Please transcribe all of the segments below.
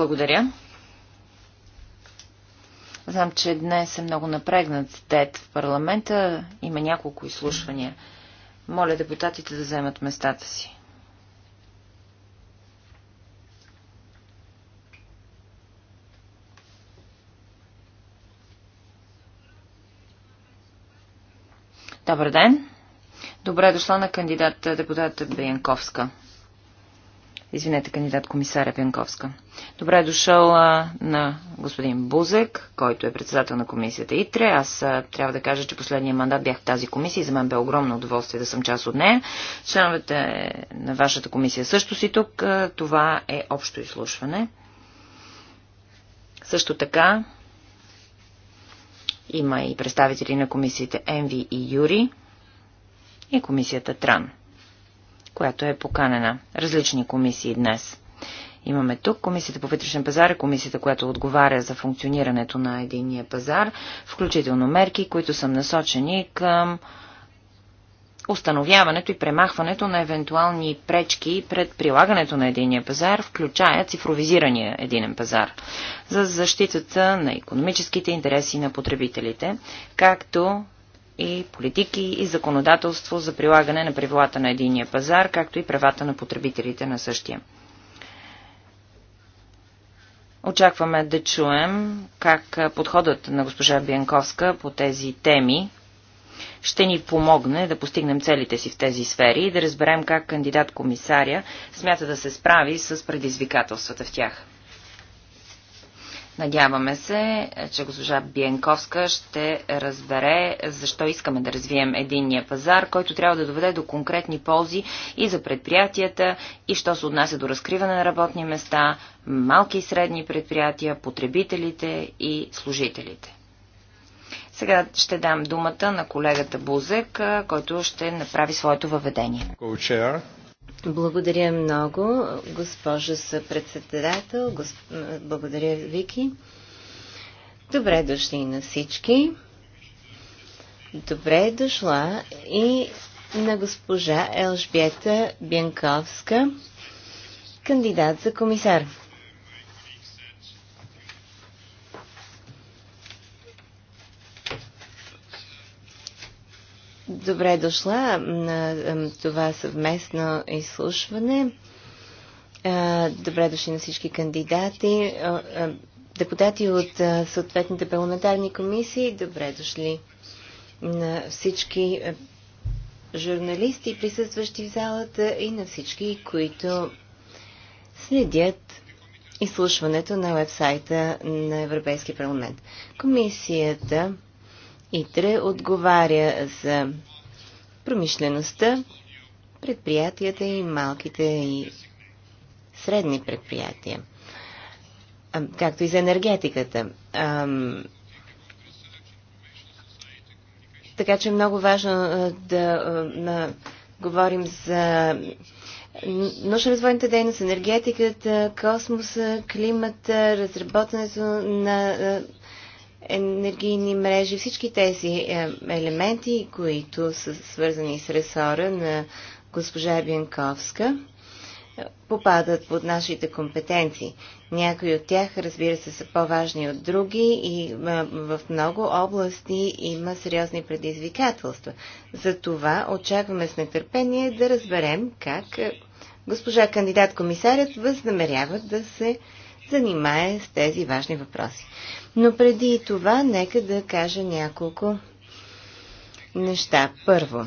Благодаря. Знам, че днес е много напрегнат дет в парламента. Има няколко изслушвания. Моля депутатите да вземат местата си. Добър ден! Добре дошла на кандидата депутата Бенковска извинете, кандидат комисаря Пенковска. Добре е дошъл а, на господин Бузек, който е председател на комисията ИТРЕ. Аз а, трябва да кажа, че последния мандат бях в тази комисия и за мен бе огромно удоволствие да съм част от нея. Членовете на вашата комисия също си тук. А, това е общо изслушване. Също така има и представители на комисиите ЕНВИ и Юри и комисията ТРАН която е поканена. Различни комисии днес. Имаме тук Комисията по вътрешен пазар, комисията, която отговаря за функционирането на единния пазар, включително мерки, които са насочени към установяването и премахването на евентуални пречки пред прилагането на единия пазар, включая цифровизирания единен пазар, за защитата на економическите интереси на потребителите, както и политики и законодателство за прилагане на правилата на единия пазар, както и правата на потребителите на същия. Очакваме да чуем как подходът на госпожа Бянковска по тези теми ще ни помогне да постигнем целите си в тези сфери и да разберем как кандидат-комисаря смята да се справи с предизвикателствата в тях. Надяваме се, че госпожа Биенковска ще разбере защо искаме да развием единния пазар, който трябва да доведе до конкретни ползи и за предприятията, и що се отнася до разкриване на работни места, малки и средни предприятия, потребителите и служителите. Сега ще дам думата на колегата Бузек, който ще направи своето въведение. Благодаря много, госпожа съпредседател. Госп... Благодаря, Вики. Добре дошли на всички. Добре е дошла и на госпожа Елжбета Бянковска, кандидат за комисар. Добре дошла на това съвместно изслушване. Добре дошли на всички кандидати, депутати от съответните парламентарни комисии. Добре дошли на всички журналисти, присъстващи в залата и на всички, които следят изслушването на вебсайта на Европейския парламент. Комисията ИТРЕ отговаря за промишлеността, предприятията и малките и средни предприятия, както и за енергетиката. Така че е много важно да говорим за научно-развойната дейност, енергетиката, космоса, климата, разработването на енергийни мрежи, всички тези е, елементи, които са свързани с ресора на госпожа Бянковска, е, попадат под нашите компетенции. Някои от тях, разбира се, са по-важни от други и е, в много области има сериозни предизвикателства. Затова очакваме с нетърпение да разберем как госпожа кандидат комисарят възнамерява да се занимае с тези важни въпроси. Но преди това, нека да кажа няколко неща. Първо,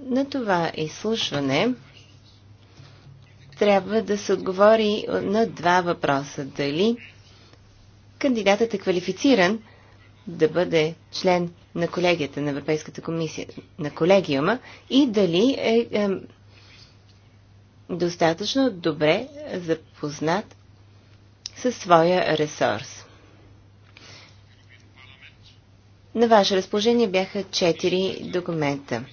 на това изслушване трябва да се отговори на два въпроса. Дали кандидатът е квалифициран да бъде член на колегията на Европейската комисия, на колегиума и дали е, е достатъчно добре запознат със своя ресурс. На ваше разположение бяха четири документа.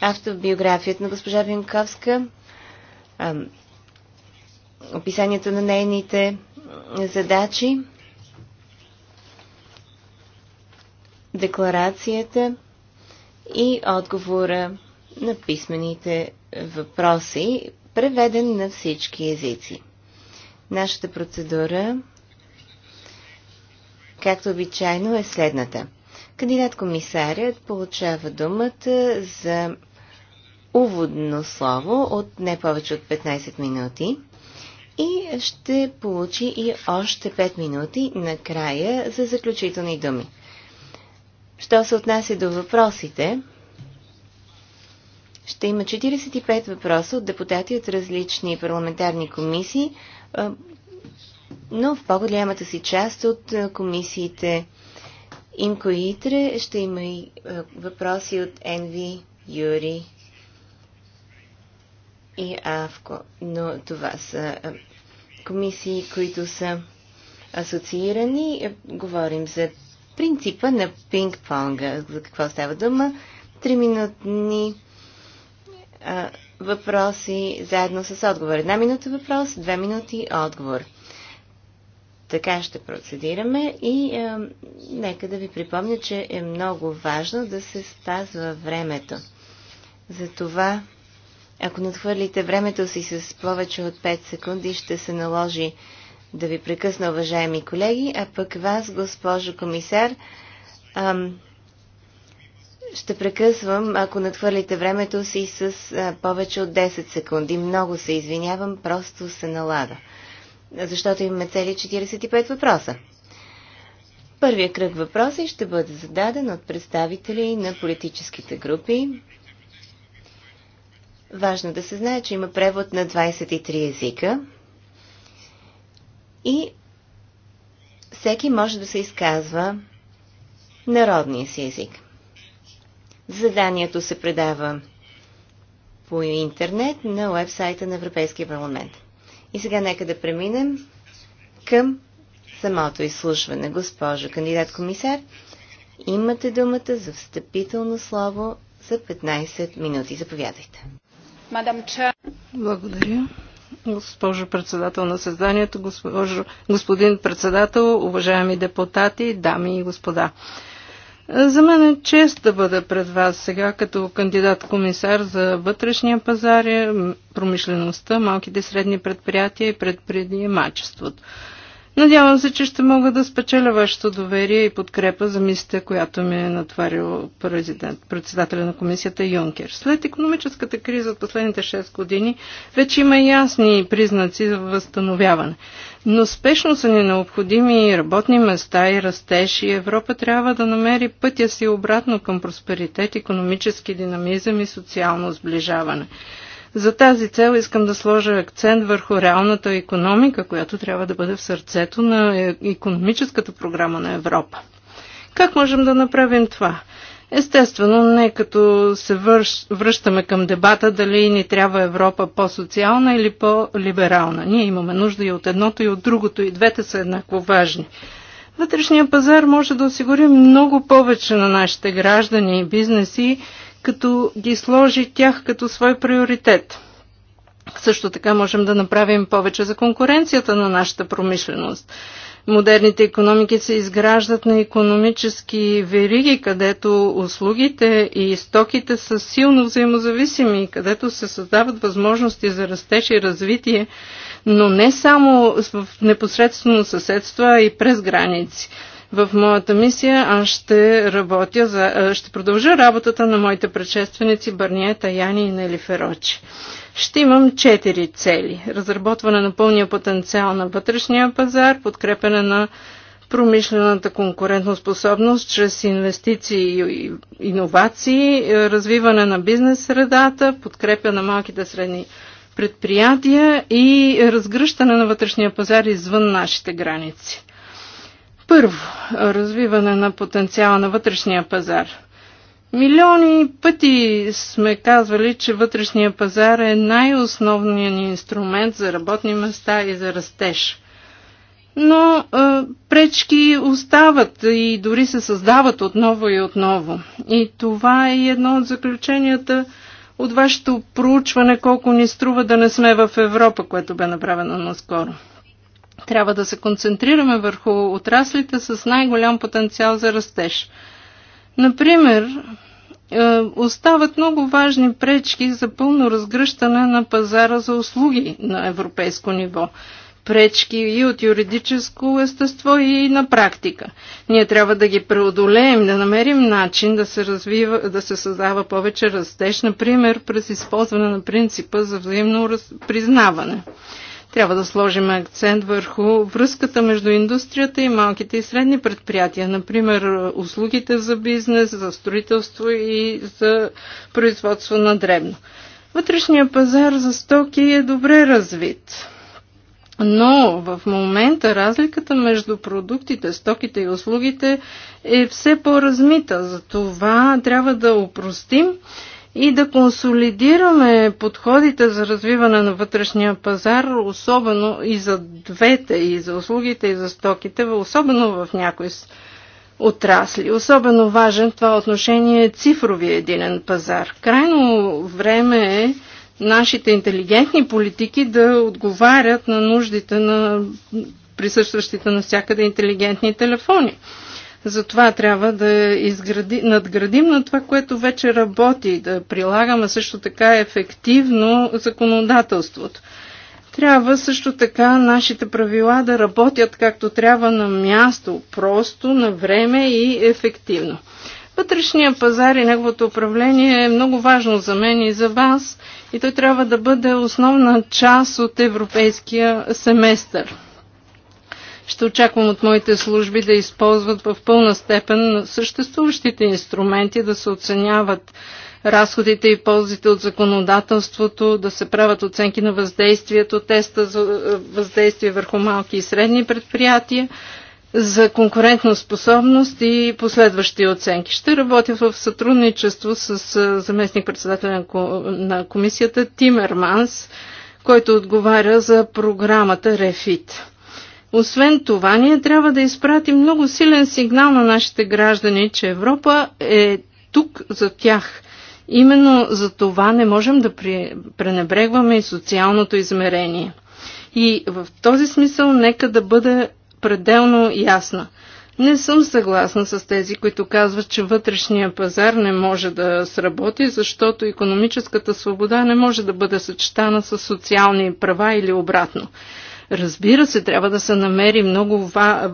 Автобиографията на госпожа Винковска, описанието на нейните задачи, декларацията и отговора на писмените въпроси, преведен на всички езици. Нашата процедура, както обичайно, е следната. Кандидат-комисарят получава думата за уводно слово от не повече от 15 минути и ще получи и още 5 минути накрая за заключителни думи. Що се отнася до въпросите, ще има 45 въпроса от депутати от различни парламентарни комисии, но в по-голямата си част от комисиите Имко и Итре ще има и въпроси от Енви, Юри и Авко. Но това са комисии, които са асоциирани. Говорим за принципа на пинг-понга. За какво става дума? Триминутни а, въпроси заедно с отговор. Една минута въпрос, две минути отговор. Така ще процедираме и а, нека да ви припомня, че е много важно да се спазва времето. Затова, ако надхвърлите времето си с повече от 5 секунди, ще се наложи да ви прекъсна, уважаеми колеги, а пък вас, госпожо комисар, ам, ще прекъсвам, ако надхвърлите времето си с а, повече от 10 секунди. Много се извинявам, просто се налага. Защото имаме цели 45 въпроса. Първия кръг въпроси ще бъде зададен от представители на политическите групи. Важно да се знае, че има превод на 23 езика. И всеки може да се изказва народния си език. Заданието се предава по интернет на уебсайта на Европейския парламент. И сега нека да преминем към самото изслушване. Госпожо кандидат комисар, имате думата за встъпително слово за 15 минути. Заповядайте. Благодаря. Госпожо председател на създанието, госпожо, господин председател, уважаеми депутати, дами и господа. За мен е чест да бъда пред вас сега като кандидат-комисар за вътрешния пазар, промишлеността, малките и средни предприятия и предприемачеството. Надявам се, че ще мога да спечеля вашето доверие и подкрепа за мисията, която ми е натварил председателя на комисията Юнкер. След економическата криза от последните 6 години вече има ясни признаци за възстановяване. Но спешно са ни необходими работни места и растеж и Европа трябва да намери пътя си обратно към просперитет, економически динамизъм и социално сближаване. За тази цел искам да сложа акцент върху реалната економика, която трябва да бъде в сърцето на е, економическата програма на Европа. Как можем да направим това? Естествено, не като се върш, връщаме към дебата дали ни трябва Европа по-социална или по-либерална. Ние имаме нужда и от едното, и от другото, и двете са еднакво важни. Вътрешният пазар може да осигури много повече на нашите граждани и бизнеси, като ги сложи тях като свой приоритет. Също така можем да направим повече за конкуренцията на нашата промишленост. Модерните економики се изграждат на економически вериги, където услугите и стоките са силно взаимозависими, където се създават възможности за растеж и развитие, но не само в непосредствено съседство, а и през граници в моята мисия аз ще работя, за, ще продължа работата на моите предшественици Барния, Таяни и Нели Ферочи. Ще имам четири цели. Разработване на пълния потенциал на вътрешния пазар, подкрепене на промишлената конкурентоспособност чрез инвестиции и иновации, е, развиване на бизнес средата, подкрепя на малките средни предприятия и разгръщане на вътрешния пазар извън нашите граници. Първо, развиване на потенциала на вътрешния пазар. Милиони пъти сме казвали, че вътрешния пазар е най-основният ни инструмент за работни места и за растеж. Но а, пречки остават и дори се създават отново и отново. И това е едно от заключенията от вашето проучване, колко ни струва да не сме в Европа, което бе направено наскоро. Трябва да се концентрираме върху отраслите с най-голям потенциал за растеж. Например, е, остават много важни пречки за пълно разгръщане на пазара за услуги на европейско ниво. Пречки и от юридическо естество и на практика. Ние трябва да ги преодолеем, да намерим начин да се, развива, да се създава повече растеж, например през използване на принципа за взаимно признаване. Трябва да сложим акцент върху връзката между индустрията и малките и средни предприятия, например услугите за бизнес, за строителство и за производство на дребно. Вътрешния пазар за стоки е добре развит. Но в момента разликата между продуктите, стоките и услугите е все по-размита. Затова трябва да упростим и да консолидираме подходите за развиване на вътрешния пазар, особено и за двете, и за услугите, и за стоките, особено в някои отрасли. Особено важен в това отношение е цифровия единен пазар. Крайно време е нашите интелигентни политики да отговарят на нуждите на присъстващите навсякъде интелигентни телефони. Затова трябва да изгради, надградим на това, което вече работи, да прилагаме също така ефективно законодателството. Трябва също така нашите правила да работят както трябва на място, просто, на време и ефективно. Вътрешния пазар и неговото управление е много важно за мен и за вас и той трябва да бъде основна част от европейския семестър. Ще очаквам от моите служби да използват в пълна степен съществуващите инструменти, да се оценяват разходите и ползите от законодателството, да се правят оценки на въздействието, теста за е, въздействие върху малки и средни предприятия, за способност и последващи оценки. Ще работя в сътрудничество с е, заместник председател на комисията Тимерманс, който отговаря за програмата РЕФИТ. Освен това, ние трябва да изпратим много силен сигнал на нашите граждани, че Европа е тук за тях. Именно за това не можем да пренебрегваме и социалното измерение. И в този смисъл нека да бъде пределно ясна. Не съм съгласна с тези, които казват, че вътрешния пазар не може да сработи, защото економическата свобода не може да бъде съчетана с социални права или обратно. Разбира се, трябва да се намери много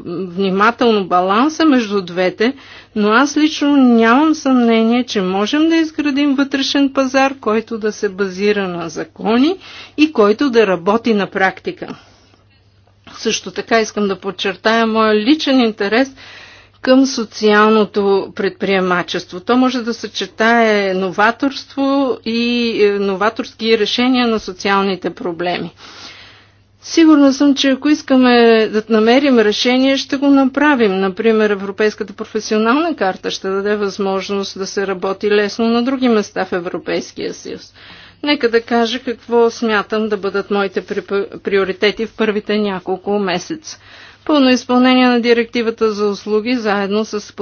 внимателно баланса между двете, но аз лично нямам съмнение, че можем да изградим вътрешен пазар, който да се базира на закони и който да работи на практика. Също така искам да подчертая моя личен интерес към социалното предприемачество. То може да съчетае новаторство и е, новаторски решения на социалните проблеми. Сигурна съм, че ако искаме да намерим решение, ще го направим. Например, Европейската професионална карта ще даде възможност да се работи лесно на други места в Европейския съюз. Нека да кажа какво смятам да бъдат моите приоритети в първите няколко месеца. Пълно изпълнение на директивата за услуги, заедно с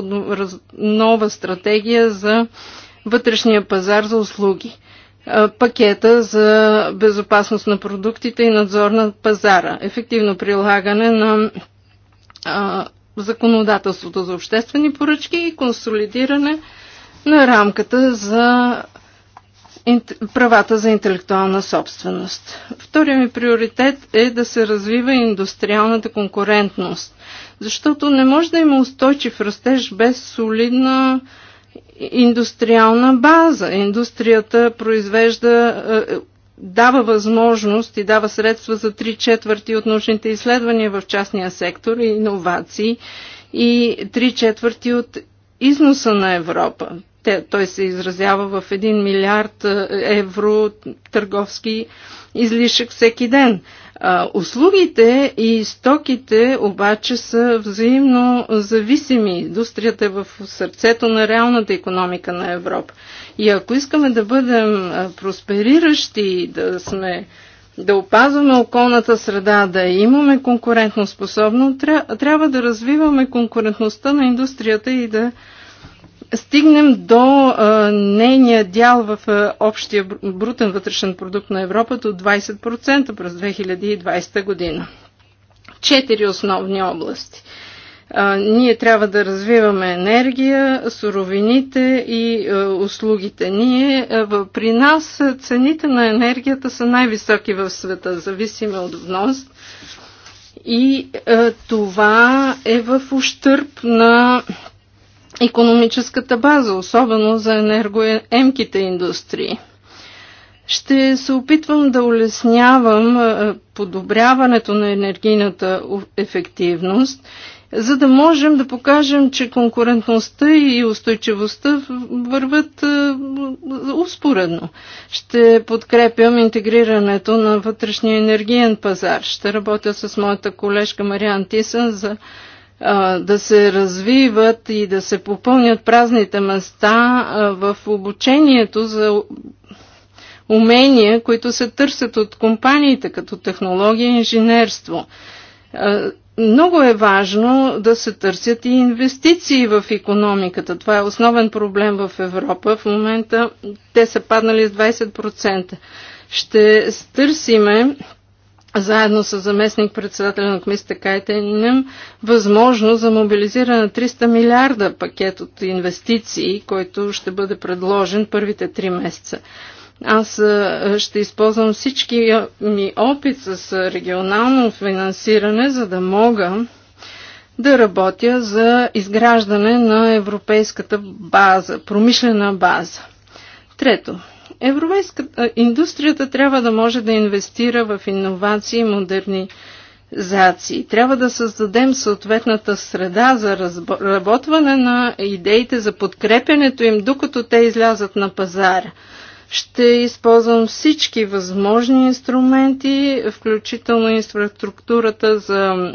нова стратегия за вътрешния пазар за услуги. Е, пакета за безопасност на продуктите и надзор на пазара, ефективно прилагане на е, законодателството за обществени поръчки и консолидиране на рамката за правата за интелектуална собственост. Втория ми приоритет е да се развива индустриалната конкурентност, защото не може да има устойчив растеж без солидна индустриална база. Индустрията произвежда, е, дава възможност и дава средства за три четвърти от научните изследвания в частния сектор и иновации и три четвърти от износа на Европа. Те, той се изразява в 1 милиард е, евро търговски излишък всеки ден. А, услугите и стоките обаче са взаимно зависими. Индустрията е в сърцето на реалната економика на Европа. И ако искаме да бъдем проспериращи, да сме да опазваме околната среда, да имаме конкурентно способно, трябва да развиваме конкурентността на индустрията и да стигнем до а, нейния дял в а, общия брутен вътрешен продукт на Европа до 20% през 2020 година. Четири основни области. А, ние трябва да развиваме енергия, суровините и а, услугите. Ние, а, при нас цените на енергията са най-високи в света, зависиме от внос. И а, това е в ущърп на економическата база, особено за енергоемките индустрии. Ще се опитвам да улеснявам е, подобряването на енергийната ефективност, за да можем да покажем, че конкурентността и устойчивостта върват е, успоредно. Ще подкрепям интегрирането на вътрешния енергиен пазар. Ще работя с моята колежка Мариан Тисън за да се развиват и да се попълнят празните места в обучението за умения, които се търсят от компаниите като технология и инженерство. Много е важно да се търсят и инвестиции в економиката. Това е основен проблем в Европа. В момента те са паднали с 20%. Ще търсиме заедно с заместник председателя на комисията Кайтенем, възможно за мобилизиране на 300 милиарда пакет от инвестиции, който ще бъде предложен първите три месеца. Аз ще използвам всички ми опит с регионално финансиране, за да мога да работя за изграждане на европейската база, промишлена база. Трето, Европейската индустрията трябва да може да инвестира в иновации и модернизации. Трябва да създадем съответната среда за разработване на идеите за подкрепянето им, докато те излязат на пазара. Ще използвам всички възможни инструменти, включително инфраструктурата за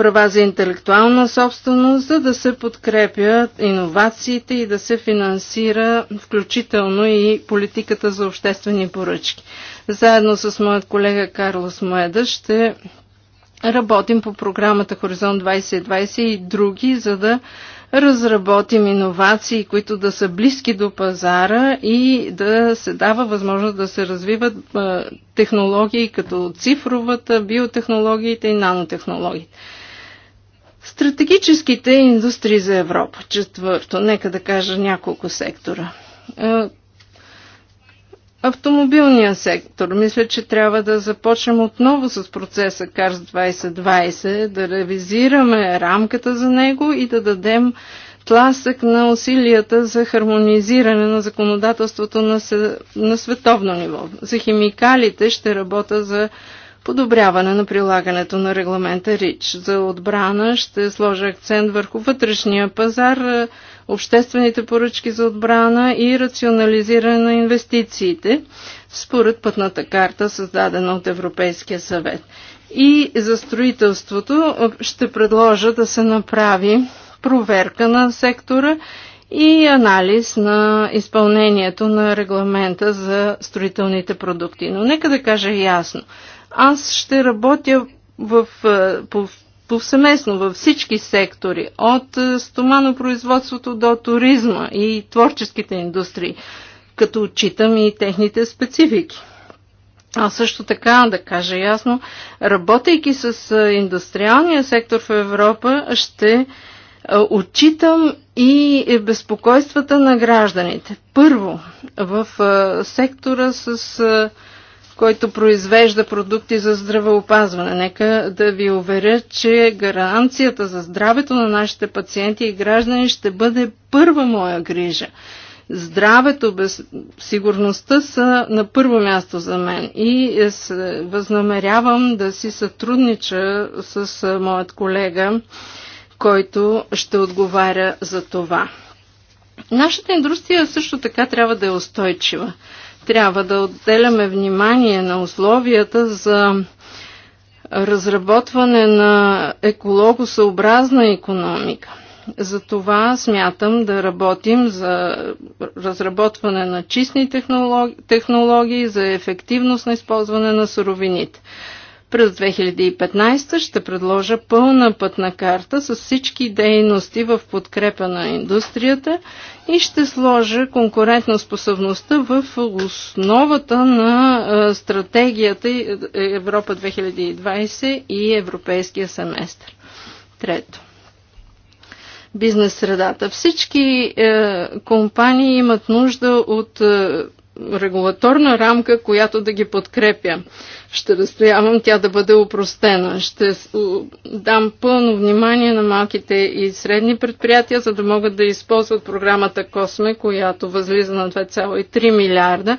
права за интелектуална собственост, за да се подкрепят иновациите и да се финансира включително и политиката за обществени поръчки. Заедно с моят колега Карлос Моеда ще работим по програмата Хоризонт 2020 и други, за да разработим иновации, които да са близки до пазара и да се дава възможност да се развиват технологии като цифровата, биотехнологиите и нанотехнологиите стратегическите индустрии за Европа. Четвърто, нека да кажа няколко сектора. Е, автомобилния сектор. Мисля, че трябва да започнем отново с процеса CARS 2020, да ревизираме рамката за него и да дадем тласък на усилията за хармонизиране на законодателството на, на световно ниво. За химикалите ще работя за подобряване на прилагането на регламента РИЧ. За отбрана ще сложа акцент върху вътрешния пазар, е, обществените поръчки за отбрана и рационализиране на инвестициите, според пътната карта, създадена от Европейския съвет. И за строителството е, ще предложа да се направи проверка на сектора и анализ на изпълнението на регламента за строителните продукти. Но нека да кажа ясно – аз ще работя в, е, повсеместно във всички сектори, от е, стоманопроизводството до туризма и творческите индустрии, като отчитам и техните специфики. А също така, да кажа ясно, работейки с е, индустриалния сектор в Европа, ще отчитам и безпокойствата на гражданите. Първо, в сектора с който произвежда продукти за здравеопазване. Нека да ви уверя, че гаранцията за здравето на нашите пациенти и граждани ще бъде първа моя грижа. Здравето, без сигурността са на първо място за мен и възнамерявам да си сътруднича с моят колега, който ще отговаря за това. Нашата индустрия също така трябва да е устойчива трябва да отделяме внимание на условията за разработване на екологосъобразна економика. Затова смятам да работим за разработване на чистни технологии, технологии за ефективност на използване на суровините. През 2015 ще предложа пълна пътна карта с всички дейности в подкрепа на индустрията и ще сложа конкурентна способността в основата на стратегията е, Европа 2020 и Европейския семестър. Трето бизнес средата. Всички е, компании имат нужда от е, регулаторна рамка, която да ги подкрепя ще настоявам тя да бъде упростена. Ще дам пълно внимание на малките и средни предприятия, за да могат да използват програмата Косме, която възлиза на 2,3 милиарда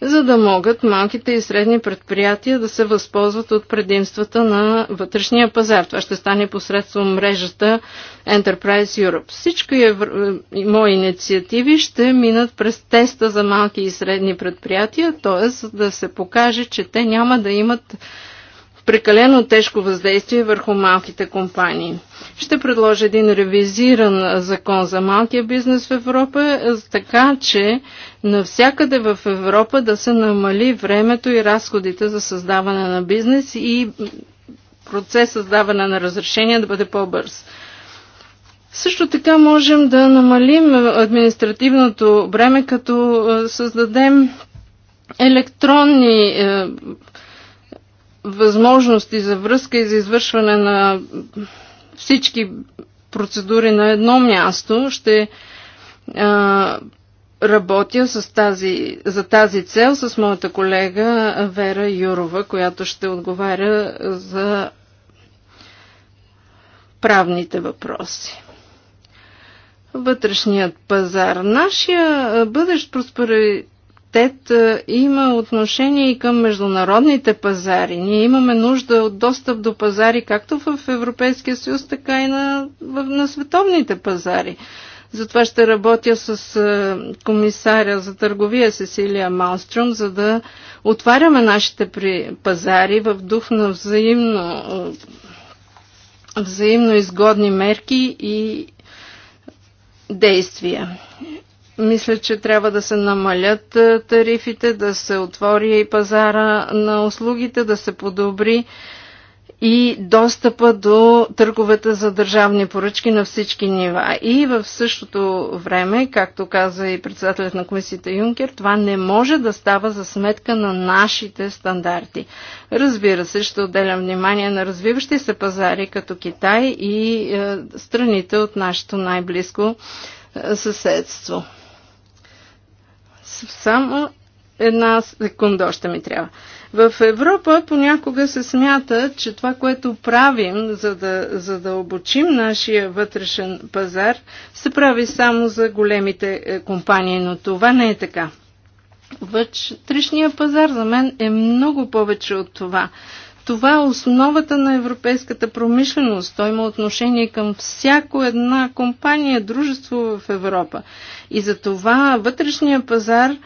за да могат малките и средни предприятия да се възползват от предимствата на вътрешния пазар. Това ще стане посредством мрежата Enterprise Europe. Всички мои инициативи ще минат през теста за малки и средни предприятия, т.е. да се покаже, че те няма да имат прекалено тежко въздействие върху малките компании. Ще предложа един ревизиран закон за малкия бизнес в Европа, е, така че навсякъде в Европа да се намали времето и разходите за създаване на бизнес и процес създаване на разрешение да бъде по-бърз. Също така можем да намалим административното бреме, като е, създадем електронни е, възможности за връзка и за извършване на всички процедури на едно място. Ще а, работя с тази, за тази цел с моята колега Вера Юрова, която ще отговаря за правните въпроси. Вътрешният пазар. Нашия бъдещ просперитет ТЕТ е, има отношение и към международните пазари. Ние имаме нужда от достъп до пазари както в Европейския съюз, така и на, на световните пазари. Затова ще работя с е, комисаря за търговия Сесилия Малстрюм, за да отваряме нашите пазари в дух на взаимно, е, взаимно изгодни мерки и действия. Мисля, че трябва да се намалят е, тарифите, да се отвори и пазара на услугите, да се подобри и достъпа до търговете за държавни поръчки на всички нива. И в същото време, както каза и председателят на комисията Юнкер, това не може да става за сметка на нашите стандарти. Разбира се, ще отделям внимание на развиващи се пазари като Китай и е, страните от нашето най-близко е, съседство. Само една секунда още ми трябва. В Европа понякога се смята, че това, което правим, за да, за да обучим нашия вътрешен пазар, се прави само за големите е, компании, но това не е така. Вътрешния пазар за мен е много повече от това. Това е основата на европейската промишленост. Той има отношение към всяко една компания, дружество в Европа. И за това вътрешния пазар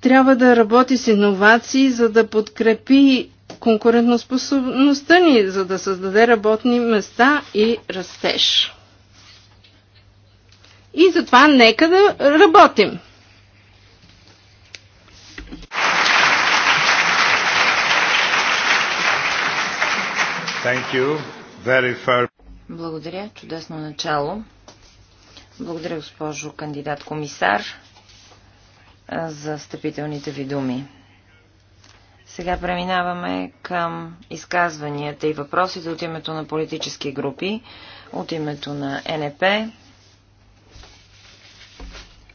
трябва да работи с иновации, за да подкрепи конкурентоспособността ни, за да създаде работни места и растеж. И затова нека да работим. Thank you. Very far. Благодаря. Чудесно начало. Благодаря, госпожо кандидат комисар, за стъпителните ви думи. Сега преминаваме към изказванията и въпросите от името на политически групи, от името на НП,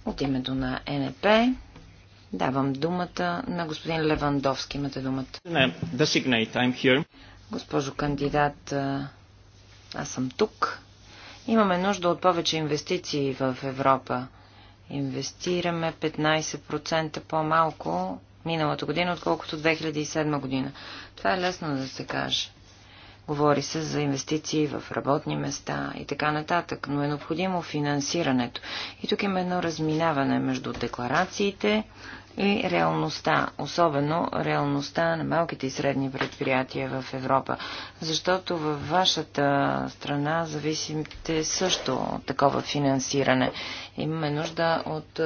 от името на НП. Давам думата на господин Левандовски. Имате думата. Designate, I'm here. Госпожо кандидат, аз съм тук. Имаме нужда от повече инвестиции в Европа. Инвестираме 15% по-малко миналата година, отколкото 2007 година. Това е лесно да се каже. Говори се за инвестиции в работни места и така нататък, но е необходимо финансирането. И тук има едно разминаване между декларациите и реалността, особено реалността на малките и средни предприятия в Европа. Защото във вашата страна зависите също от такова финансиране. Имаме нужда от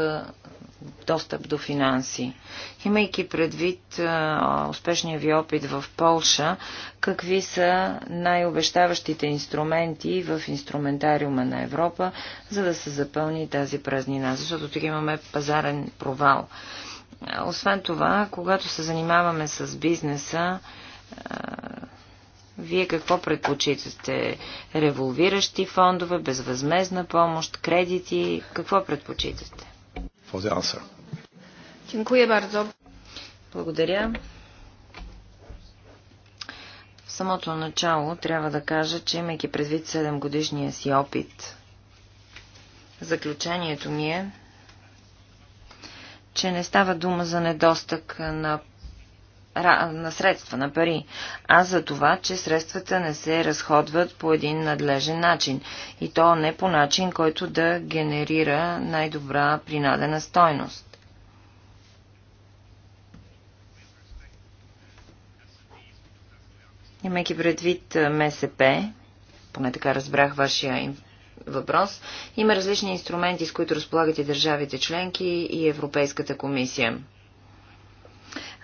достъп до финанси. Имайки предвид а, успешния ви опит в Полша, какви са най-обещаващите инструменти в инструментариума на Европа, за да се запълни тази празнина? Защото тук имаме пазарен провал. Освен това, когато се занимаваме с бизнеса, вие какво предпочитате? Револвиращи фондове, безвъзмезна помощ, кредити? Какво предпочитате? Благодаря. В самото начало трябва да кажа, че имайки предвид 7 годишния си опит, заключението ми е, че не става дума за недостъг на на средства, на пари, а за това, че средствата не се разходват по един надлежен начин. И то не по начин, който да генерира най-добра принадена стойност. Имайки предвид МСП, поне така разбрах вашия въпрос. Има различни инструменти, с които разполагат и държавите членки и Европейската комисия.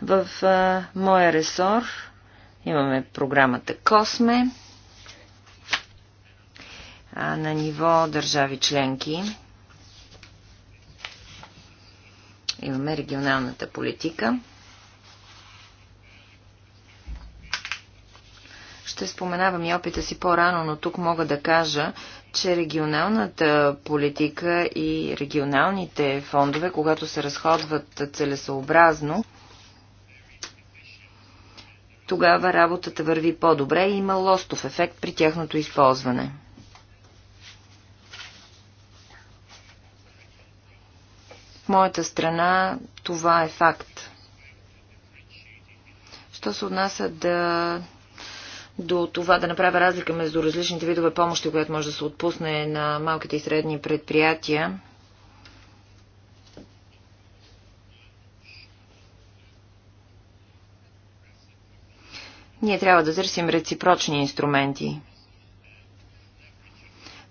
В а, моя ресор имаме програмата Косме а, на ниво държави членки. Имаме регионалната политика. Ще споменавам и опита си по-рано, но тук мога да кажа, че регионалната политика и регионалните фондове, когато се разходват целесообразно, тогава работата върви по-добре и има лостов ефект при тяхното използване. В моята страна това е факт. Що се отнася да до това да направя разлика между различните видове помощи, която може да се отпусне на малките и средни предприятия. Ние трябва да търсим реципрочни инструменти.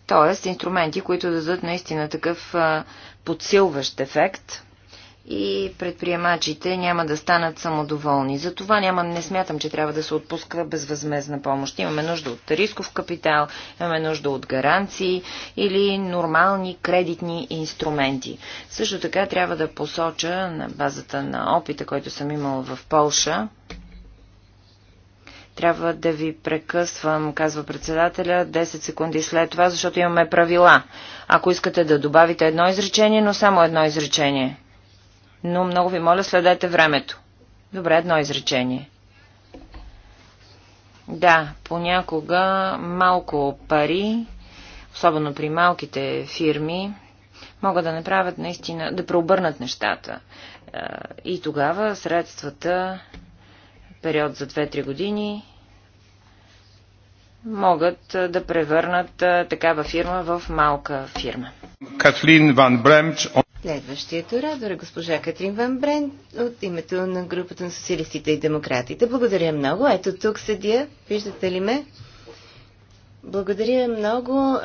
Тоест, инструменти, които дадат наистина такъв подсилващ ефект – и предприемачите няма да станат самодоволни. Затова няма, не смятам, че трябва да се отпуска безвъзмезна помощ. Имаме нужда от рисков капитал, имаме нужда от гаранции или нормални кредитни инструменти. Също така трябва да посоча на базата на опита, който съм имал в Полша, трябва да ви прекъсвам, казва председателя, 10 секунди след това, защото имаме правила. Ако искате да добавите едно изречение, но само едно изречение но много ви моля, следете времето. Добре, едно изречение. Да, понякога малко пари, особено при малките фирми, могат да направят наистина, да преобърнат нещата. Е, и тогава средствата, период за 2-3 години, могат е, да превърнат е, такава фирма в малка фирма. Катлин Ван Бремч. Следващият оратор е госпожа Катрин Ван Брен от името на групата на социалистите и демократите. Благодаря много. Ето тук седя. Виждате ли ме? Благодаря много.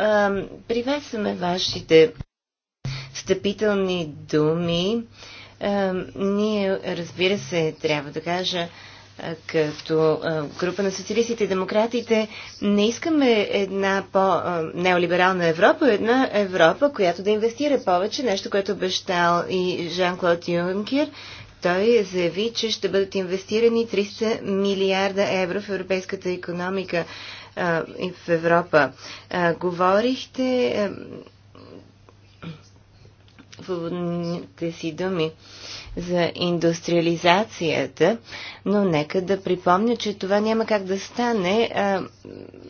Приветстваме вашите встъпителни думи. Ние, разбира се, трябва да кажа, като група на социалистите и демократите не искаме една по-неолиберална Европа, една Европа, която да инвестира повече, нещо, което обещал и Жан-Клод Юнкер. Той заяви, че ще бъдат инвестирани 300 милиарда евро в европейската економика в Европа. Говорихте водните си думи за индустриализацията, но нека да припомня, че това няма как да стане, а,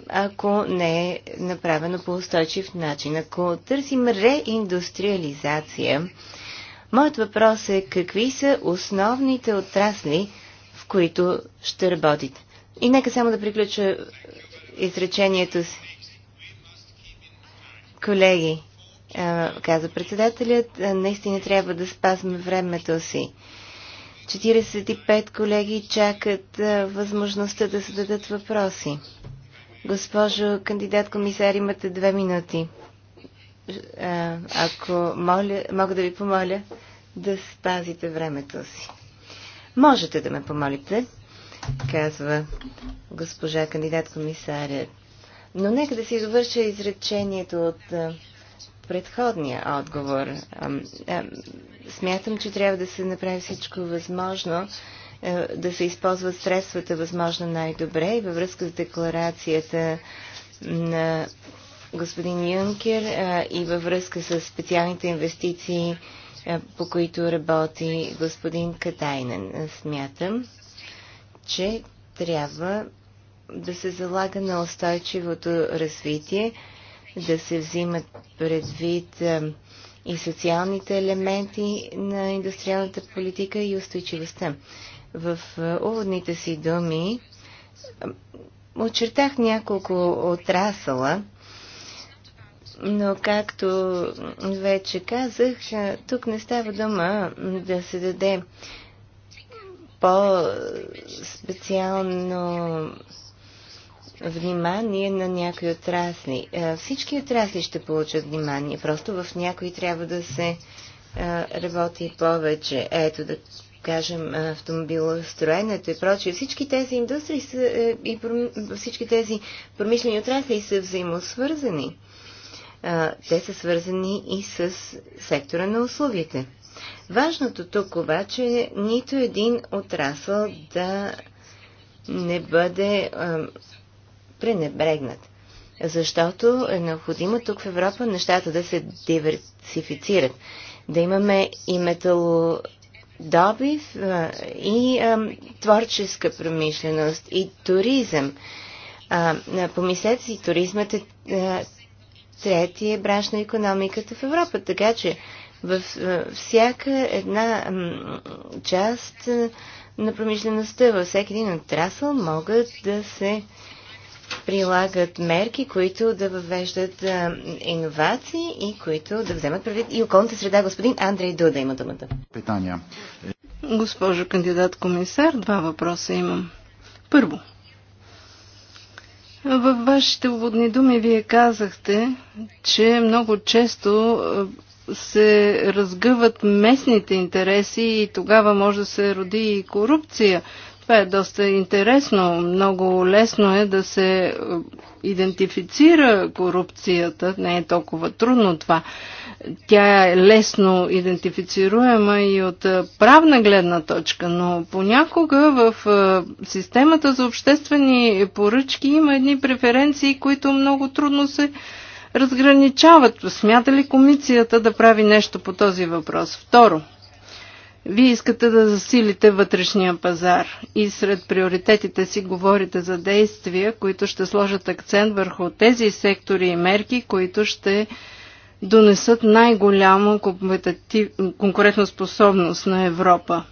ако не е направено по устойчив начин. Ако търсим реиндустриализация, моят въпрос е какви са основните отрасли, в които ще работите. И нека само да приключа изречението си. Колеги, е, каза председателят, е, наистина трябва да спазваме времето си. 45 колеги чакат е, възможността да зададат въпроси. Госпожо кандидат комисар, имате две минути. Ако моля, мога да ви помоля да спазите времето си. Можете да ме помолите, казва госпожа кандидат комисарят. Но нека да си довърша изречението от предходния отговор. Смятам, че трябва да се направи всичко възможно е, да се използват средствата възможно най-добре и във връзка с декларацията на господин Юнкер и във връзка с специалните инвестиции, по които работи господин Катайнен. Смятам, че трябва да се залага на устойчивото развитие, да се взимат предвид и социалните елементи на индустриалната политика и устойчивостта. В уводните си думи очертах няколко отрасъла, но както вече казах, тук не става дума да се даде по-специално внимание на някои отрасли. Е, всички отрасли ще получат внимание, просто в някои трябва да се е, работи повече. Ето да кажем е, автомобилостроенето и прочие. Всички тези индустрии са, и всички тези промишлени отрасли са взаимосвързани. Те са свързани и с сектора на услугите. Важното тук обаче е нито един отрасъл да не бъде пренебрегнат. Защото е необходимо тук в Европа нещата да се диверсифицират. Да имаме и металодобив, и а, творческа промишленост, и туризъм. А, помислете си, туризмът е третия бранш на економиката в Европа, така че във всяка една част на промишлеността, във всеки един отрасъл могат да се прилагат мерки, които да въвеждат иновации и които да вземат предвид и околната среда. Господин Андрей Дуда има думата. Питания. Госпожо кандидат комисар, два въпроса имам. Първо, във вашите уводни думи вие казахте, че много често се разгъват местните интереси и тогава може да се роди и корупция. Това е доста интересно. Много лесно е да се е, идентифицира корупцията. Не е толкова трудно това. Тя е лесно идентифицируема и от е, правна гледна точка, но понякога в е, системата за обществени поръчки има едни преференции, които много трудно се разграничават. Смята ли комисията да прави нещо по този въпрос? Второ – вие искате да засилите вътрешния пазар и сред приоритетите си говорите за действия, които ще сложат акцент върху тези сектори и мерки, които ще донесат най-голяма конкурентоспособност на Европа.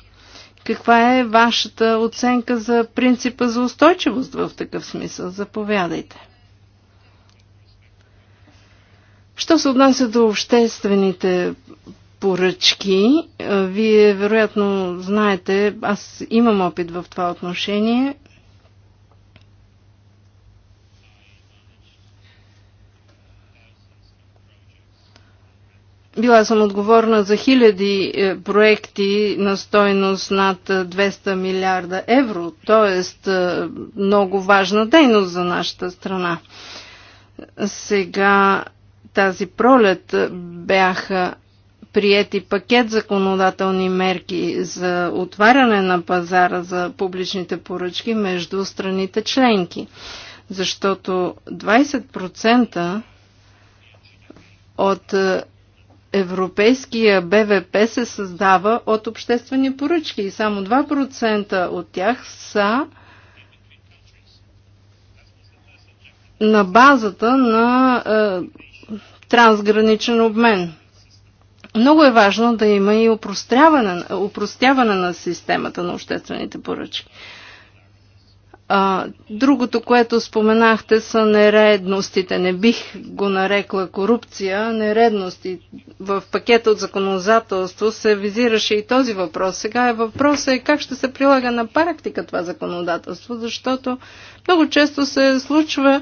Каква е вашата оценка за принципа за устойчивост в такъв смисъл? Заповядайте. Що се отнася до обществените поръчки. Вие вероятно знаете, аз имам опит в това отношение. Била съм отговорна за хиляди е, проекти на стойност над 200 е, милиарда евро, т.е. много важна дейност за нашата страна. Сега тази пролет е, бяха приети пакет законодателни мерки за отваряне на пазара за публичните поръчки между страните членки. Защото 20% от е, европейския БВП се създава от обществени поръчки и само 2% от тях са на базата на е, трансграничен обмен. Много е важно да има и упростяване, упростяване на системата на обществените поръчки. А, другото, което споменахте, са нередностите. Не бих го нарекла корупция, нередности. В пакета от законодателство се визираше и този въпрос. Сега е въпросът е как ще се прилага на практика това законодателство, защото много често се случва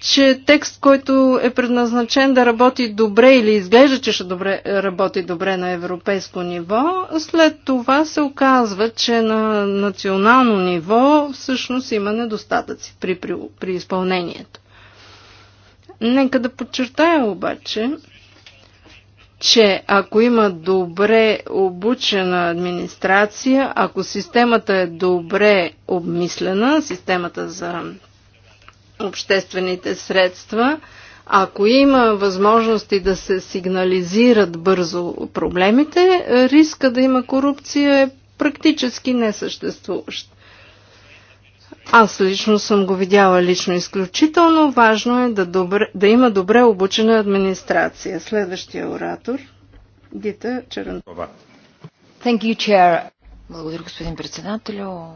че текст, който е предназначен да работи добре или изглежда, че ще добре, работи добре на европейско ниво, след това се оказва, че на национално ниво всъщност има недостатъци при, при, при изпълнението. Нека да подчертая обаче, че ако има добре обучена администрация, ако системата е добре обмислена, системата за обществените средства. Ако има възможности да се сигнализират бързо проблемите, е, риска да има корупция е практически несъществуващ. Аз лично съм го видяла лично изключително. Важно е да, добре, да има добре обучена администрация. Следващия оратор – Дита Черенкова. Благодаря, господин председател,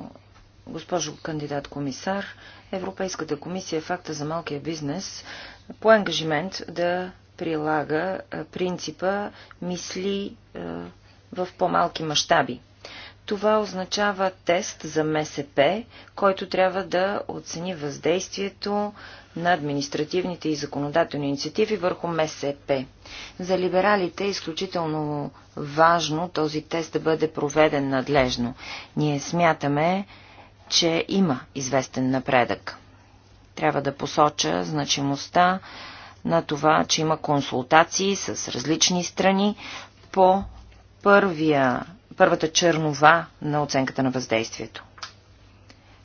Госпожо кандидат комисар, Европейската комисия е факта за малкия бизнес по ангажимент да прилага принципа мисли в по-малки мащаби. Това означава тест за МСП, който трябва да оцени въздействието на административните и законодателни инициативи върху МСП. За либералите е изключително важно този тест да бъде проведен надлежно. Ние смятаме, че има известен напредък. Трябва да посоча значимостта на това, че има консултации с различни страни по първия, първата чернова на оценката на въздействието.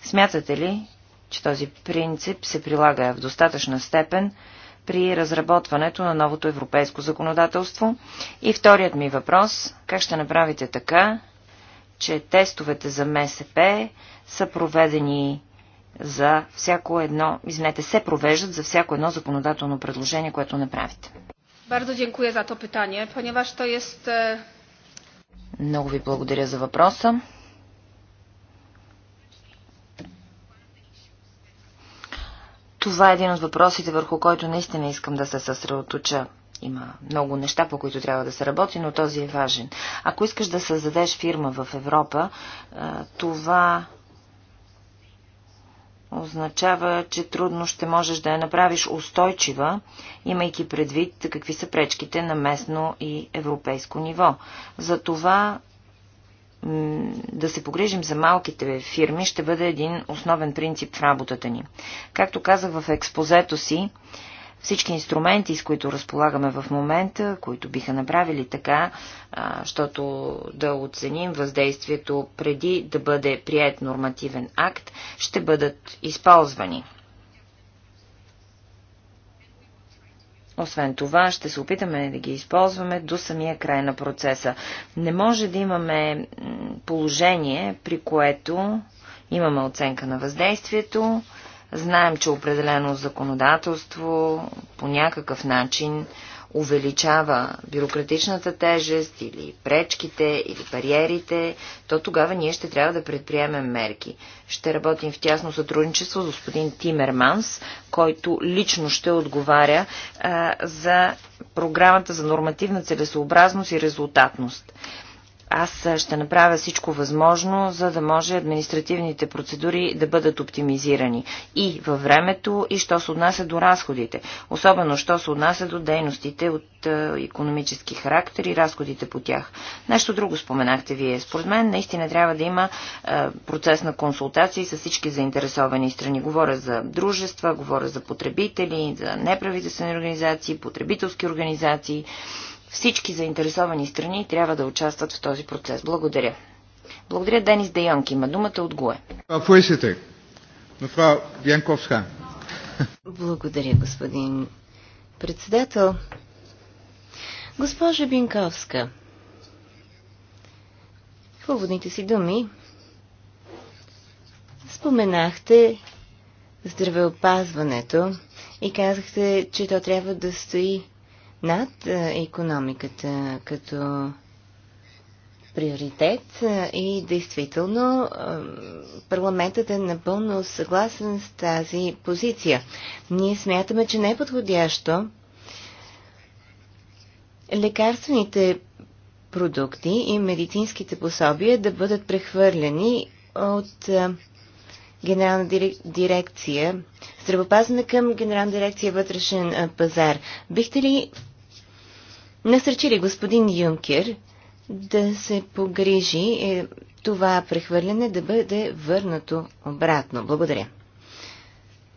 Смятате ли, че този принцип се прилага в достатъчна степен при разработването на новото европейско законодателство? И вторият ми въпрос – как ще направите така, че тестовете за МСП са проведени за всяко едно, извинете, се провеждат за всяко едно законодателно предложение, което направите. Е, Много ви благодаря за въпроса. Това е един от въпросите, върху който наистина искам да се съсредоточа има много неща, по които трябва да се работи, но този е важен. Ако искаш да създадеш фирма в Европа, това означава, че трудно ще можеш да я направиш устойчива, имайки предвид какви са пречките на местно и европейско ниво. Затова да се погрижим за малките фирми ще бъде един основен принцип в работата ни. Както казах в експозето си, всички инструменти, с които разполагаме в момента, които биха направили така, защото да оценим въздействието преди да бъде прият нормативен акт, ще бъдат използвани. Освен това, ще се опитаме да ги използваме до самия край на процеса. Не може да имаме положение, при което имаме оценка на въздействието Знаем, че определено законодателство по някакъв начин увеличава бюрократичната тежест или пречките или бариерите, то тогава ние ще трябва да предприемем мерки. Ще работим в тясно сътрудничество с господин Тимерманс, който лично ще отговаря а, за програмата за нормативна целесообразност и резултатност. Аз ще направя всичко възможно, за да може административните процедури да бъдат оптимизирани и във времето, и що се отнася до разходите. Особено, що се отнася до дейностите от економически характер и разходите по тях. Нещо друго споменахте вие. Според мен наистина трябва да има процес на консултации с всички заинтересовани страни. Говоря за дружества, говоря за потребители, за неправителствени организации, потребителски организации. Всички заинтересовани страни трябва да участват в този процес. Благодаря. Благодаря, Денис Дейонг. Има думата от ГУЕ. Е Благодаря, господин председател. Госпожа Бинковска, в си думи споменахте здравеопазването и казахте, че то трябва да стои над економиката като приоритет е, и действително е, парламентът е напълно съгласен с тази позиция. Ние смятаме, че не е подходящо лекарствените продукти и медицинските пособия да бъдат прехвърлени от е, Генерална дирекция здравопазване към Генерална дирекция вътрешен пазар. Бихте ли насърчили господин Юнкер да се погрижи е, това прехвърляне да бъде върнато обратно. Благодаря.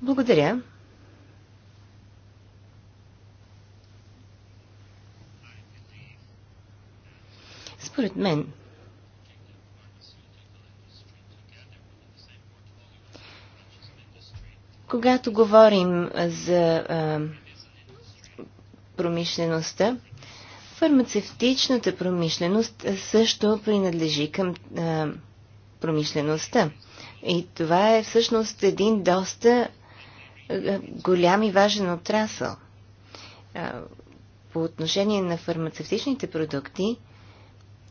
Благодаря. Според мен, когато говорим за а, промишлеността, Фармацевтичната промишленост също принадлежи към а, промишлеността. И това е всъщност един доста голям и важен отрасъл. А, по отношение на фармацевтичните продукти,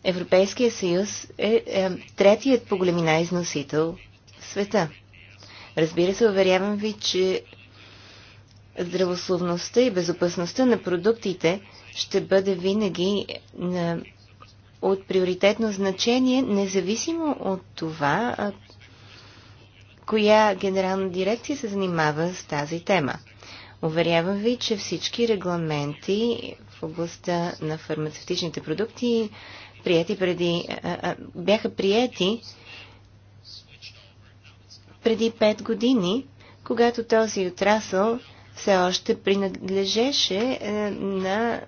Европейския съюз е, е третият по големина износител в света. Разбира се, уверявам ви, че здравословността и безопасността на продуктите – ще бъде винаги на, е, от приоритетно значение, независимо от това, а, коя генерална дирекция се занимава с тази тема. Уверявам ви, че всички регламенти в областта на фармацевтичните продукти прияти преди, а, е, а, е, бяха прияти преди 5 години, когато този отрасъл все още принадлежеше на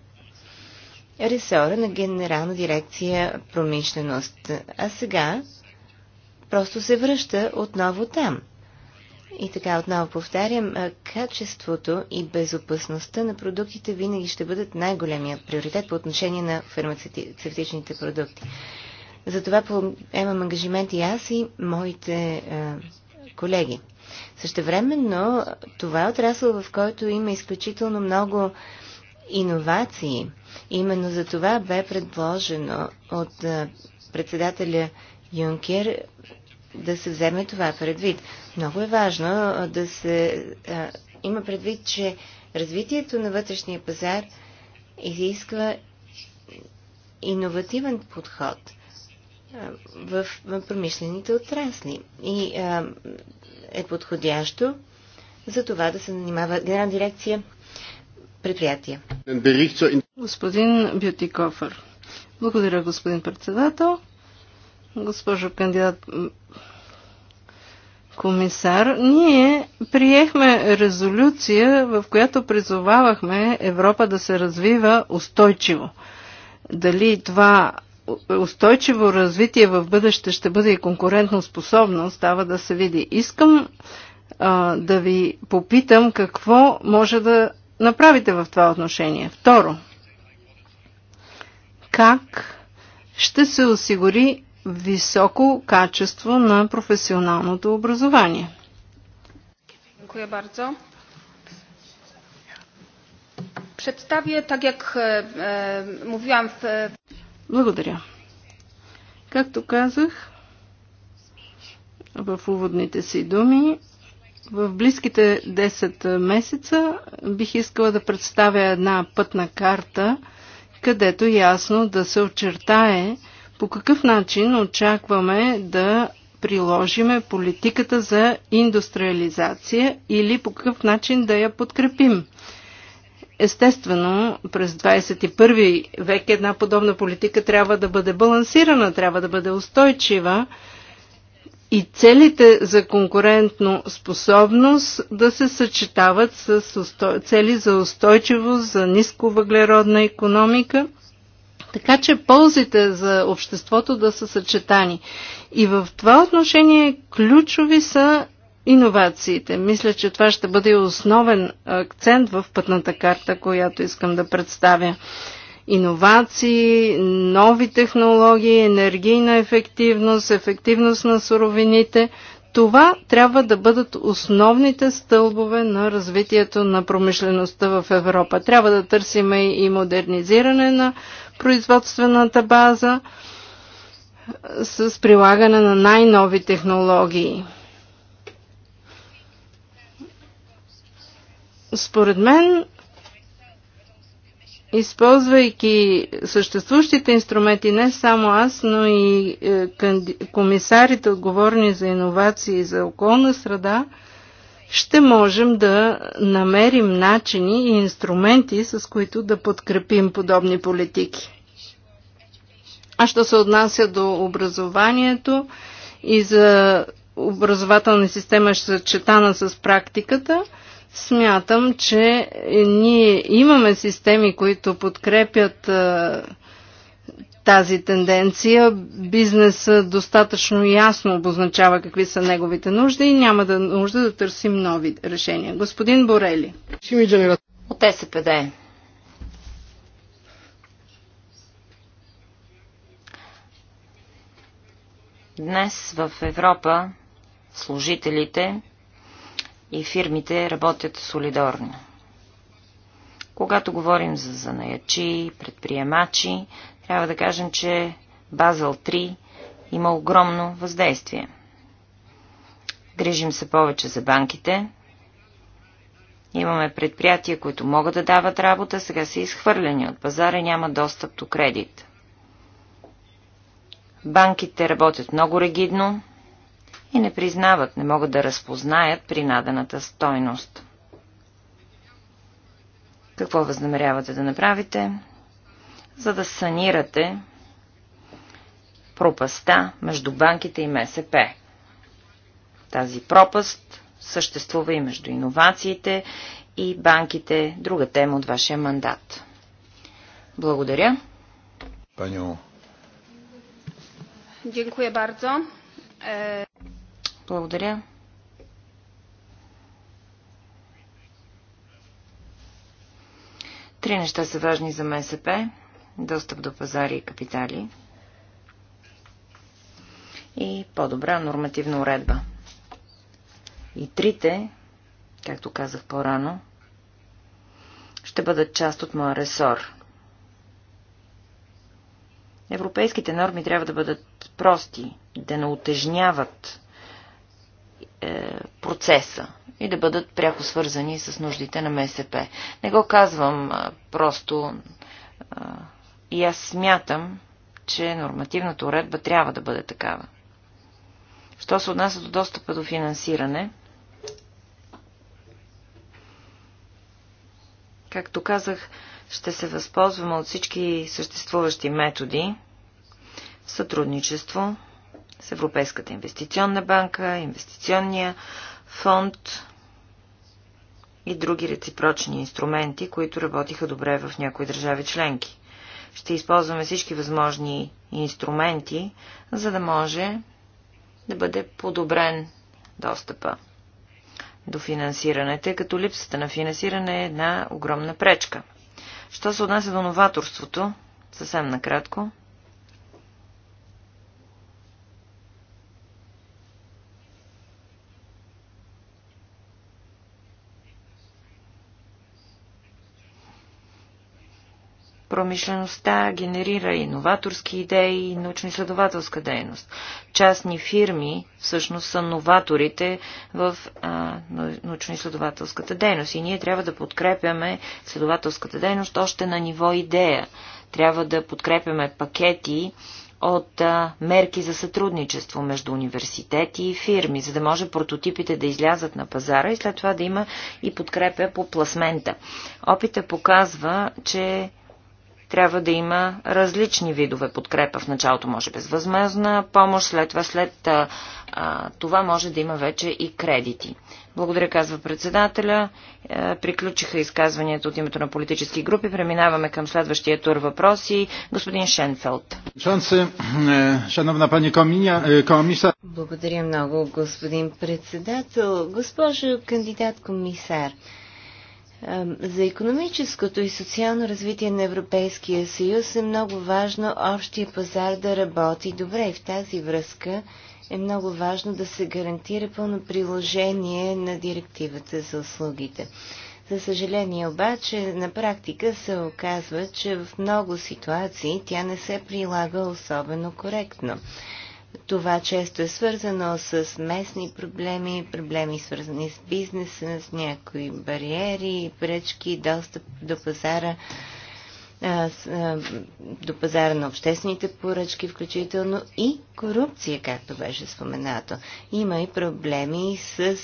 ресора на Генерална дирекция промишленост. А сега просто се връща отново там. И така отново повтарям, качеството и безопасността на продуктите винаги ще бъдат най-големия приоритет по отношение на фармацевтичните продукти. Затова поемам ангажимент и аз и моите е, колеги. Същевременно това е отрасъл, в който има изключително много иновации Именно за това бе предложено от председателя Юнкер да се вземе това предвид. Много е важно да се има предвид, че развитието на вътрешния пазар изисква иновативен подход в, промишлените отрасли. И е подходящо за това да се занимава Генерална дирекция предприятия. Господин Бютикофър. Благодаря, господин председател. Госпожо кандидат комисар, ние приехме резолюция, в която призовавахме Европа да се развива устойчиво. Дали това устойчиво развитие в бъдеще ще бъде и конкурентно способно, става да се види. Искам а, да ви попитам какво може да направите в това отношение. Второ, как ще се осигури високо качество на професионалното образование. Dziękuję bardzo. Przedstawię, tak jak e, e, Благодаря. Както казах в уводните си думи, в близките 10 месеца бих искала да представя една пътна карта – където е ясно да се очертае по какъв начин очакваме да приложиме политиката за индустриализация или по какъв начин да я подкрепим. Естествено, през 21 век една подобна политика трябва да бъде балансирана, трябва да бъде устойчива, и целите за конкурентно способност да се съчетават с цели за устойчивост, за ниско въглеродна економика, така че ползите за обществото да са съчетани. И в това отношение ключови са иновациите. Мисля, че това ще бъде основен акцент в пътната карта, която искам да представя иновации, нови технологии, енергийна ефективност, ефективност на суровините. Това трябва да бъдат основните стълбове на развитието на промишлеността в Европа. Трябва да търсим и модернизиране на производствената база с прилагане на най-нови технологии. Според мен използвайки съществуващите инструменти, не само аз, но и е, комисарите, отговорни за иновации и за околна среда, ще можем да намерим начини и инструменти, с които да подкрепим подобни политики. А що се отнася до образованието и за образователна система, съчетана с практиката – Смятам, че ние имаме системи, които подкрепят тази тенденция. Бизнес достатъчно ясно обозначава какви са неговите нужди и няма да нужда да търсим нови решения. Господин Борели. От СПД. Днес в Европа служителите и фирмите работят солидорно. Когато говорим за занаячи, предприемачи, трябва да кажем, че Базъл 3 има огромно въздействие. Грижим се повече за банките. Имаме предприятия, които могат да дават работа, сега са изхвърлени от пазара и няма достъп до кредит. Банките работят много ригидно, и не признават, не могат да разпознаят принадената стойност. Какво възнамерявате да направите, за да санирате пропаста между банките и МСП? Тази пропаст съществува и между иновациите и банките, друга тема от вашия мандат. Благодаря. Паню. Дякую bardzo. E, благодаря. Три неща са важни за МСП. Достъп до пазари и капитали. И по-добра нормативна уредба. И трите, както казах по-рано, ще бъдат част от моя ресор. Европейските норми трябва да бъдат прости, да не отежняват е, процеса и да бъдат пряко свързани с нуждите на МСП. Не го казвам просто и аз смятам, че нормативната уредба трябва да бъде такава. Що се отнася до достъпа до финансиране, както казах, ще се възползваме от всички съществуващи методи, сътрудничество, с Европейската инвестиционна банка, инвестиционния фонд и други реципрочни инструменти, които работиха добре в някои държави членки. Ще използваме всички възможни инструменти, за да може да бъде подобрен достъпа до финансиране, тъй като липсата на финансиране е една огромна пречка. Що се отнася до новаторството, съвсем накратко, Промишлеността генерира иноваторски идеи и научно-изследователска дейност. Частни фирми всъщност са новаторите в научно-изследователската дейност и ние трябва да подкрепяме следователската дейност още на ниво идея. Трябва да подкрепяме пакети, от а, мерки за сътрудничество между университети и фирми, за да може прототипите да излязат на пазара и след това да има и подкрепя по пласмента. Опита показва, че трябва да има различни видове подкрепа. В началото може безвъзмезна помощ, след това след а, това може да има вече и кредити. Благодаря, казва председателя. Е, приключиха изказванията от името на политически групи. Преминаваме към следващия тур въпроси. Господин Шенфелд. Е, е, Благодаря много, господин председател. Госпожо кандидат комисар, за економическото и социално развитие на Европейския съюз е много важно общия пазар да работи добре и в тази връзка е много важно да се гарантира пълно приложение на директивата за услугите. За съжаление обаче, на практика се оказва, че в много ситуации тя не се прилага особено коректно. Това често е свързано с местни проблеми, проблеми свързани с бизнеса, с някои бариери, пречки, достъп до пазара до пазара на обществените поръчки, включително и корупция, както беше споменато. Има и проблеми с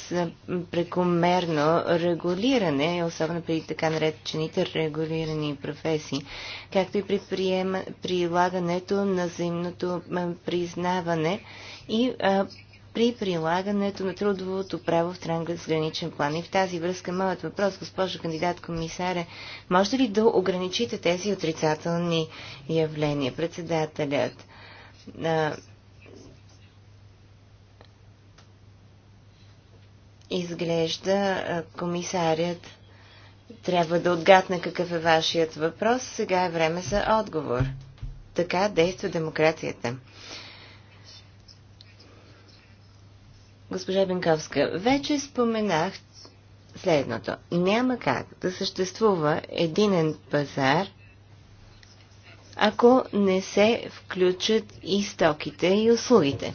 прекомерно регулиране, особено при така наречените регулирани професии, както и при приема, прилагането на взаимното признаване и при прилагането на трудовото право в трансграничен план. И в тази връзка моят въпрос, госпожо кандидат комисаря, може ли да ограничите тези отрицателни явления? Председателят а, изглежда комисарят трябва да отгадна какъв е вашият въпрос. Сега е време за отговор. Така действа демокрацията. Госпожа Бенковска, вече споменах следното. Няма как да съществува единен пазар, ако не се включат и стоките и услугите.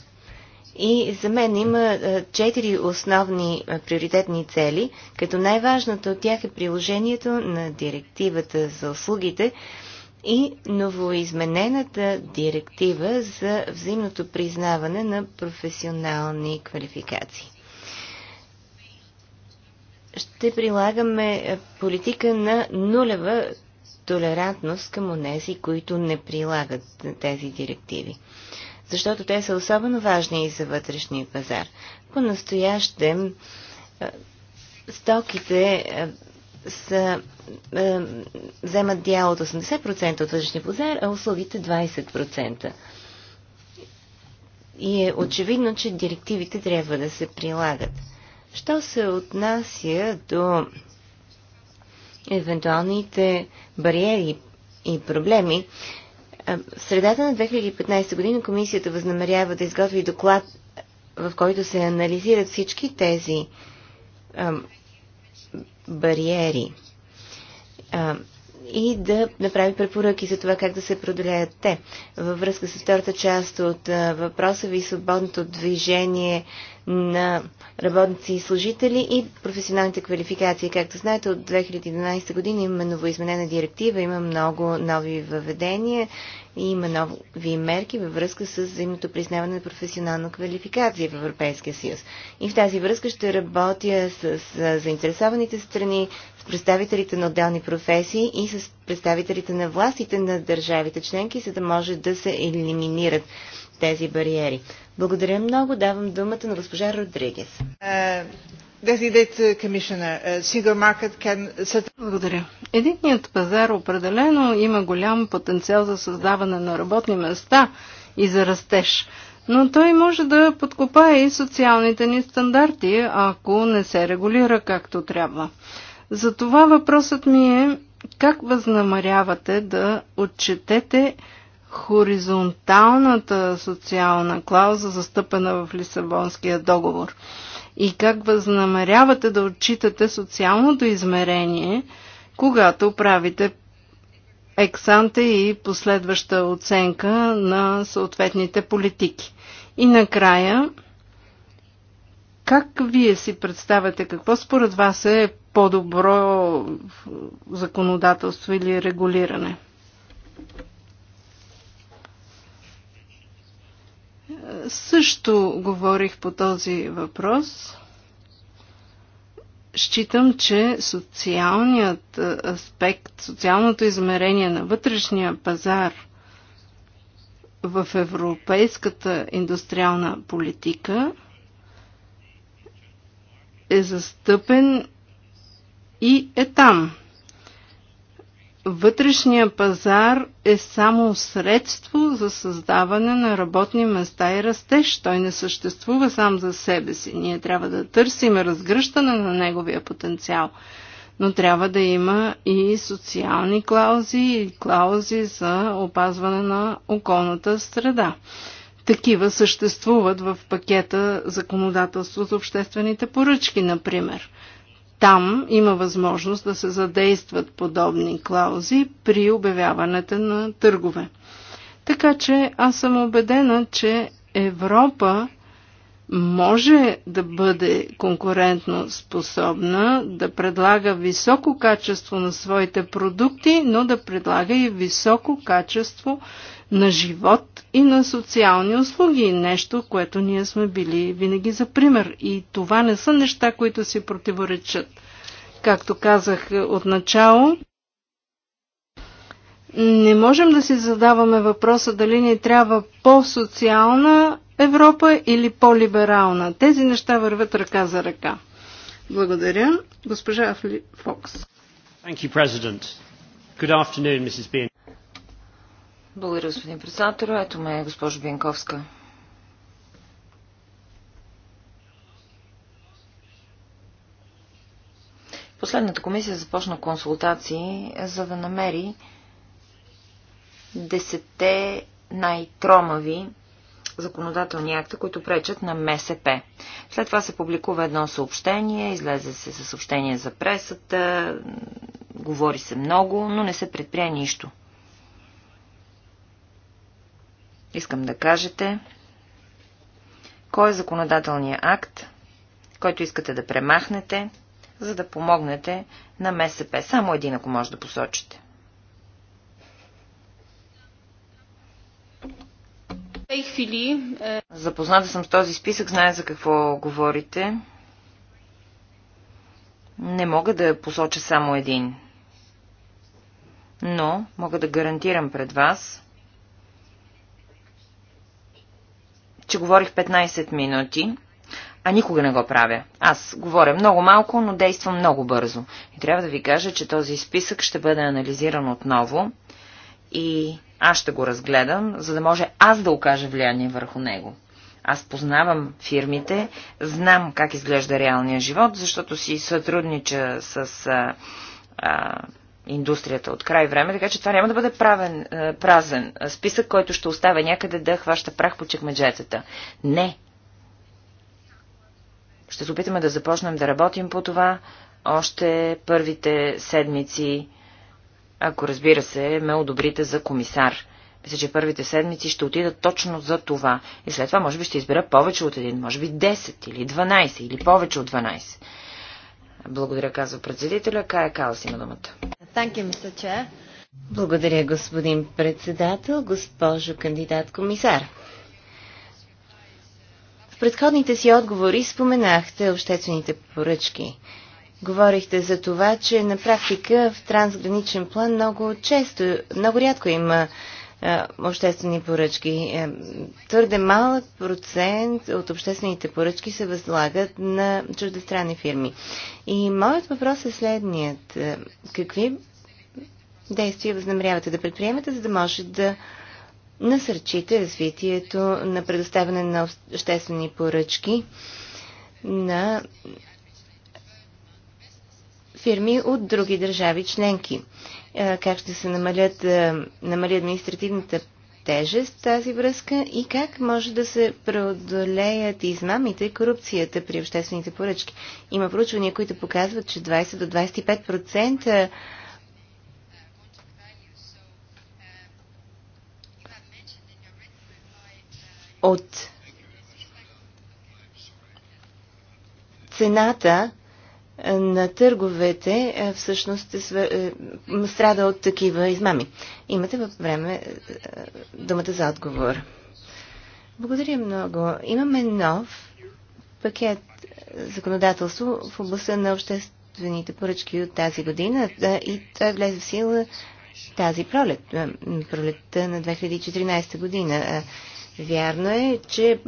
И за мен има е, четири основни е, приоритетни цели, като най-важната от тях е приложението на директивата за услугите, и новоизменената директива за взаимното признаване на професионални квалификации. Ще прилагаме политика на нулева толерантност към онези, които не прилагат тези директиви, защото те са особено важни и за вътрешния пазар. По-настоящем стоките са, е, вземат дял от 80% от вътрешния пазар, а услугите 20%. И е очевидно, че директивите трябва да се прилагат. Що се отнася до евентуалните бариери и проблеми, е, в средата на 2015 година комисията възнамерява да изготви доклад, в който се анализират всички тези бариери и да направи препоръки за това как да се продолеят те. Във връзка с втората част от въпроса ви свободното движение на работници и служители и професионалните квалификации. Както знаете, от 2011 година има новоизменена директива, има много нови въведения и има нови мерки във връзка с взаимното признаване на професионална квалификация в Европейския съюз. И в тази връзка ще работя с заинтересованите страни, представителите на отделни професии и с представителите на властите на държавите членки, за да може да се елиминират тези бариери. Благодаря много. Давам думата на госпожа Родригес. Uh, uh, uh, Благодаря. Единният пазар определено има голям потенциал за създаване на работни места и за растеж. Но той може да подкопае и социалните ни стандарти, ако не се регулира както трябва. Затова въпросът ми е как възнамарявате да отчетете хоризонталната социална клауза, застъпена в Лисабонския договор? И как възнамерявате да отчитате социалното измерение, когато правите ексанте и последваща оценка на съответните политики? И накрая, как вие си представяте, какво според вас е по-добро законодателство или регулиране? Също говорих по този въпрос. Считам, че социалният аспект, социалното измерение на вътрешния пазар в европейската индустриална политика – е застъпен и е там. Вътрешния пазар е само средство за създаване на работни места и растеж. Той не съществува сам за себе си. Ние трябва да търсим разгръщане на неговия потенциал. Но трябва да има и социални клаузи и клаузи за опазване на околната среда такива съществуват в пакета законодателство за обществените поръчки, например. Там има възможност да се задействат подобни клаузи при обявяването на търгове. Така че аз съм убедена, че Европа може да бъде конкурентно способна, да предлага високо качество на своите продукти, но да предлага и високо качество на живот и на социални услуги. Нещо, което ние сме били винаги за пример. И това не са неща, които си противоречат. Както казах отначало, не можем да си задаваме въпроса дали ни трябва по-социална Европа или по-либерална. Тези неща вървят ръка за ръка. Благодаря. Госпожа Фокс. Thank you, President. Good afternoon, Mrs. Bean. Благодаря, господин председател. Ето ме, госпожо Бенковска. Последната комисия започна консултации, за да намери десете най-тромави законодателни акта, които пречат на МСП. След това се публикува едно съобщение, излезе се със съобщение за пресата, говори се много, но не се предприе нищо. Искам да кажете кой е законодателният акт, който искате да премахнете, за да помогнете на МСП. Само един, ако може да посочите. Е, Запозната съм с този списък, знае за какво говорите. Не мога да посоча само един. Но мога да гарантирам пред вас, че говорих 15 минути, а никога не го правя. Аз говоря много малко, но действам много бързо. И трябва да ви кажа, че този списък ще бъде анализиран отново и аз ще го разгледам, за да може аз да окажа влияние върху него. Аз познавам фирмите, знам как изглежда реалния живот, защото си сътруднича с а, а, индустрията от край време, така че това няма да бъде правен, е, празен списък, който ще оставя някъде да хваща прах по чекмеджетата. Не. Ще се опитаме да започнем да работим по това още първите седмици, ако разбира се, ме одобрите за комисар. Мисля, че първите седмици ще отидат точно за това. И след това, може би, ще избера повече от един, може би 10 или 12 или повече от 12. Благодаря, казва председателя. Кая Калас има думата. You, Благодаря, господин председател, госпожо кандидат комисар. В предходните си отговори споменахте обществените поръчки. Говорихте за това, че на практика в трансграничен план много често, много рядко има е, обществени поръчки. Е, твърде малък процент от обществените поръчки се възлагат на чуждестранни фирми. И моят въпрос е следният. Е, какви действия възнамерявате да предприемете, за да може да насърчите развитието на предоставяне на обществени поръчки на фирми от други държави членки? Е, как ще се намалят, е, намали административната тежест тази връзка и как може да се преодолеят измамите и корупцията при обществените поръчки. Има проучвания, които показват, че 20 до 25% от цената на търговете е, всъщност е, е страда от такива измами. Имате във време е, думата за отговор. Благодаря много. Имаме нов пакет законодателство в областта на обществените поръчки от тази година и той влезе в сила тази пролет, пролетта на 2014 година. Вярно е, че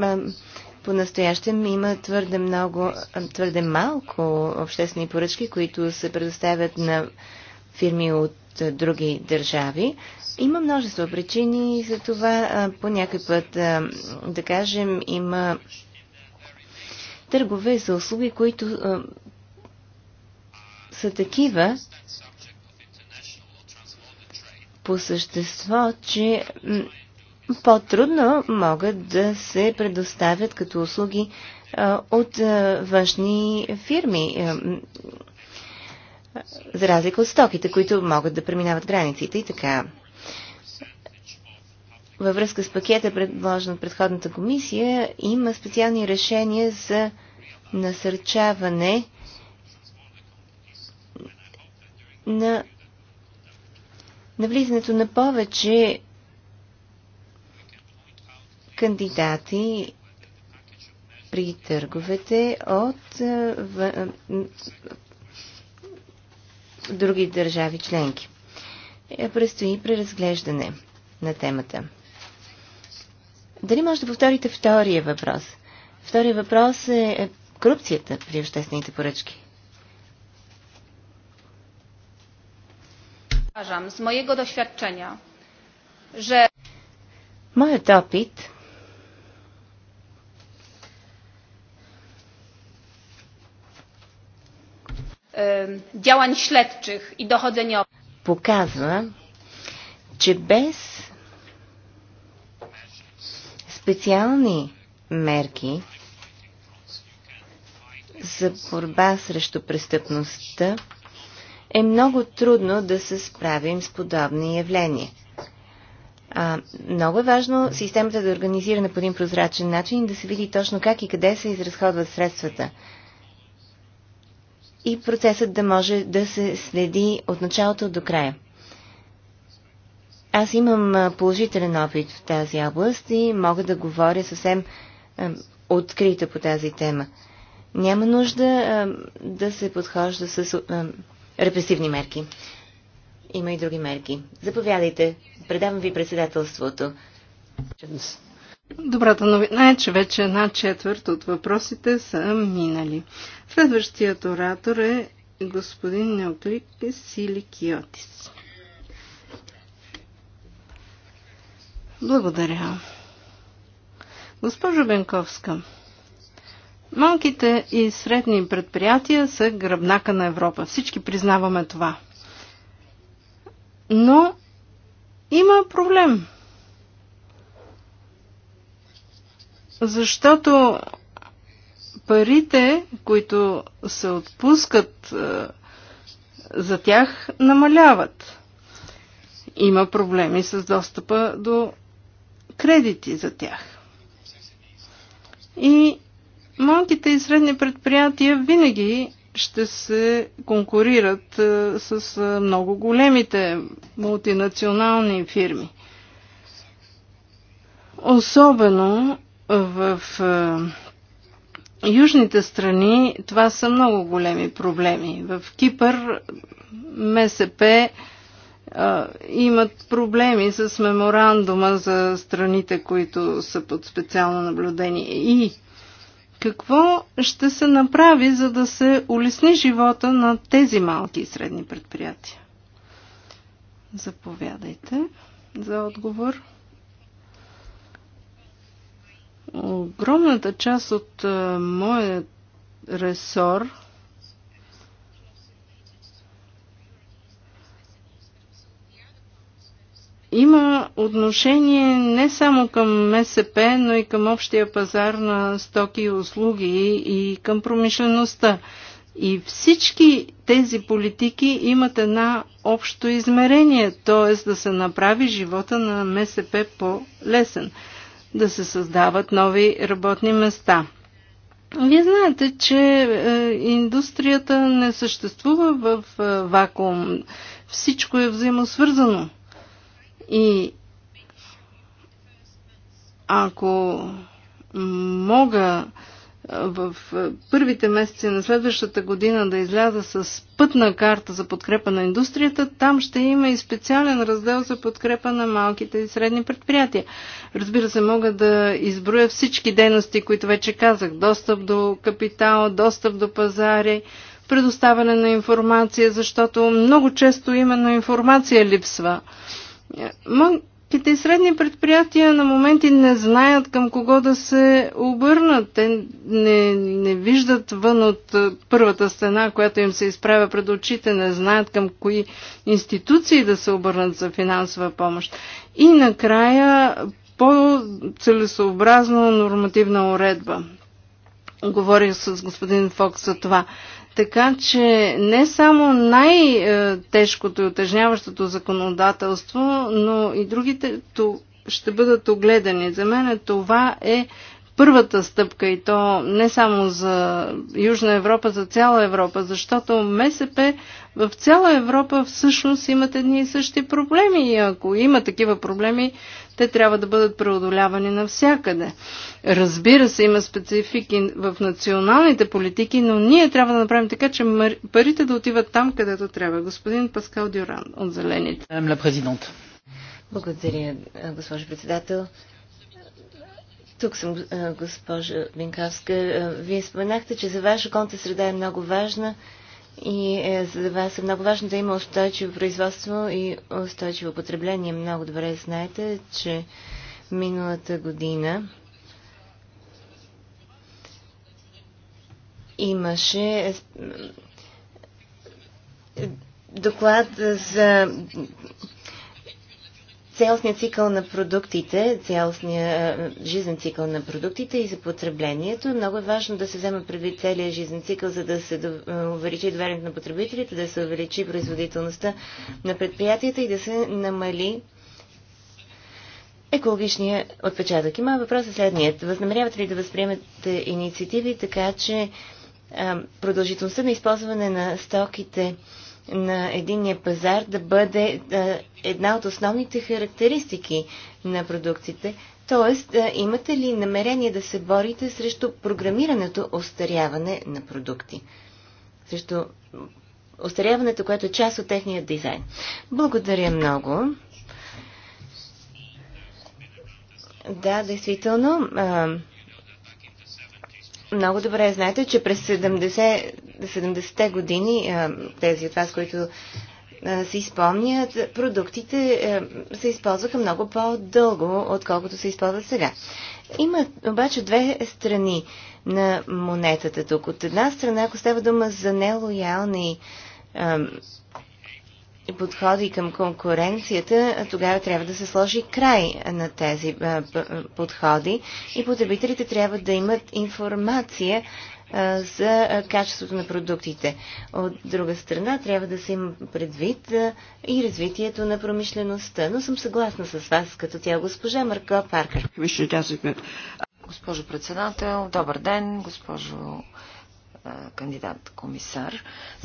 по-настоящем има твърде, много, твърде малко обществени поръчки, които се предоставят на фирми от други държави. Има множество причини за това. По някой път, да кажем, има търгове за услуги, които са такива по същество, че по-трудно могат да се предоставят като услуги от външни фирми. За разлика от стоките, които могат да преминават границите и така. Във връзка с пакета, предложен от предходната комисия, има специални решения за насърчаване на навлизането на повече кандидати при търговете от е, е, други държави членки. Е, предстои преразглеждане на темата. Дали може да повторите втория въпрос? Втория въпрос е корупцията при обществените поръчки. Uważam z mojego doświadczenia, że... Моят опит działań śledczych i dochodzeniowych. Pokazwa, че без специални мерки за борба срещу przestępnością jest много trudno da се справим z подобни явления. А, много е важно системата да е организирана по един прозрачен начин и да се види точно как и къде се изразходват средствата и процесът да може да се следи от началото до края. Аз имам положителен опит в тази област и мога да говоря съвсем открито по тази тема. Няма нужда да се подхожда с репресивни мерки. Има и други мерки. Заповядайте. Предавам ви председателството. Добрата новина е, че вече една четвърт от въпросите са минали. Следващият оратор е господин Неоклик Силикиотис. Благодаря. Госпожо Бенковска, малките и средни предприятия са гръбнака на Европа. Всички признаваме това. Но има проблем. Защото парите, които се отпускат е, за тях, намаляват. Има проблеми с достъпа до кредити за тях. И малките и средни предприятия винаги ще се конкурират е, с е, много големите мултинационални фирми. Особено в южните страни това са много големи проблеми. В Кипър МСП а, имат проблеми с меморандума за страните, които са под специално наблюдение. И какво ще се направи, за да се улесни живота на тези малки и средни предприятия? Заповядайте за отговор. Огромната част от моят ресор има отношение не само към МСП, но и към общия пазар на стоки и услуги и към промишлеността. И всички тези политики имат една общо измерение, т.е. да се направи живота на МСП по-лесен да се създават нови работни места. Вие знаете, че е, индустрията не съществува в е, вакуум. Всичко е взаимосвързано. И ако мога в е, първите месеци на следващата година да изляза с пътна карта за подкрепа на индустрията, там ще има и специален раздел за подкрепа на малките и средни предприятия. Разбира се, мога да изброя всички дейности, които вече казах. Достъп до капитал, достъп до пазари, предоставяне на информация, защото много често именно информация липсва. Малките и средни предприятия на моменти не знаят към кого да се обърнат. Те не, не виждат вън от е, първата стена, която им се изправя пред очите, не знаят към кои институции да се обърнат за финансова помощ. И накрая по целесообразно нормативна уредба. Говорих с господин Фокс за това така че не само най-тежкото и отежняващото законодателство, но и другите ще бъдат огледани. За мен това е първата стъпка и то не само за Южна Европа, за цяла Европа, защото МСП в цяла Европа всъщност имат едни и същи проблеми и ако има такива проблеми, те трябва да бъдат преодолявани навсякъде. Разбира се, има специфики в националните политики, но ние трябва да направим така, че парите да отиват там, където трябва. Господин Паскал Дюран от Зелените. Благодаря, госпожо председател. Тук съм, госпожа Бенкавска. Вие споменахте, че за ваша конта среда е много важна и е, за вас е много важно да има устойчиво производство и устойчиво потребление. Много добре знаете, че миналата година имаше е, доклад за цялостния цикъл на продуктите, цялостния е, жизнен цикъл на продуктите и за потреблението. Много е важно да се взема предвид целият жизнен цикъл, за да се е, увеличи доверието на потребителите, да се увеличи производителността на предприятията и да се намали екологичния отпечатък. Има въпрос е следният. Възнамерявате ли да възприемете инициативи така, че е, продължителността на използване на стоките на единния пазар да бъде една от основните характеристики на продукциите. Тоест, имате ли намерение да се борите срещу програмираното остаряване на продукти? Срещу остаряването, което е част от техния дизайн. Благодаря много. Да, действително много добре знаете, че през 70, 70-те години, е, тези от вас, които се изпомнят, продуктите е, се използваха много по-дълго, отколкото се използват сега. Има обаче две страни на монетата тук. От една страна, ако става дума за нелоялни е, подходи към конкуренцията, тогава трябва да се сложи край на тези подходи и потребителите трябва да имат информация за качеството на продуктите. От друга страна, трябва да се има предвид и развитието на промишлеността, но съм съгласна с вас като тя госпожа Марко Паркър. Госпожо председател, добър ден, госпожо кандидат комисар.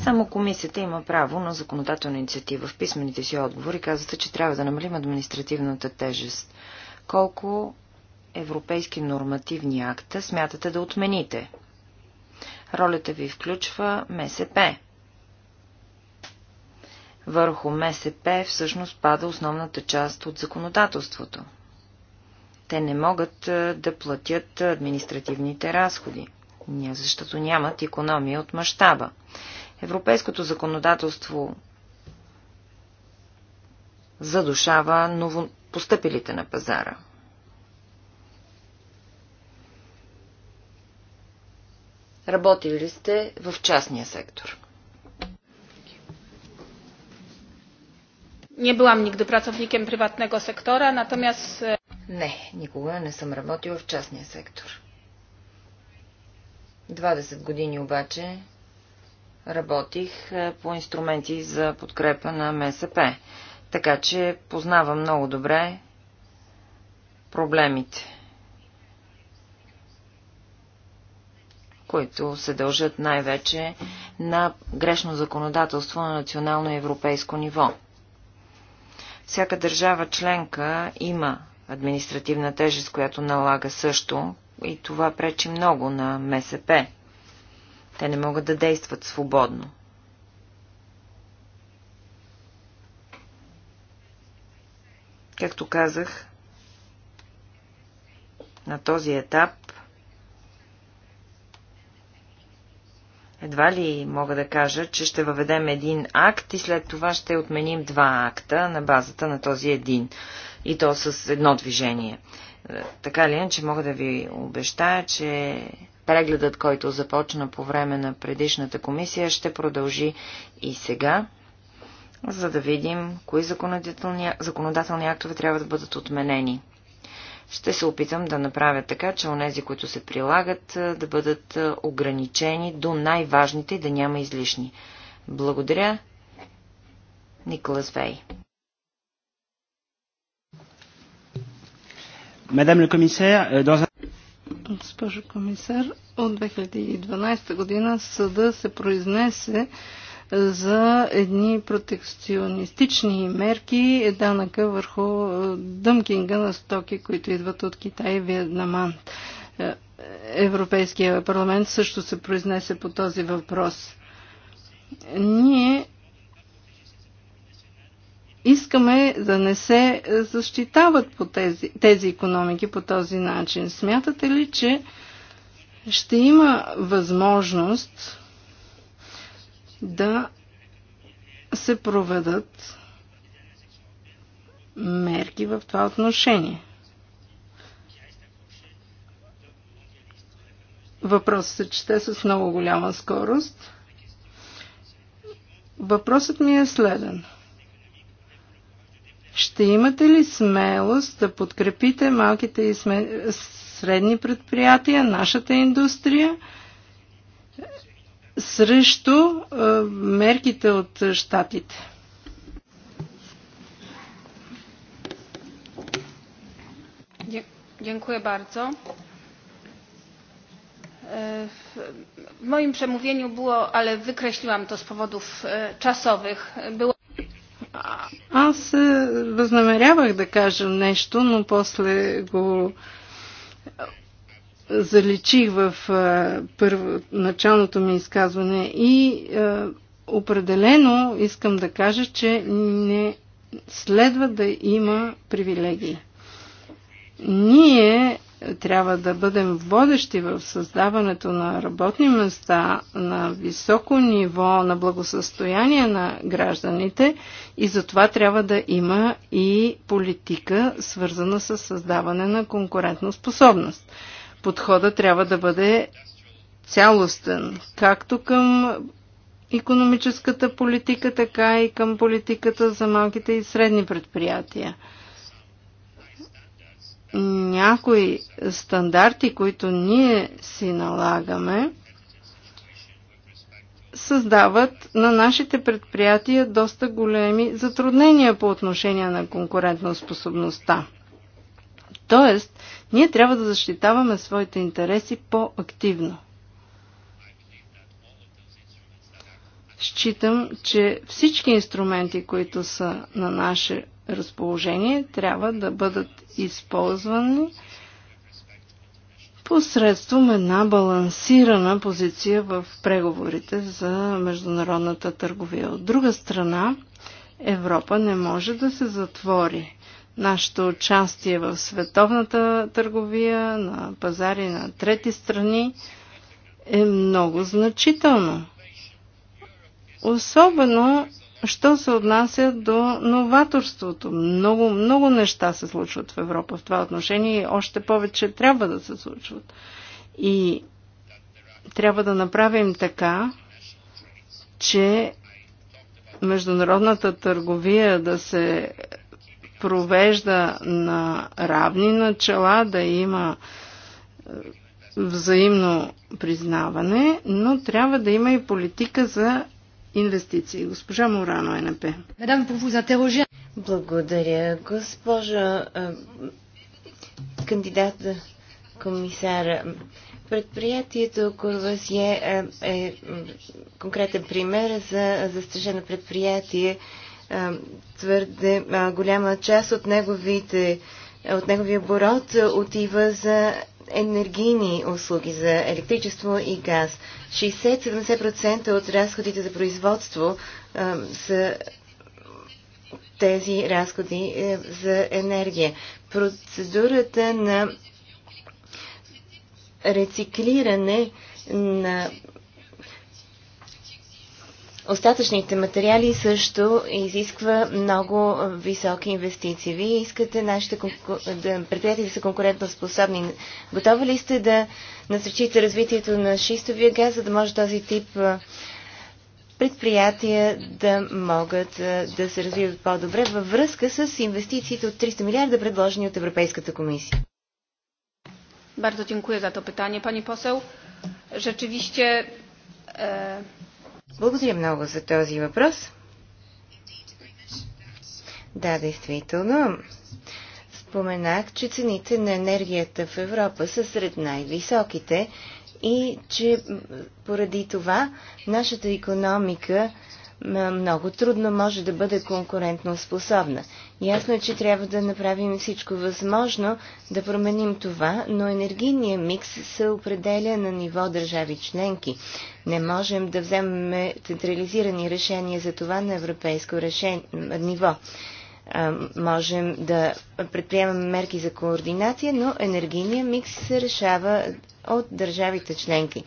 Само комисията има право на законодателна инициатива. В писмените си отговори казвате, че трябва да намалим административната тежест. Колко европейски нормативни акта смятате да отмените? Ролята ви включва МСП. Върху МСП всъщност пада основната част от законодателството. Те не могат да платят административните разходи защото нямат економия от мащаба. Европейското законодателство задушава новопостъпилите на пазара. Работили ли сте в частния сектор? Nie byłam nigdy приватного сектора, sektora, натомяс... Е, не, никога не съм работила в частния сектор. 20 години обаче работих е, по инструменти за подкрепа на МСП, така че познавам много добре проблемите, които се дължат най-вече на грешно законодателство на национално и европейско ниво. Всяка държава членка има административна тежест, която налага също и това пречи много на МСП. Те не могат да действат свободно. Както казах, на този етап едва ли мога да кажа, че ще въведем един акт и след това ще отменим два акта на базата на този един. И то с едно движение. Така ли е, че мога да ви обещая, че прегледът, който започна по време на предишната комисия, ще продължи и сега, за да видим кои законодателни, законодателни актове трябва да бъдат отменени. Ще се опитам да направя така, че онези, които се прилагат, да бъдат ограничени до най-важните и да няма излишни. Благодаря. Николас Вей. Мадам ле комисар, Госпожо комисар, от 2012 година съда се произнесе е, за едни протекционистични мерки е данъка върху е, дъмкинга на стоки, които идват от Китай и Виетнаман. Е, Европейския парламент също се произнесе по този въпрос. Ние искаме да не се защитават по тези, тези економики по този начин. Смятате ли, че ще има възможност да се проведат мерки в това отношение? Въпросът се чете с много голяма скорост. Въпросът ми е следен. Ще имате ли смелост да подкрепите малките и сме... средни предприятия, нашата индустрия, срещу е, мерките от щатите? Dziękuję bardzo. W moim przemówieniu było, ale wykreśliłam to z powodów e, czasowych, było аз е, възнамерявах да кажа нещо, но после го е, заличих в е, началното ми изказване и определено искам да кажа, че не следва да има привилегии. Ние трябва да бъдем водещи в създаването на работни места на високо ниво на благосъстояние на гражданите и затова трябва да има и политика, свързана с създаване на конкурентна способност. Подходът трябва да бъде цялостен, както към економическата политика, така и към политиката за малките и средни предприятия някои стандарти, които ние си налагаме, създават на нашите предприятия доста големи затруднения по отношение на конкурентоспособността. Тоест, ние трябва да защитаваме своите интереси по-активно. Считам, че всички инструменти, които са на наше разположение трябва да бъдат използвани посредством една балансирана позиция в преговорите за международната търговия. От друга страна, Европа не може да се затвори. Нашето участие в световната търговия, на пазари на трети страни е много значително. Особено Що се отнася до новаторството? Много, много неща се случват в Европа в това отношение и още повече трябва да се случват. И трябва да направим така, че международната търговия да се провежда на равни начала, да има е, взаимно признаване, но трябва да има и политика за инвестиции. Госпожа Морано, НП. Благодаря, госпожа кандидата комисара. Предприятието Корвасие е, е конкретен пример за застрашено предприятие. твърде голяма част от неговите от неговия оборот отива за енергийни услуги за електричество и газ. 60-70% от разходите за производство а, са тези разходи а, е, за енергия. Процедурата на рециклиране на Остатъчните материали също изисква много високи инвестиции. Вие искате нашите конку... да предприятия да са конкурентно способни. Готови ли сте да насречите развитието на шистовия газ, за да може този тип предприятия да могат да се развиват по-добре във връзка с инвестициите от 300 милиарда, предложени от Европейската комисия? Bardzo dziękuję za to pytanie, pani poseł. Rzeczywiście e, благодаря много за този въпрос. Да, действително. Споменах, че цените на енергията в Европа са сред най-високите и че поради това нашата економика много трудно може да бъде конкурентно способна. Ясно е, че трябва да направим всичко възможно да променим това, но енергийният микс се определя на ниво държави членки. Не можем да вземем централизирани решения за това на европейско решен... ниво. А, можем да предприемаме мерки за координация, но енергийният микс се решава от държавите членки.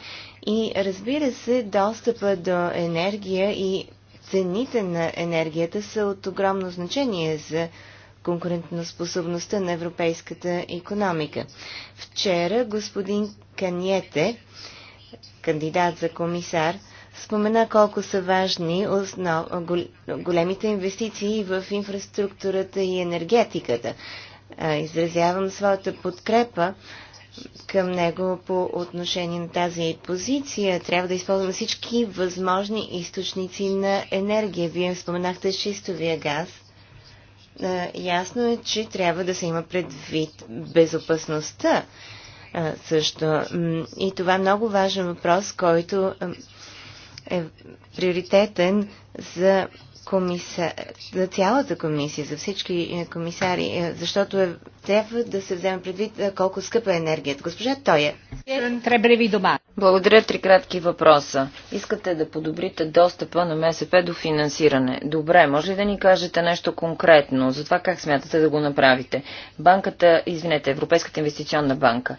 И разбира се, достъпа до енергия и цените на енергията са от огромно значение за конкурентоспособността на европейската економика. Вчера господин Каньете, кандидат за комисар, спомена колко са важни основ... големите инвестиции в инфраструктурата и енергетиката. Изразявам своята подкрепа към него по отношение на тази позиция. Трябва да използваме всички възможни източници на енергия. Вие споменахте шистовия газ. Ясно е, че трябва да се има предвид безопасността също. И това е много важен въпрос, който е приоритетен за комисар, за цялата комисия, за всички е, комисари, е, защото е, трябва да се вземе предвид е, колко скъпа е енергията. Госпожа Тоя. ви дома. Благодаря. Три кратки въпроса. Искате да подобрите достъпа на МСП до финансиране. Добре, може ли да ни кажете нещо конкретно за това как смятате да го направите? Банката, извинете, Европейската инвестиционна банка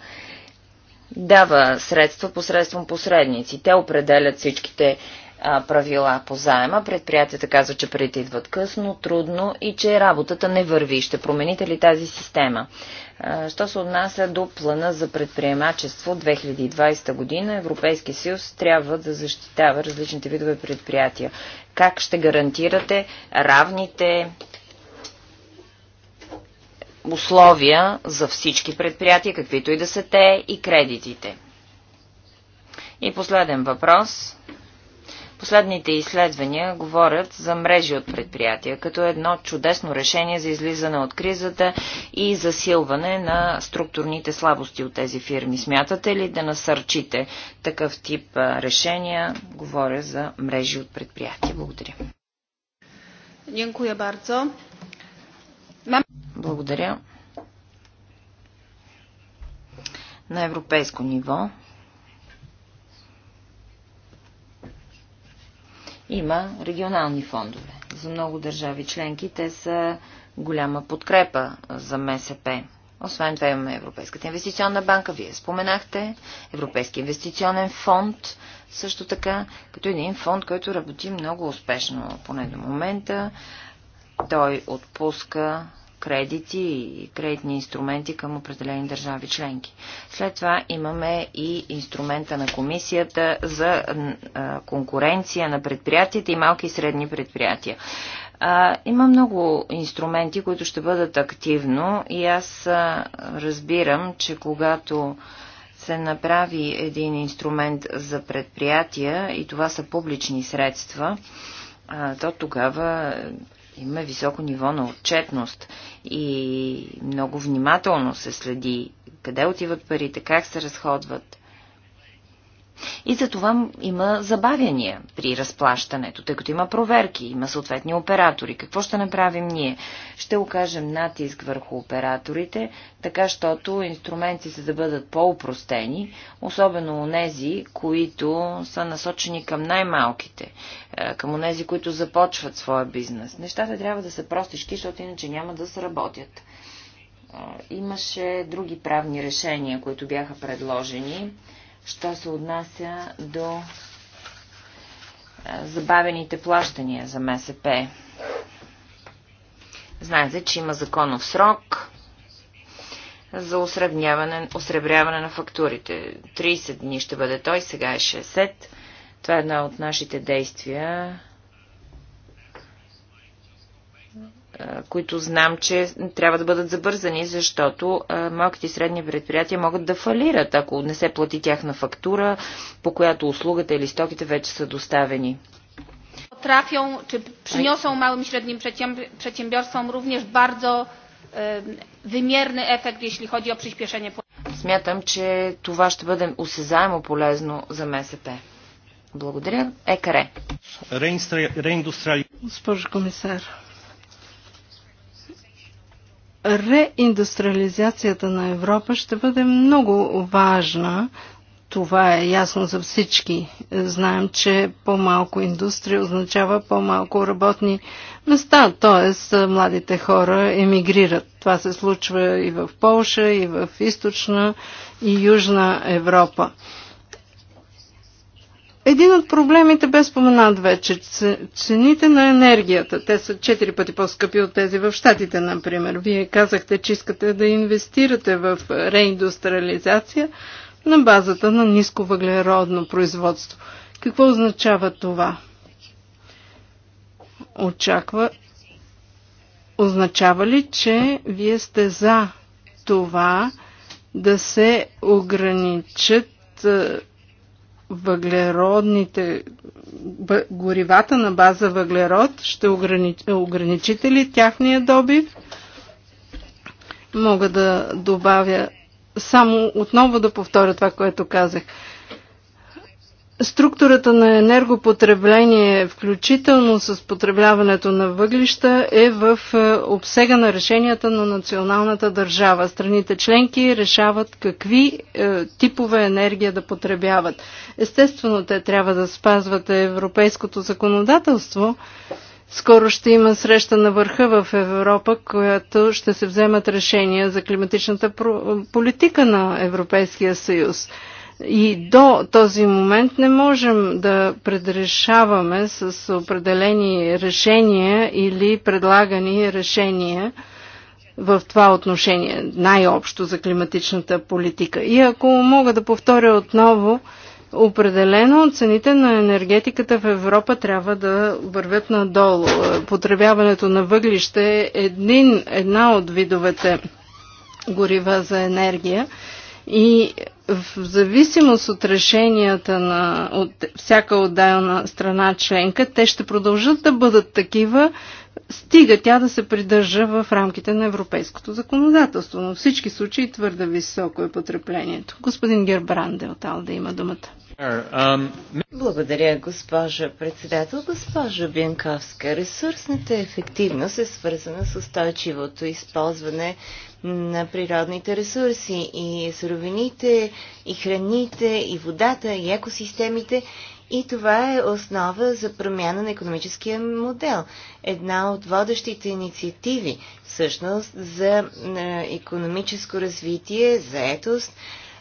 дава средства посредством посредници. Те определят всичките а, правила по заема. Предприятията казват, че парите идват късно, трудно и че работата не върви. Ще промените ли тази система? що се отнася до плана за предприемачество 2020 година, Европейския съюз трябва да защитава различните видове предприятия. Как ще гарантирате равните условия за всички предприятия, каквито и да са те, и кредитите? И последен въпрос Последните изследвания говорят за мрежи от предприятия, като едно чудесно решение за излизане от кризата и засилване на структурните слабости от тези фирми. Смятате ли да насърчите такъв тип решения? Говоря за мрежи от предприятия. Благодаря. Благодаря. На европейско ниво Има регионални фондове. За много държави членки те са голяма подкрепа за МСП. Освен това имаме Европейската инвестиционна банка, вие споменахте, Европейски инвестиционен фонд, също така, като един фонд, който работи много успешно, поне до момента. Той отпуска кредити и кредитни инструменти към определени държави членки. След това имаме и инструмента на комисията за конкуренция на предприятията и малки и средни предприятия. А, има много инструменти, които ще бъдат активно и аз а, разбирам, че когато се направи един инструмент за предприятия и това са публични средства, а, то тогава има високо ниво на отчетност и много внимателно се следи къде отиват парите, как се разходват. И за това има забавяния при разплащането, тъй като има проверки, има съответни оператори. Какво ще направим ние? Ще окажем натиск върху операторите, така щото инструментите да бъдат по-упростени, особено нези, които са насочени към най-малките, е, към онези, които започват своя бизнес. Нещата трябва да са простички, защото иначе няма да сработят. Е, имаше други правни решения, които бяха предложени що се отнася до забавените плащания за МСП. Знаете, че има законов срок за осребряване на фактурите. 30 дни ще бъде той, сега е 60. Това е една от нашите действия които знам, че трябва да бъдат забързани, защото малките и средни предприятия могат да фалират, ако не се плати тяхна фактура, по която услугата или стоките вече са доставени. Trafią, че принесъл małym и średnim przedsiębiorstwom również bardzo е, wymierny efekt, jeśli chodzi o przyspieszenie. Смятам, че това ще бъде осезаемо полезно за МСП. Благодаря. Екаре. Реиндустриализация. Госпожо комисар, реиндустриализацията на Европа ще бъде много важна. Това е ясно за всички. Знаем, че по-малко индустрия означава по-малко работни места, т.е. младите хора емигрират. Това се случва и в Полша, и в източна и южна Европа. Един от проблемите бе споменат вече. Цените на енергията. Те са четири пъти по-скъпи от тези в Штатите, например. Вие казахте, че искате да инвестирате в реиндустриализация на базата на ниско въглеродно производство. Какво означава това? Очаква. Означава ли, че вие сте за това да се ограничат е, въглеродните горивата на база въглерод? Ще ограничите, ограничите ли тяхния добив? Мога да добавя само отново да повторя това, което казах. Структурата на енергопотребление, включително с потребляването на въглища, е в е, обсега на решенията на националната държава. Страните членки решават какви е, типове енергия да потребяват. Естествено, те трябва да спазват европейското законодателство. Скоро ще има среща на върха в Европа, която ще се вземат решения за климатичната политика на Европейския съюз. И до този момент не можем да предрешаваме с определени решения или предлагани решения в това отношение, най-общо за климатичната политика. И ако мога да повторя отново, Определено цените на енергетиката в Европа трябва да вървят надолу. Потребяването на въглище е един, една от видовете горива за енергия и в зависимост от решенията на, от всяка отделна страна членка, те ще продължат да бъдат такива, стига тя да се придържа в рамките на европейското законодателство. Но в всички случаи твърде високо е потреблението. Господин Гербранде от Алда има думата. Благодаря, госпожа председател. Госпожа Бянковска, ресурсната ефективност е свързана с устойчивото използване на природните ресурси и суровините, и храните, и водата, и екосистемите. И това е основа за промяна на економическия модел. Една от водещите инициативи, всъщност, за е, економическо развитие, заетост,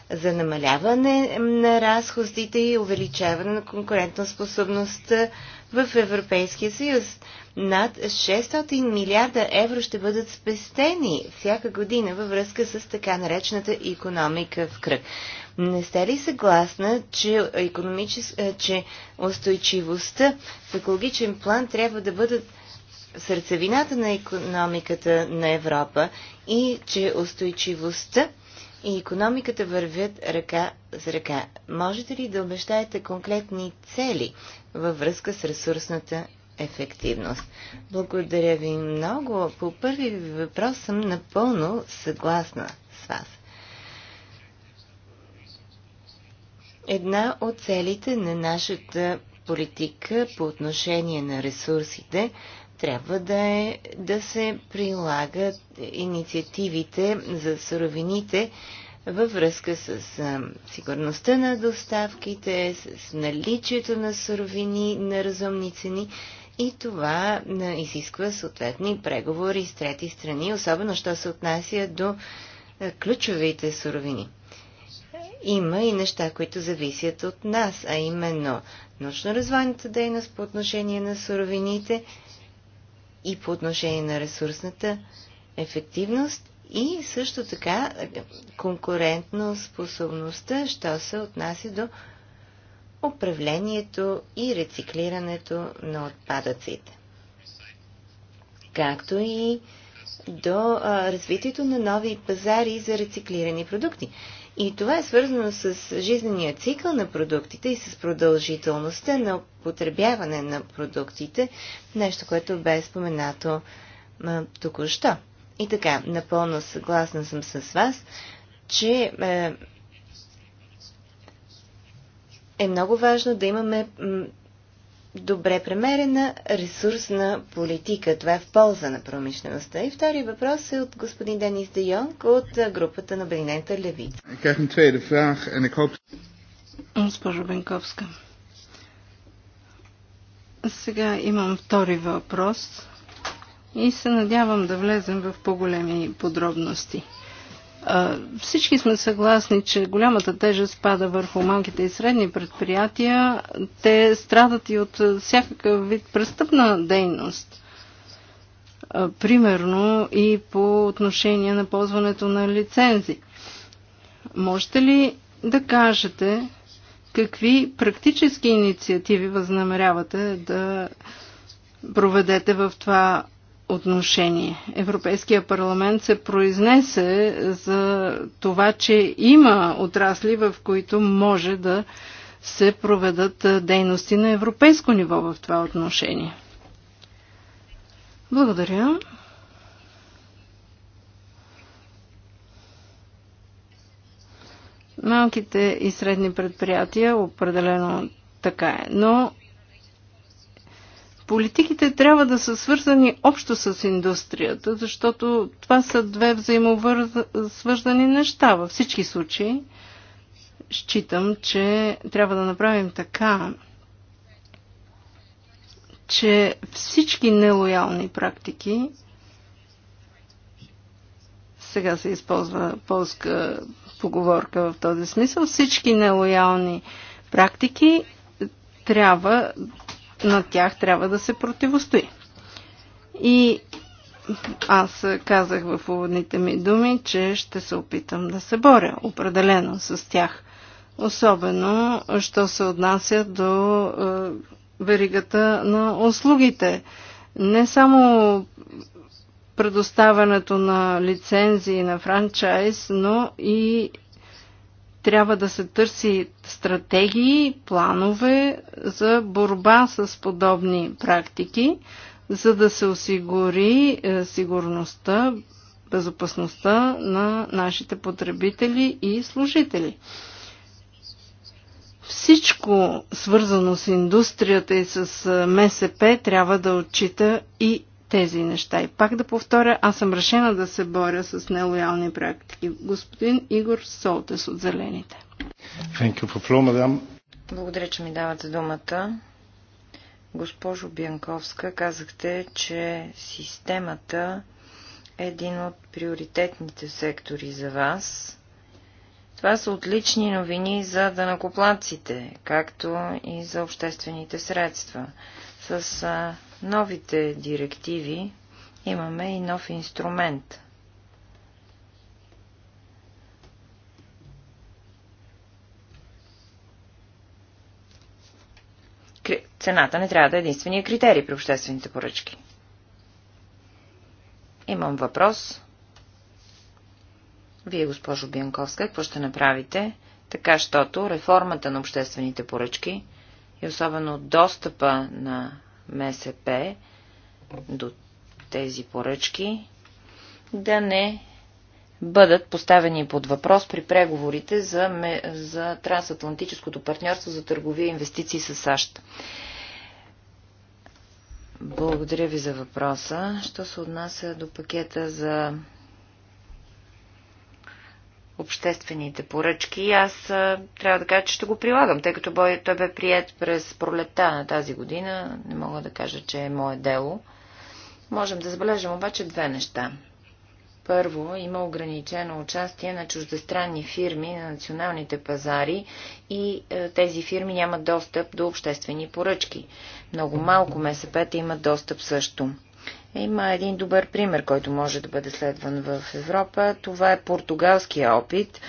за намаляване на разходите и увеличаване на конкурентоспособността в Европейския съюз над 600 милиарда евро ще бъдат спестени всяка година във връзка с така наречената економика в кръг. Не сте ли съгласна, че, економичес... Е, че устойчивостта в екологичен план трябва да бъдат сърцевината на економиката на Европа и че устойчивостта и економиката вървят ръка за ръка. Можете ли да обещаете конкретни цели във връзка с ресурсната ефективност. Благодаря ви много. По първи въпрос съм напълно съгласна с вас. Една от целите на нашата политика по отношение на ресурсите трябва да е да се прилагат инициативите за суровините във връзка с сигурността на доставките, с наличието на суровини на разумни цени и това изисква съответни преговори с трети страни, особено що се отнася до ключовите суровини. Има и неща, които зависят от нас, а именно научно-развойната дейност по отношение на суровините и по отношение на ресурсната ефективност и също така конкурентно способността, що се отнася до управлението и рециклирането на отпадъците, както и до а, развитието на нови пазари за рециклирани продукти. И това е свързано с жизнения цикъл на продуктите и с продължителността на употребяване на продуктите, нещо, което бе споменато току-що. И така, напълно съгласна съм с вас, че е, е много важно да имаме добре премерена ресурсна политика. Това е в полза на промишлеността. И втори въпрос е от господин Денис Де Йонг от групата на Обединената левица. Госпожо Бенковска, сега имам втори въпрос и се надявам да влезем в по-големи подробности. Всички сме съгласни, че голямата тежест пада върху малките и средни предприятия. Те страдат и от всякакъв вид престъпна дейност. Примерно и по отношение на ползването на лицензи. Можете ли да кажете какви практически инициативи възнамерявате да проведете в това отношение. Европейския парламент се произнесе за това, че има отрасли, в които може да се проведат дейности на европейско ниво в това отношение. Благодаря. Малките и средни предприятия определено така е. Но Политиките трябва да са свързани общо с индустрията, защото това са две взаимосвързани неща. Във всички случаи считам, че трябва да направим така, че всички нелоялни практики, сега се използва полска поговорка в този смисъл, всички нелоялни практики трябва на тях трябва да се противостои. И аз казах в уводните ми думи, че ще се опитам да се боря определено с тях. Особено, що се отнася до е, веригата на услугите. Не само предоставянето на лицензии на франчайз, но и трябва да се търси стратегии, планове за борба с подобни практики, за да се осигури е, сигурността, безопасността на нашите потребители и служители. Всичко свързано с индустрията и с е, МСП трябва да отчита и тези неща. И пак да повторя, аз съм решена да се боря с нелоялни практики. Господин Игор Солтес от Зелените. Floor, Благодаря, че ми давате думата. Госпожо Бянковска, казахте, че системата е един от приоритетните сектори за вас. Това са отлични новини за данакоплаците, както и за обществените средства. С новите директиви имаме и нов инструмент. Цената не трябва да е единствения критерий при обществените поръчки. Имам въпрос. Вие, госпожо Бянковска, какво ще направите, така щото реформата на обществените поръчки и особено достъпа на МСП до тези поръчки да не бъдат поставени под въпрос при преговорите за, за трансатлантическото партньорство за търговия и инвестиции с САЩ. Благодаря ви за въпроса. Що се отнася до пакета за обществените поръчки и аз трябва да кажа, че ще го прилагам, тъй като той бе прият през пролета на тази година. Не мога да кажа, че е мое дело. Можем да забележим обаче две неща. Първо, има ограничено участие на чуждестранни фирми на националните пазари и е, тези фирми нямат достъп до обществени поръчки. Много малко МСП-та имат достъп също. Има един добър пример, който може да бъде следван в Европа. Това е португалския опит,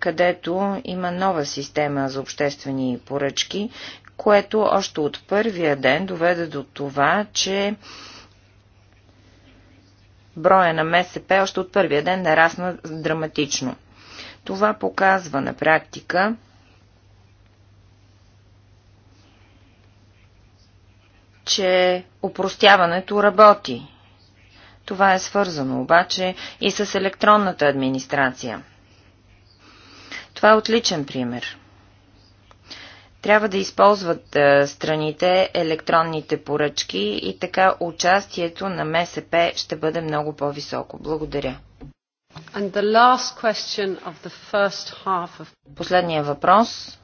където има нова система за обществени поръчки, което още от първия ден доведе до това, че броя на МСП още от първия ден нарасна драматично. Това показва на практика, че упростяването работи. Това е свързано обаче и с електронната администрация. Това е отличен пример. Трябва да използват страните електронните поръчки и така участието на МСП ще бъде много по-високо. Благодаря. Of... Последния въпрос.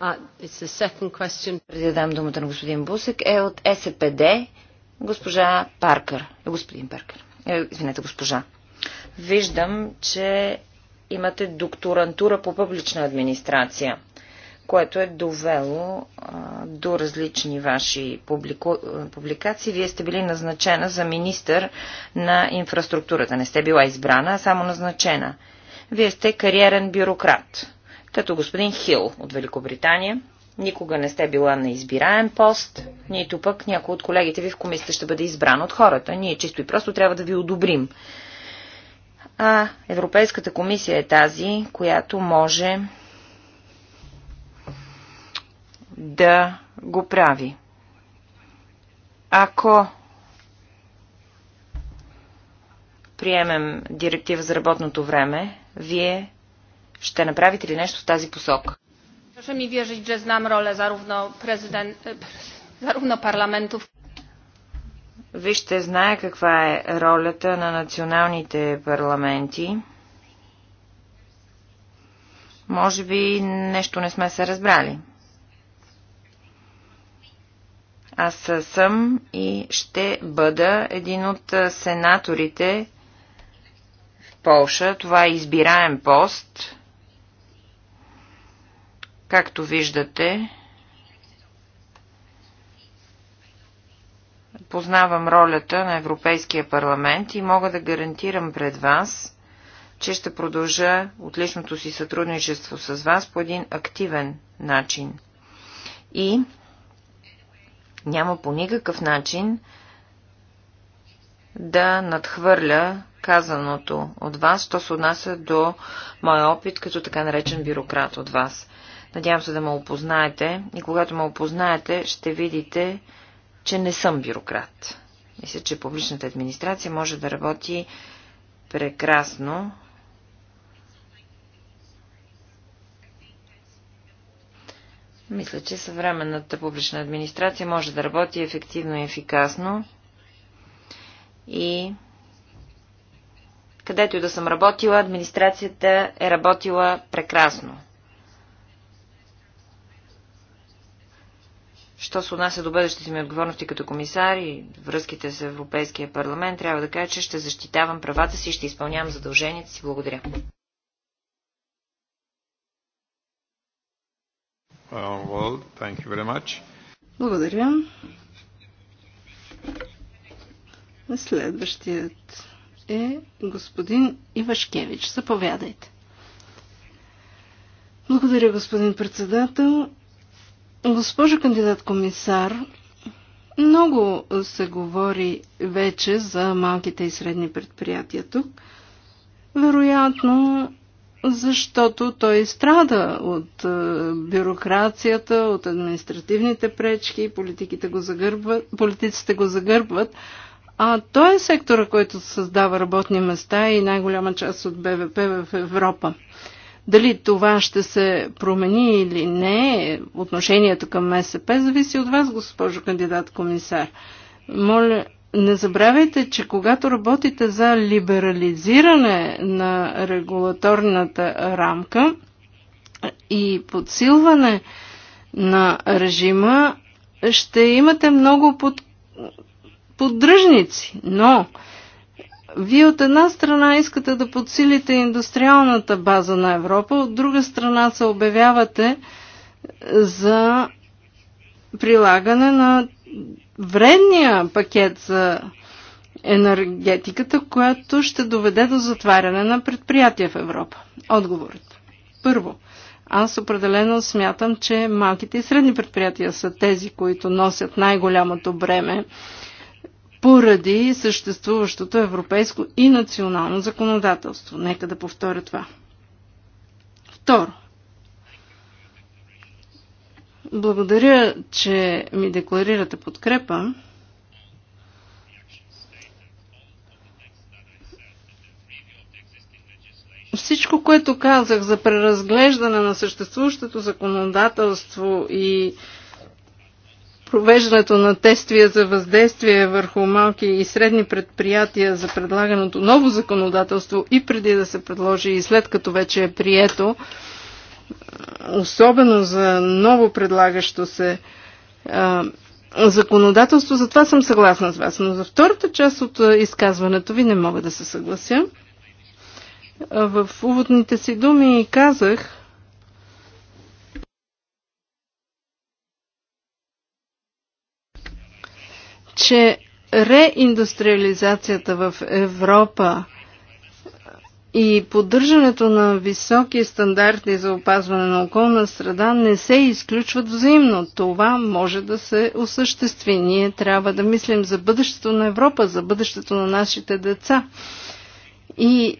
Uh, Преди да дам думата на господин Бусек, е от СПД госпожа Паркър. Е, господин Паркър. Е, извинете, госпожа. Виждам, че имате докторантура по публична администрация, което е довело а, до различни ваши публику... публикации. Вие сте били назначена за министър на инфраструктурата. Не сте била избрана, а само назначена. Вие сте кариерен бюрократ като господин Хил от Великобритания. Никога не сте била на избираем пост, нито пък някой от колегите ви в комисията ще бъде избран от хората. Ние чисто и просто трябва да ви одобрим. А Европейската комисия е тази, която може да го прави. Ако приемем директива за работното време, вие ще направите ли нещо в тази посок. Proszę ми wierzyć, че знам роля zarówno, президент e, zarówno парламентов. Вижте, знае каква е ролята на националните парламенти. Може би нещо не сме се разбрали. Аз съм и ще бъда един от е, сенаторите в Полша. Това е избираем пост Както виждате, познавам ролята на Европейския парламент и мога да гарантирам пред вас, че ще продължа отличното си сътрудничество с вас по един активен начин. И няма по никакъв начин да надхвърля казаното от вас, що се отнася до моя опит като така наречен бюрократ от вас. Надявам се да ме опознаете и когато ме опознаете, ще видите, че не съм бюрократ. Мисля, че публичната администрация може да работи прекрасно. Мисля, че съвременната публична администрация може да работи ефективно и ефикасно. И където и да съм работила, администрацията е работила прекрасно. Що се отнася до бъдещите ми отговорности като комисар и връзките с Европейския парламент, трябва да кажа, че ще защитавам правата си и ще изпълнявам задълженията си. Благодаря. Uh, well, Благодаря. Следващият е господин Ивашкевич. Заповядайте. Благодаря, господин председател. Госпожо кандидат комисар, много се говори вече за малките и средни предприятия тук. Вероятно, защото той страда от е, бюрокрацията, от административните пречки, политиките го загърбват, политиците го загърбват, а той е сектора, който създава работни места и най-голяма част от БВП в Европа. Дали това ще се промени или не, отношението към МСП зависи от вас, госпожо кандидат комисар. Моля, не забравяйте, че когато работите за либерализиране на регулаторната рамка и подсилване на режима, ще имате много под... поддръжници, но вие от една страна искате да подсилите индустриалната база на Европа, от друга страна се обявявате за прилагане на вредния пакет за енергетиката, която ще доведе до затваряне на предприятия в Европа. Отговорът. Първо, аз определено смятам, че малките и средни предприятия са тези, които носят най-голямото бреме поради съществуващото европейско и национално законодателство. Нека да повторя това. Второ, благодаря, че ми декларирате подкрепа. Всичко, което казах за преразглеждане на съществуващото законодателство и провеждането на тествия за въздействие върху малки и средни предприятия за предлаганото ново законодателство и преди да се предложи и след като вече е прието, особено за ново предлагащо се а, законодателство, затова съм съгласна с вас. Но за втората част от изказването ви не мога да се съглася. В уводните си думи казах, че реиндустриализацията в Европа и поддържането на високи стандарти за опазване на околна среда не се изключват взаимно. Това може да се осъществи. Ние трябва да мислим за бъдещето на Европа, за бъдещето на нашите деца. И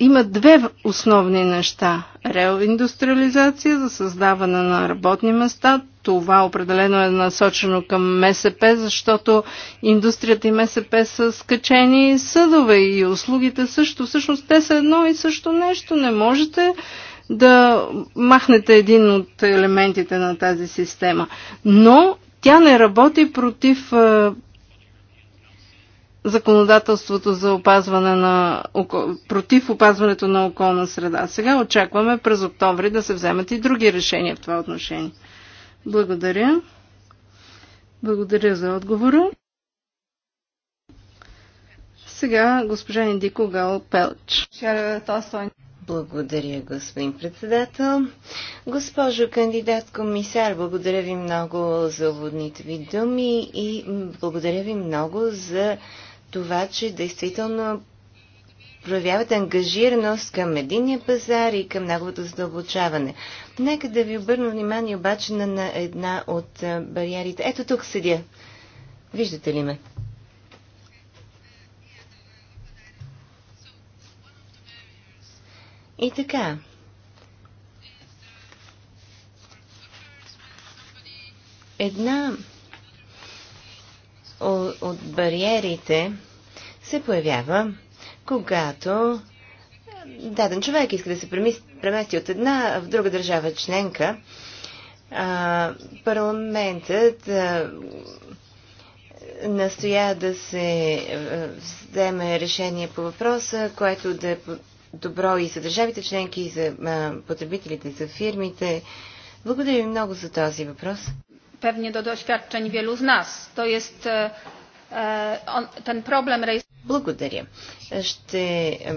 има две основни неща. Реиндустриализация за създаване на работни места, това определено е насочено към МСП, защото индустрията и МСП са скачени съдове и услугите също. Всъщност те са едно и също нещо. Не можете да махнете един от елементите на тази система. Но тя не работи против е, законодателството за опазване на, против опазването на околна среда. Сега очакваме през октомври да се вземат и други решения в това отношение. Благодаря. Благодаря за отговора. Сега госпожа Индико Гал Пелч. Благодаря, господин председател. Госпожо кандидат комисар, благодаря ви много за уводните ви думи и благодаря ви много за това, че действително проявяват ангажираност към единния пазар и към неговото задълбочаване. Нека да ви обърна внимание обаче на една от бариерите. Ето тук седя. Виждате ли ме? И така. Една от бариерите се появява когато даден човек иска да се премести от една в друга държава членка, парламентът настоя да се вземе решение по въпроса, което да е добро и за държавите членки, и за потребителите, и за фирмите. Благодаря ви много за този въпрос. Певни до doświadczeń wielu с нас. То е ten problem rejestru. Благодаря. Ще е,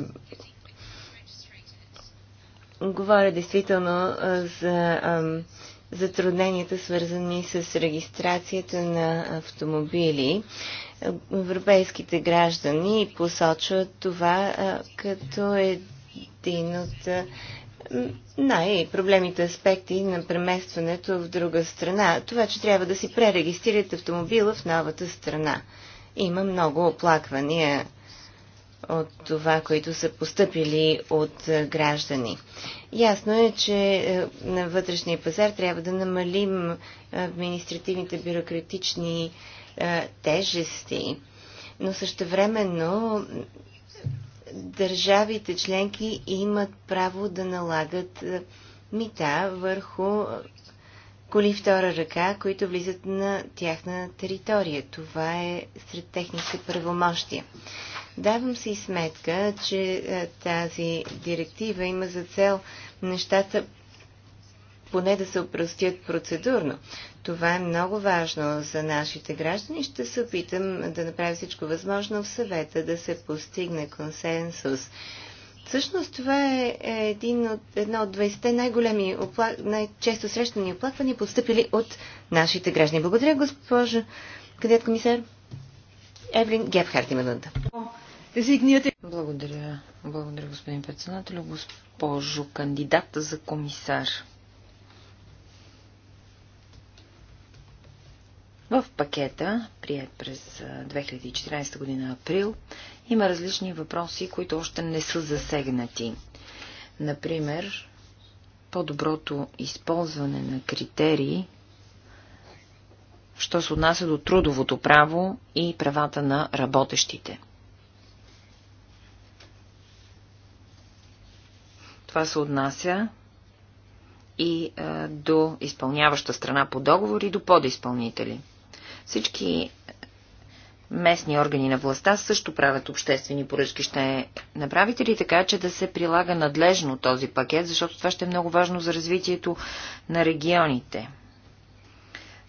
говоря действително е, за е, затрудненията, свързани с регистрацията на автомобили. Европейските граждани посочват това като един от най-проблемите аспекти на преместването в друга страна. Това, че трябва да си пререгистрират автомобила в новата страна. Има много оплаквания от това, които са поступили от е, граждани. Ясно е, че е, на вътрешния пазар трябва да намалим е, административните бюрократични тежести, но същевременно държавите членки имат право да налагат мита върху коли втора ръка, които влизат на тяхна територия. Това е сред техните правомощия. Давам си сметка, че е, тази директива има за цел нещата поне да се опростят процедурно. Това е много важно за нашите граждани. Ще се опитам да направя всичко възможно в съвета да се постигне консенсус Всъщност това е един от, едно от 20-те най-големи, опла... най-често срещани оплаквания, поступили от нашите граждани. Благодаря, госпожо кадет комисар. Евлин Гепхарт има думата. Благодаря. Благодаря, господин председател. Госпожо кандидат за комисар. В пакета, прият през 2014 година април, има различни въпроси, които още не са засегнати. Например, по-доброто използване на критерии, що се отнася до трудовото право и правата на работещите. Това се отнася и а, до изпълняваща страна по договор и до подизпълнители. Всички местни органи на властта също правят обществени поръчки. Ще направите ли така, че да се прилага надлежно този пакет, защото това ще е много важно за развитието на регионите?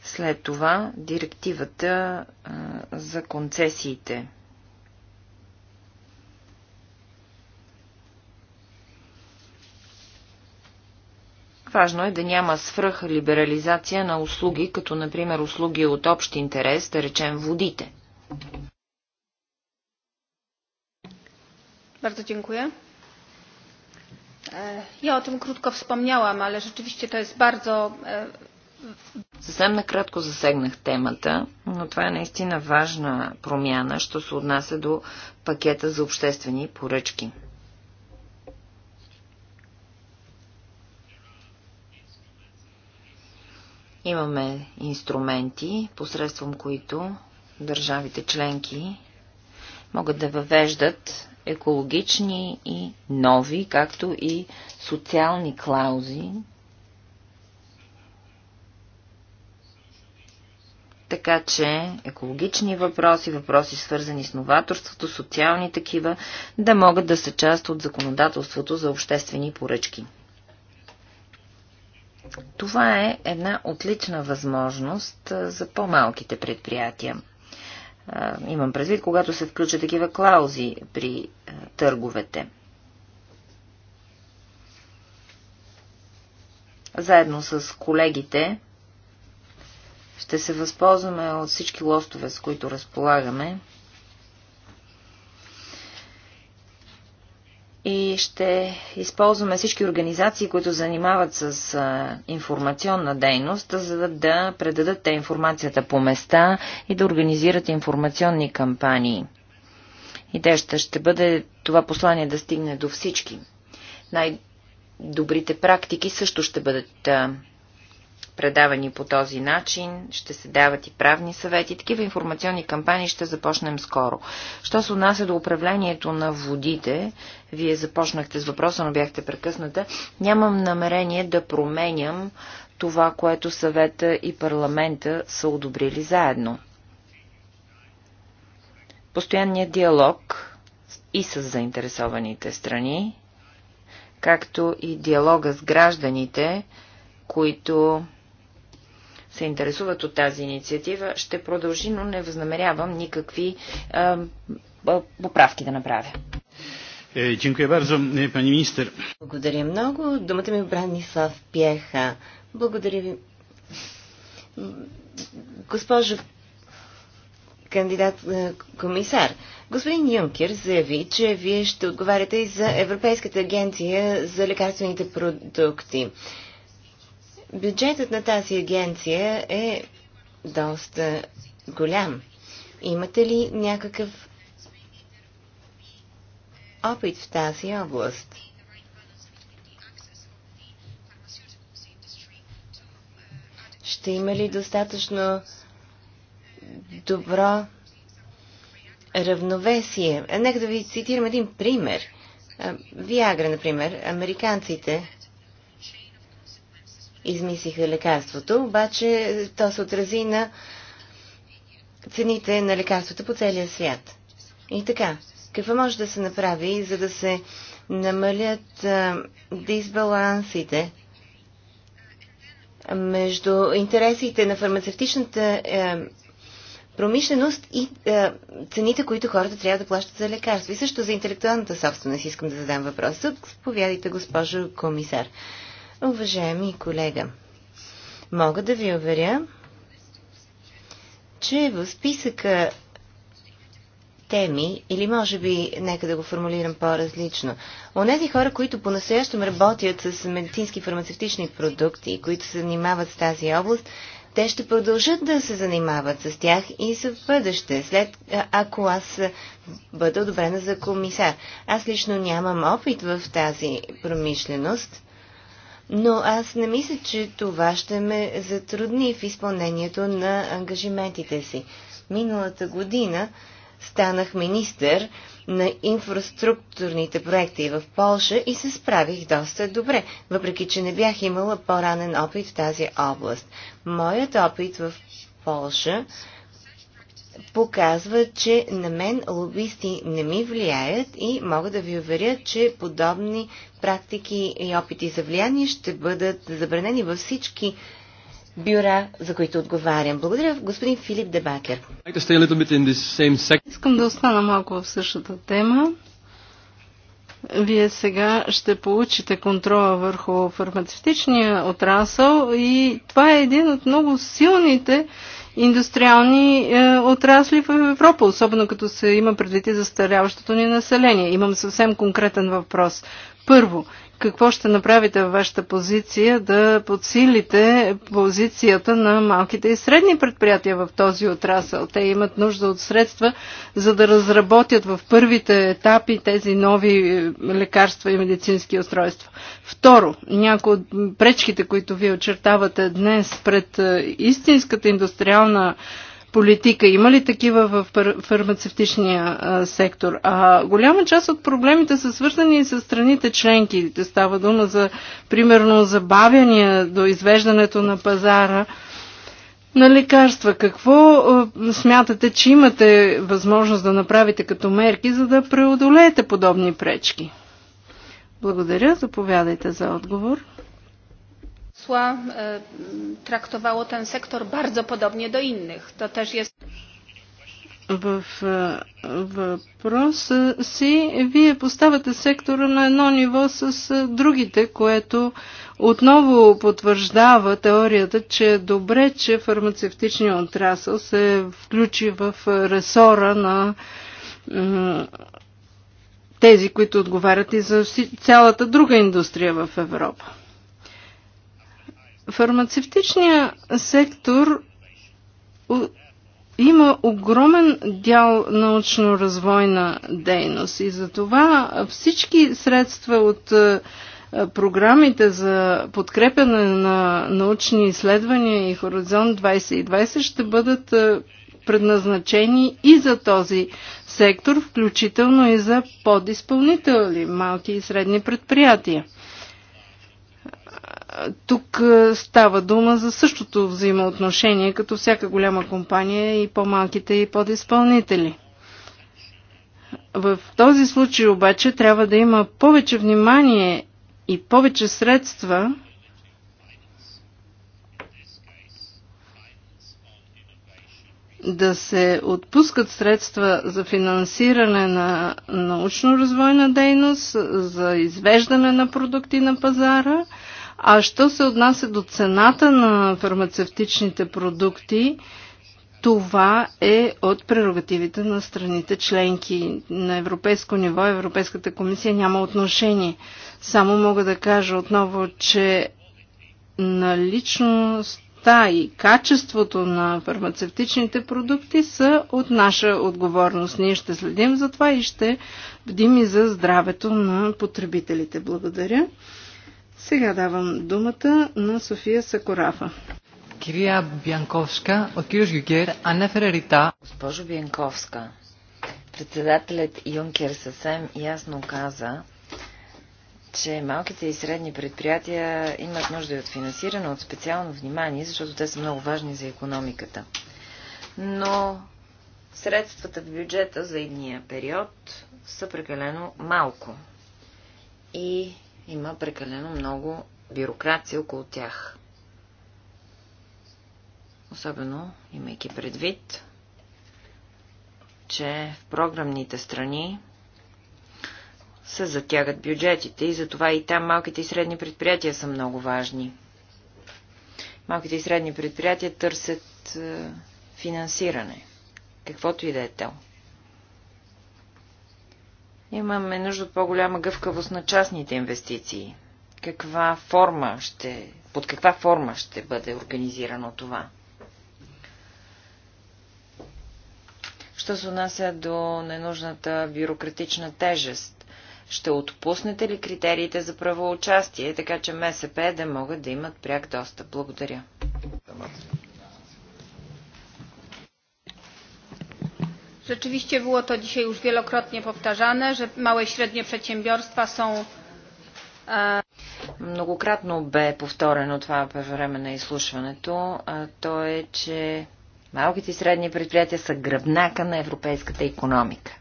След това директивата а, за концесиите. Важно е да няма свръхлиберализация на услуги, като например услуги от общ интерес, да речем водите. Bardzo dziękuję. Ja o tym krótko wspomniałam, ale rzeczywiście to jest bardzo. Е, Съвсем накратко засегнах темата, но това е наистина важна промяна, що се отнася до пакета за обществени поръчки. Имаме инструменти, посредством които държавите членки могат да въвеждат екологични и нови, както и социални клаузи, така че екологични въпроси, въпроси свързани с новаторството, социални такива, да могат да са част от законодателството за обществени поръчки. Това е една отлична възможност за по-малките предприятия. Имам предвид, когато се включат такива клаузи при търговете. Заедно с колегите ще се възползваме от всички лостове, с които разполагаме, и ще използваме всички организации, които занимават с информационна дейност, за да предадат те информацията по места и да организират информационни кампании. Идеята ще бъде това послание да стигне до всички. Най-добрите практики също ще бъдат предавани по този начин, ще се дават и правни съвети. Такива информационни кампании ще започнем скоро. Що се отнася до управлението на водите, вие започнахте с въпроса, но бяхте прекъсната, нямам намерение да променям това, което съвета и парламента са одобрили заедно. Постоянният диалог и с заинтересованите страни, както и диалога с гражданите, които се интересуват от тази инициатива, ще продължи, но не възнамерявам никакви а, поправки да направя. Dziękuję е, bardzo, е, Благодаря много. Думата ми е Бранислав Пеха. Благодаря ви. Госпожо кандидат е, комисар, господин Юнкер заяви, че вие ще отговаряте и за Европейската агенция за лекарствените продукти. Бюджетът на тази агенция е доста голям. Имате ли някакъв опит в тази област? Ще има ли достатъчно добро равновесие? Нека да ви цитирам един пример. Виагра, например. Американците измислиха лекарството, обаче то се отрази на цените на лекарствата по целия свят. И така, какво може да се направи, за да се намалят а, дисбалансите между интересите на фармацевтичната а, е, промишленост и а, е, цените, които хората трябва да плащат за лекарства. И също за интелектуалната собственост искам да задам въпрос. Повядайте, госпожо комисар. Уважаеми колега, мога да ви уверя, че в списъка теми, или може би, нека да го формулирам по-различно, онези хора, които по-настоящем работят с медицински фармацевтични продукти, които се занимават с тази област, те ще продължат да се занимават с тях и за бъдеще, след ако аз бъда одобрена за комисар. Аз лично нямам опит в тази промишленост, но аз не мисля, че това ще ме затрудни в изпълнението на ангажиментите си. Миналата година станах министър на инфраструктурните проекти в Полша и се справих доста добре, въпреки че не бях имала по-ранен опит в тази област. Моят опит в Полша показва, че на мен лобисти не ми влияят и мога да ви уверя, че подобни практики и опити за влияние ще бъдат забранени във всички бюра, за които отговарям. Благодаря, господин Филип Дебакер. Искам да остана малко в същата тема. Вие сега ще получите контрола върху фармацевтичния отрасъл и това е един от много силните индустриални е, отрасли в Европа, особено като се има предвид и застаряващото ни население. Имам съвсем конкретен въпрос. Първо, какво ще направите във вашата позиция да подсилите позицията на малките и средни предприятия в този отрасъл. Те имат нужда от средства, за да разработят в първите етапи тези нови е, лекарства и медицински устройства. Второ, някои от пречките, които вие очертавате днес пред е, истинската индустриална политика. Има ли такива в фармацевтичния сектор? А голяма част от проблемите са свързани и с страните членки. Те става дума за, примерно, забавяния до извеждането на пазара на лекарства. Какво смятате, че имате възможност да направите като мерки, за да преодолеете подобни пречки? Благодаря. Заповядайте за отговор posła e, traktowało ten sektor bardzo podobnie do innych. To też jest. В въпроса си вие поставяте сектора на едно ниво с другите, което отново потвърждава теорията, че е добре, че фармацевтичният отрасъл се включи в ресора на тези, които отговарят и за цялата друга индустрия в Европа. Фармацевтичният сектор има огромен дял научно-развойна дейност и затова всички средства от е, програмите за подкрепяне на научни изследвания и Хоризонт 2020 ще бъдат е, предназначени и за този сектор, включително и за подизпълнители, малки и средни предприятия тук е, става дума за същото взаимоотношение, като всяка голяма компания и по-малките и подиспълнители. В този случай обаче трябва да има повече внимание и повече средства, да се отпускат средства за финансиране на научно-развойна дейност, за извеждане на продукти на пазара – а що се отнася до цената на фармацевтичните продукти, това е от прерогативите на страните членки. На европейско ниво Европейската комисия няма отношение. Само мога да кажа отново, че наличността и качеството на фармацевтичните продукти са от наша отговорност. Ние ще следим за това и ще бдим и за здравето на потребителите. Благодаря. Сега давам думата на София Сакорафа. Кирия Бянковска, от κύριος а не ρητά... Госпожо Бянковска, председателят Юнкер съвсем ясно каза, че малките и средни предприятия имат нужда и от финансиране, от специално внимание, защото те са много важни за економиката. Но средствата в бюджета за едния период са прекалено малко. И има прекалено много бюрокрация около тях. Особено имайки предвид, че в програмните страни се затягат бюджетите и затова и там малките и средни предприятия са много важни. Малките и средни предприятия търсят е, финансиране, каквото и да е то. Имаме нужда от по-голяма гъвкавост на частните инвестиции. Каква форма ще, под каква форма ще бъде организирано това? Що се отнася до ненужната бюрократична тежест? Ще отпуснете ли критериите за правоучастие, така че МСП да могат да имат пряк достъп? Благодаря. Rzeczywiście było to dzisiaj już wielokrotnie powtarzane, że małe i średnie przedsiębiorstwa są. E, Многократно бе повторено това по време на изслушването. Е, то е, че малките и средни предприятия са гръбнака на европейската економика.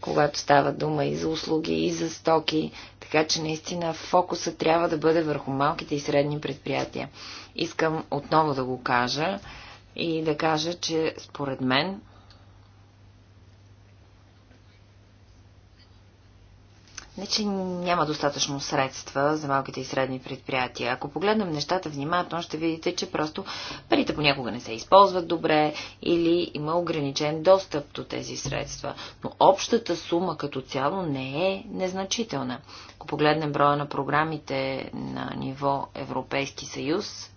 Когато става дума и за услуги, и за стоки, така че наистина фокуса трябва да бъде върху малките и средни предприятия. Искам отново да го кажа и да кажа, че според мен не че няма достатъчно средства за малките и средни предприятия. Ако погледнем нещата внимателно, ще видите, че просто парите понякога не се използват добре или има ограничен достъп до тези средства. Но общата сума като цяло не е незначителна. Ако погледнем броя на програмите на ниво Европейски съюз,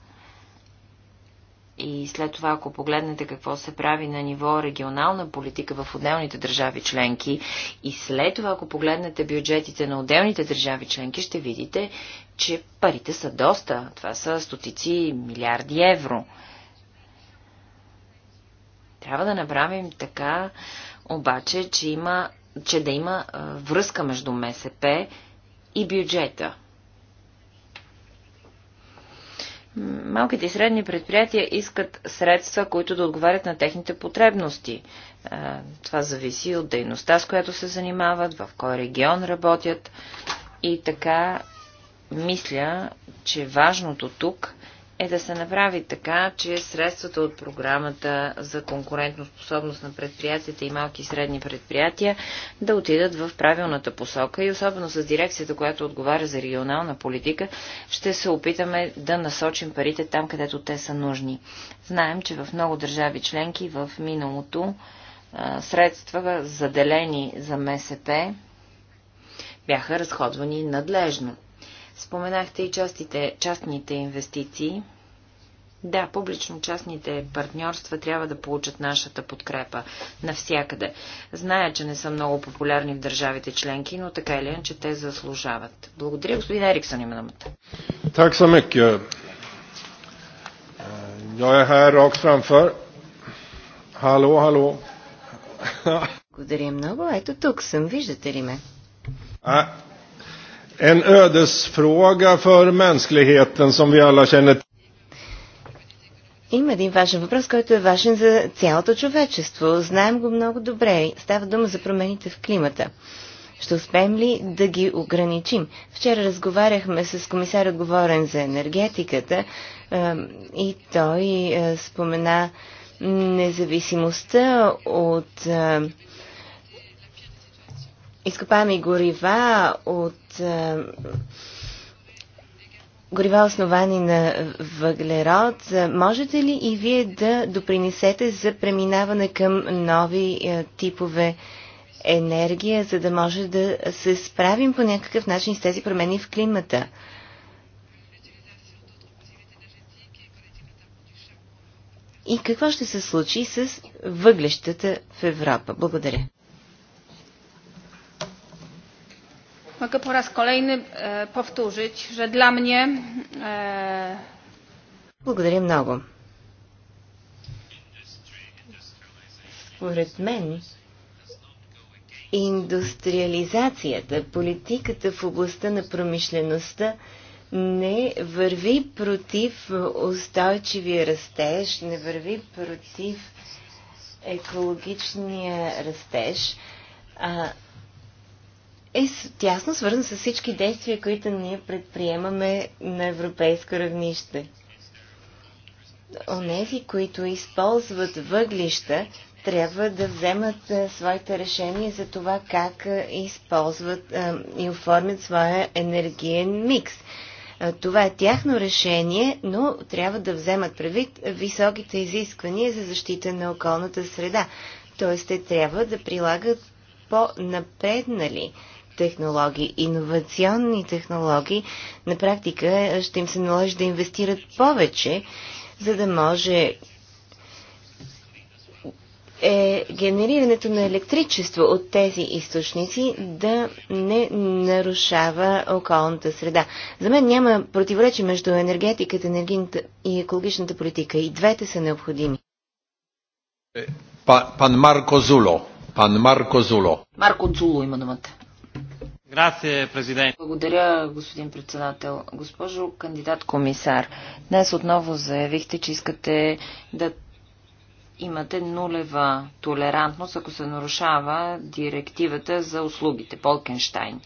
и след това, ако погледнете какво се прави на ниво регионална политика в отделните държави членки и след това, ако погледнете бюджетите на отделните държави членки, ще видите, че парите са доста. Това са стотици милиарди евро. Трябва да направим така, обаче, че, има, че да има връзка между МСП и бюджета – Малките и средни предприятия искат средства, които да отговарят на техните потребности. Това зависи от дейността, с която се занимават, в кой регион работят. И така, мисля, че важното тук е да се направи така, че средствата от програмата за конкурентоспособност на предприятията и малки и средни предприятия да отидат в правилната посока и особено с дирекцията, която отговаря за регионална политика, ще се опитаме да насочим парите там, където те са нужни. Знаем, че в много държави членки в миналото средства, заделени за МСП, бяха разходвани надлежно. Споменахте и частите, частните инвестиции. Да, публично-частните партньорства трябва да получат нашата подкрепа навсякъде. Зная, че не са много популярни в държавите членки, но така или иначе те заслужават. Благодаря, господин Ериксон, има думата. Так са mycket. Я е хай рок срамфър. Hallå, hallå. Благодаря много. Ето тук съм. Виждате ли ме? Э, En ödesfråga för mänskligheten som vi alla känner Има един важен въпрос, който е важен за цялото човечество. Знаем го много добре. Става дума за промените в климата. Ще успеем ли да ги ограничим? Вчера разговаряхме с комисар отговорен за енергетиката и той спомена независимостта от изкопаеми горива от е, горива основани на въглерод. Е, можете ли и вие да допринесете за преминаване към нови е, типове енергия, за да може да се справим по някакъв начин с тези промени в климата? И какво ще се случи с въглещата в Европа? Благодаря. Mogę po raz kolejny e, powtórzyć, że dla mnie... E, Благодаря много. Според мен, индустриализацията, политиката в областта на промишлеността не върви против устойчивия растеж, не върви против екологичния растеж, а е тясно свързан с всички действия, които ние предприемаме на европейско равнище. Онези, които използват въглища, трябва да вземат е, своите решения за това как е, използват е, и оформят своя енергиен микс. Това е тяхно решение, но трябва да вземат предвид високите изисквания за защита на околната среда. Тоест, те трябва да прилагат по-напреднали технологии, иновационни технологии, на практика е, ще им се наложи да инвестират повече, за да може е генерирането на електричество от тези източници да не нарушава околната среда. За мен няма противоречие между енергетиката, енергийната и екологичната политика. И двете са необходими. Е, пан Марко Зуло. Пан Марко Зуло. Марко Зуло има думата. Благодаря, господин председател. Госпожо кандидат комисар, днес отново заявихте, че искате да имате нулева толерантност, ако се нарушава директивата за услугите, Полкенштайн.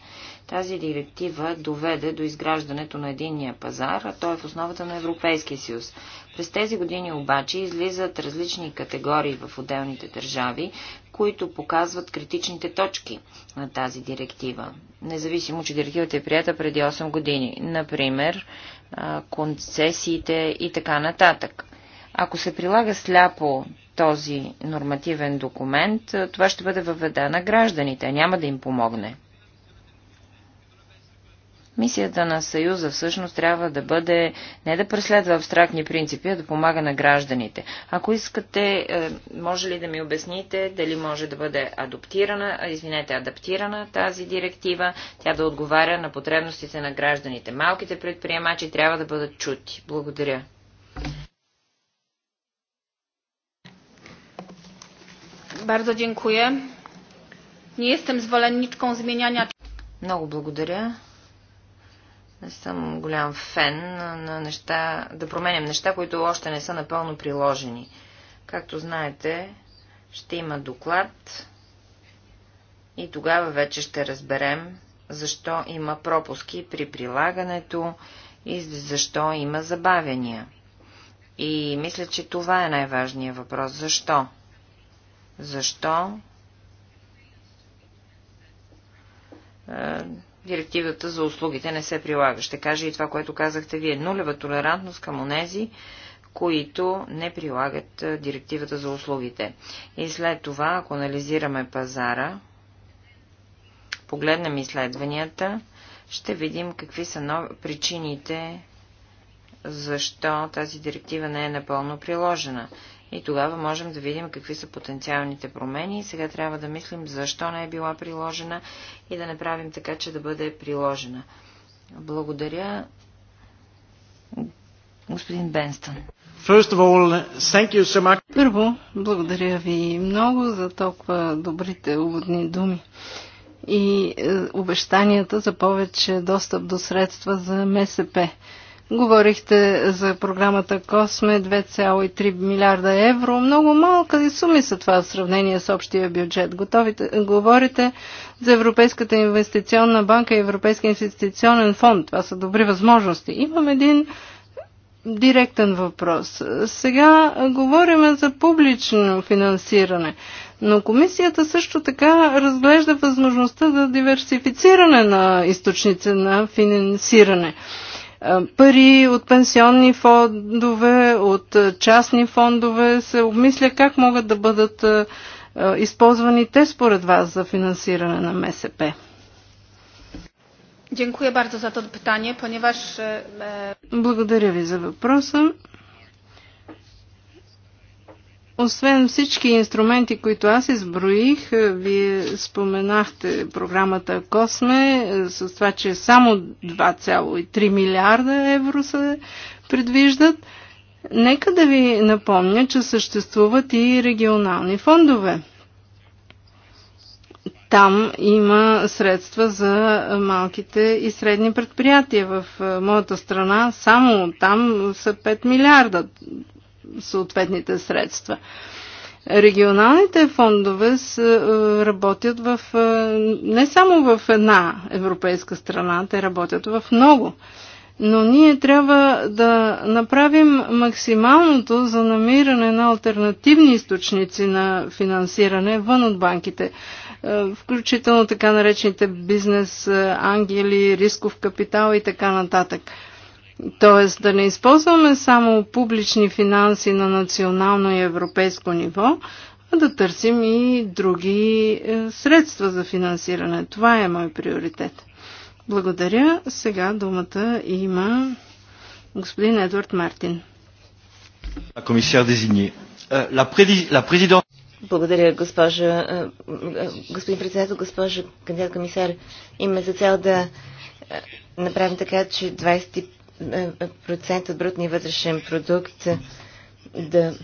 Тази директива доведе до изграждането на единния пазар, а той е в основата на Европейския съюз. През тези години обаче излизат различни категории в отделните държави, които показват критичните точки на тази директива. Независимо, че директивата е прията преди 8 години. Например, концесиите и така нататък. Ако се прилага сляпо този нормативен документ, това ще бъде въведена на гражданите, няма да им помогне. Мисията на Съюза всъщност трябва да бъде не да преследва абстрактни принципи, а да помага на гражданите. Ако искате, е, може ли да ми обясните дали може да бъде адаптирана, извинете, адаптирана тази директива, тя да отговаря на потребностите на гражданите. Малките предприемачи трябва да бъдат чути. Благодаря. Bardzo dziękuję. Nie jestem zwolenniczką zmieniania. Много благодаря. Не съм голям фен на неща, да променям неща, които още не са напълно приложени. Както знаете, ще има доклад и тогава вече ще разберем защо има пропуски при прилагането и защо има забавения. И мисля, че това е най-важният въпрос. Защо? Защо? Е, директивата за услугите не се прилага. Ще кажа и това, което казахте вие. Нулева толерантност към онези, които не прилагат директивата за услугите. И след това, ако анализираме пазара, погледнем изследванията, ще видим какви са нови причините, защо тази директива не е напълно приложена. И тогава можем да видим какви са потенциалните промени. Сега трябва да мислим защо не е била приложена и да направим така, че да бъде приложена. Благодаря, господин Бенстън. All, so Първо, благодаря ви много за толкова добрите уводни думи и е, обещанията за повече достъп до средства за МСП. Говорихте за програмата Косме 2,3 милиарда евро. Много малка и суми са това в сравнение с общия бюджет. Готовите, говорите за Европейската инвестиционна банка и Европейския инвестиционен фонд. Това са добри възможности. Имам един директен въпрос. Сега говорим за публично финансиране, но комисията също така разглежда възможността за диверсифициране на източници на финансиране. Е, пари от пенсионни фондове, от е, частни фондове, се обмисля как могат да бъдат е, използвани те според вас за финансиране на МСП. Благодаря ви за въпроса. Освен всички инструменти, които аз изброих, е, вие споменахте програмата Косме е, с това, че само 2,3 милиарда евро се предвиждат. Нека да ви напомня, че съществуват и регионални фондове. Там има средства за малките и средни предприятия. В е, моята страна само там са 5 милиарда съответните средства. Регионалните фондове е, работят в, е, не само в една европейска страна, те работят в много. Но ние трябва да направим максималното за намиране на альтернативни източници на финансиране вън от банките е, включително така наречените бизнес ангели, рисков капитал и така нататък. Т.е. да не използваме само публични финанси на национално и европейско ниво, а да търсим и други е, средства за финансиране. Това е мой приоритет. Благодаря. Сега думата има господин Едвард Мартин. Euh, Благодаря, госпожа, е, е, господин председател, госпожа кандидат комисар. Има за цел да направим така, че процент от брутния вътрешен продукт да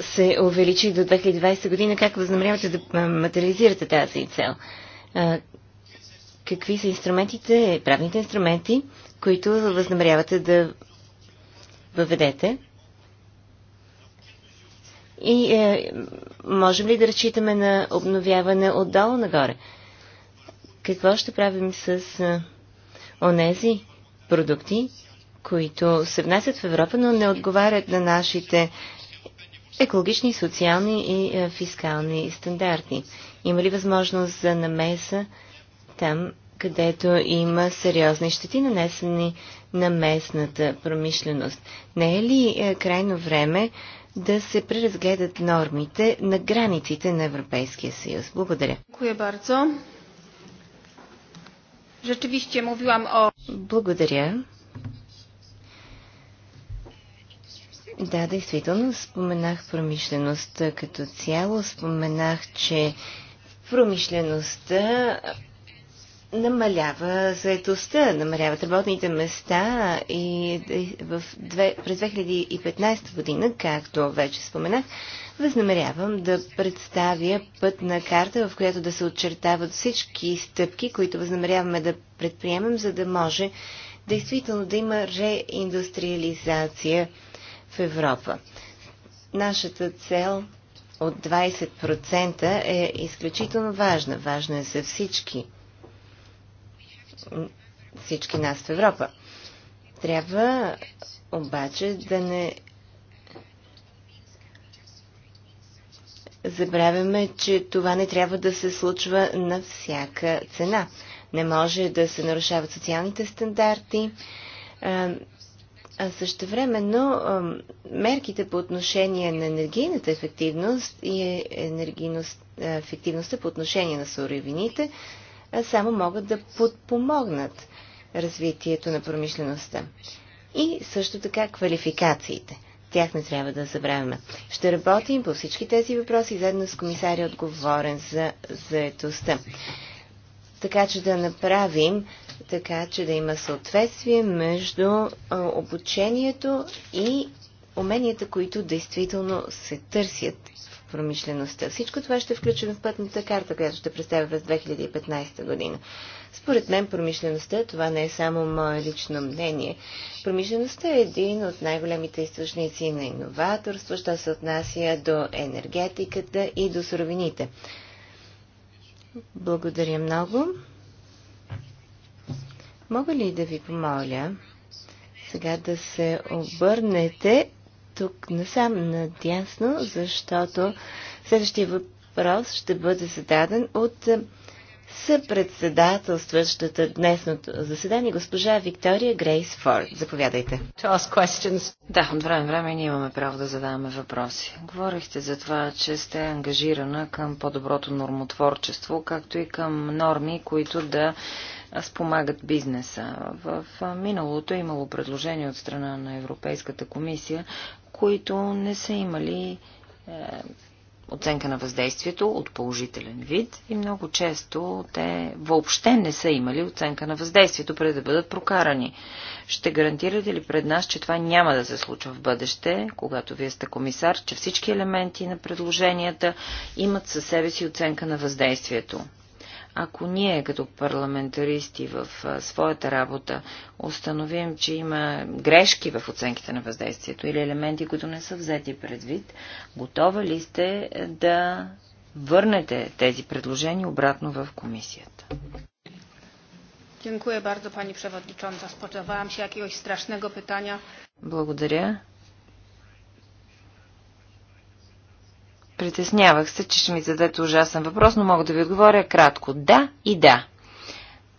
се увеличи до 2020 година. Как възнамерявате да материализирате тази цел? Какви са инструментите, правните инструменти, които възнамерявате да въведете? И е, можем ли да разчитаме на обновяване отдолу нагоре? Какво ще правим с онези продукти, които се внасят в Европа, но не отговарят на нашите екологични, социални и фискални стандарти? Има ли възможност за намеса там, където има сериозни щети, нанесени на местната промишленост? Не е ли крайно време да се преразгледат нормите на границите на Европейския съюз? Благодаря. Благодаря. Rzeczywiście mówiłam o... Благодаря. Да, действително споменах промишлеността като цяло. Споменах, че промишлеността намалява заедостта, намаляват работните места и в през 2015 година, както вече споменах, възнамерявам да представя пътна карта, в която да се очертават всички стъпки, които възнамеряваме да предприемем, за да може действително да има реиндустриализация в Европа. Нашата цел от 20% е изключително важна. Важна е за всички. Всички нас в Европа. Трябва обаче да не забравяме, че това не трябва да се случва на всяка цена. Не може да се нарушават социалните стандарти. А също времено мерките по отношение на енергийната ефективност и е ефективността по отношение на суровините само могат да подпомогнат развитието на промишлеността. И също така квалификациите. Тях не трябва да забравяме. Ще работим по всички тези въпроси заедно с комисаря отговорен за заетостта. Така че да направим така, че да има съответствие между обучението и уменията, които действително се търсят промишлеността. Всичко това ще включим в пътната карта, която ще представя през 2015 година. Според мен промишлеността, това не е само мое лично мнение, промишлеността е един от най-големите източници на иноваторство, що се отнася до енергетиката и до суровините. Благодаря много. Мога ли да ви помоля сега да се обърнете тук насам надясно, защото следващия въпрос ще бъде зададен от съпредседателстващата днесното заседание госпожа Виктория Грейс Форд. Заповядайте. Да, от време време ние имаме право да задаваме въпроси. Говорихте за това, че сте ангажирана към по-доброто нормотворчество, както и към норми, които да спомагат бизнеса. В миналото е имало предложение от страна на Европейската комисия, които не са имали е, оценка на въздействието от положителен вид и много често те въобще не са имали оценка на въздействието преди да бъдат прокарани. Ще гарантирате ли пред нас, че това няма да се случва в бъдеще, когато вие сте комисар, че всички елементи на предложенията имат със себе си оценка на въздействието? Ако ние като парламентаристи в своята работа установим, че има грешки в оценките на въздействието или елементи, които не са взети предвид, готова ли сте е, да върнете тези предложения обратно в комисията? Благодаря. Притеснявах се, че ще ми зададете ужасен въпрос, но мога да ви отговоря кратко. Да и да.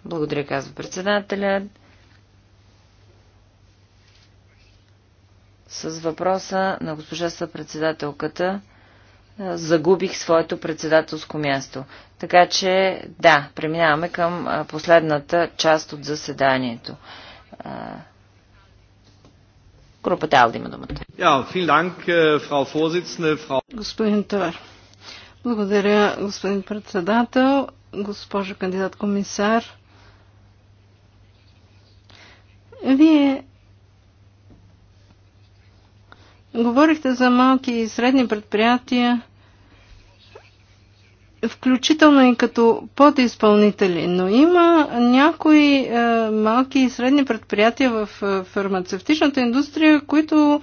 Благодаря, казва председателя. С въпроса на госпожа съпредседателката загубих своето председателско място. Така че, да, преминаваме към последната част от заседанието. Групата Алди има думата. Äh, господин Товар. Благодаря, господин председател, госпожо кандидат комисар. Вие говорихте за малки и средни предприятия включително и като подизпълнители, но има някои е, малки и средни предприятия в е, фармацевтичната индустрия, които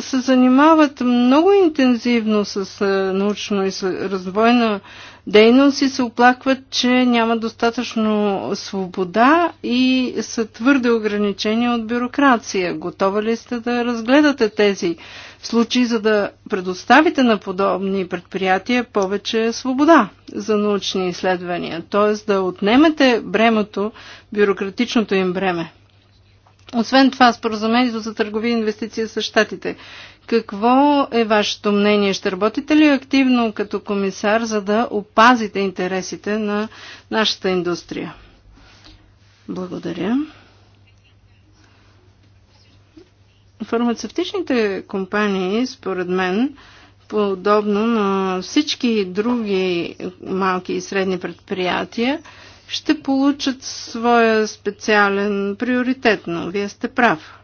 се занимават много интензивно с е, научно-развойна и дейност и се оплакват, че няма достатъчно свобода и са твърде ограничени от бюрокрация. Готова ли сте да разгледате тези случаи, за да предоставите на подобни предприятия повече свобода за научни изследвания, т.е. да отнемете бремето, бюрократичното им бреме? Освен това, споразумението за търговия и инвестиция с щатите. Какво е вашето мнение? Ще работите ли активно като комисар, за да опазите интересите на нашата индустрия? Благодаря. Фармацевтичните компании, според мен, подобно на всички други малки и средни предприятия, ще получат своя специален приоритет, но вие сте прав.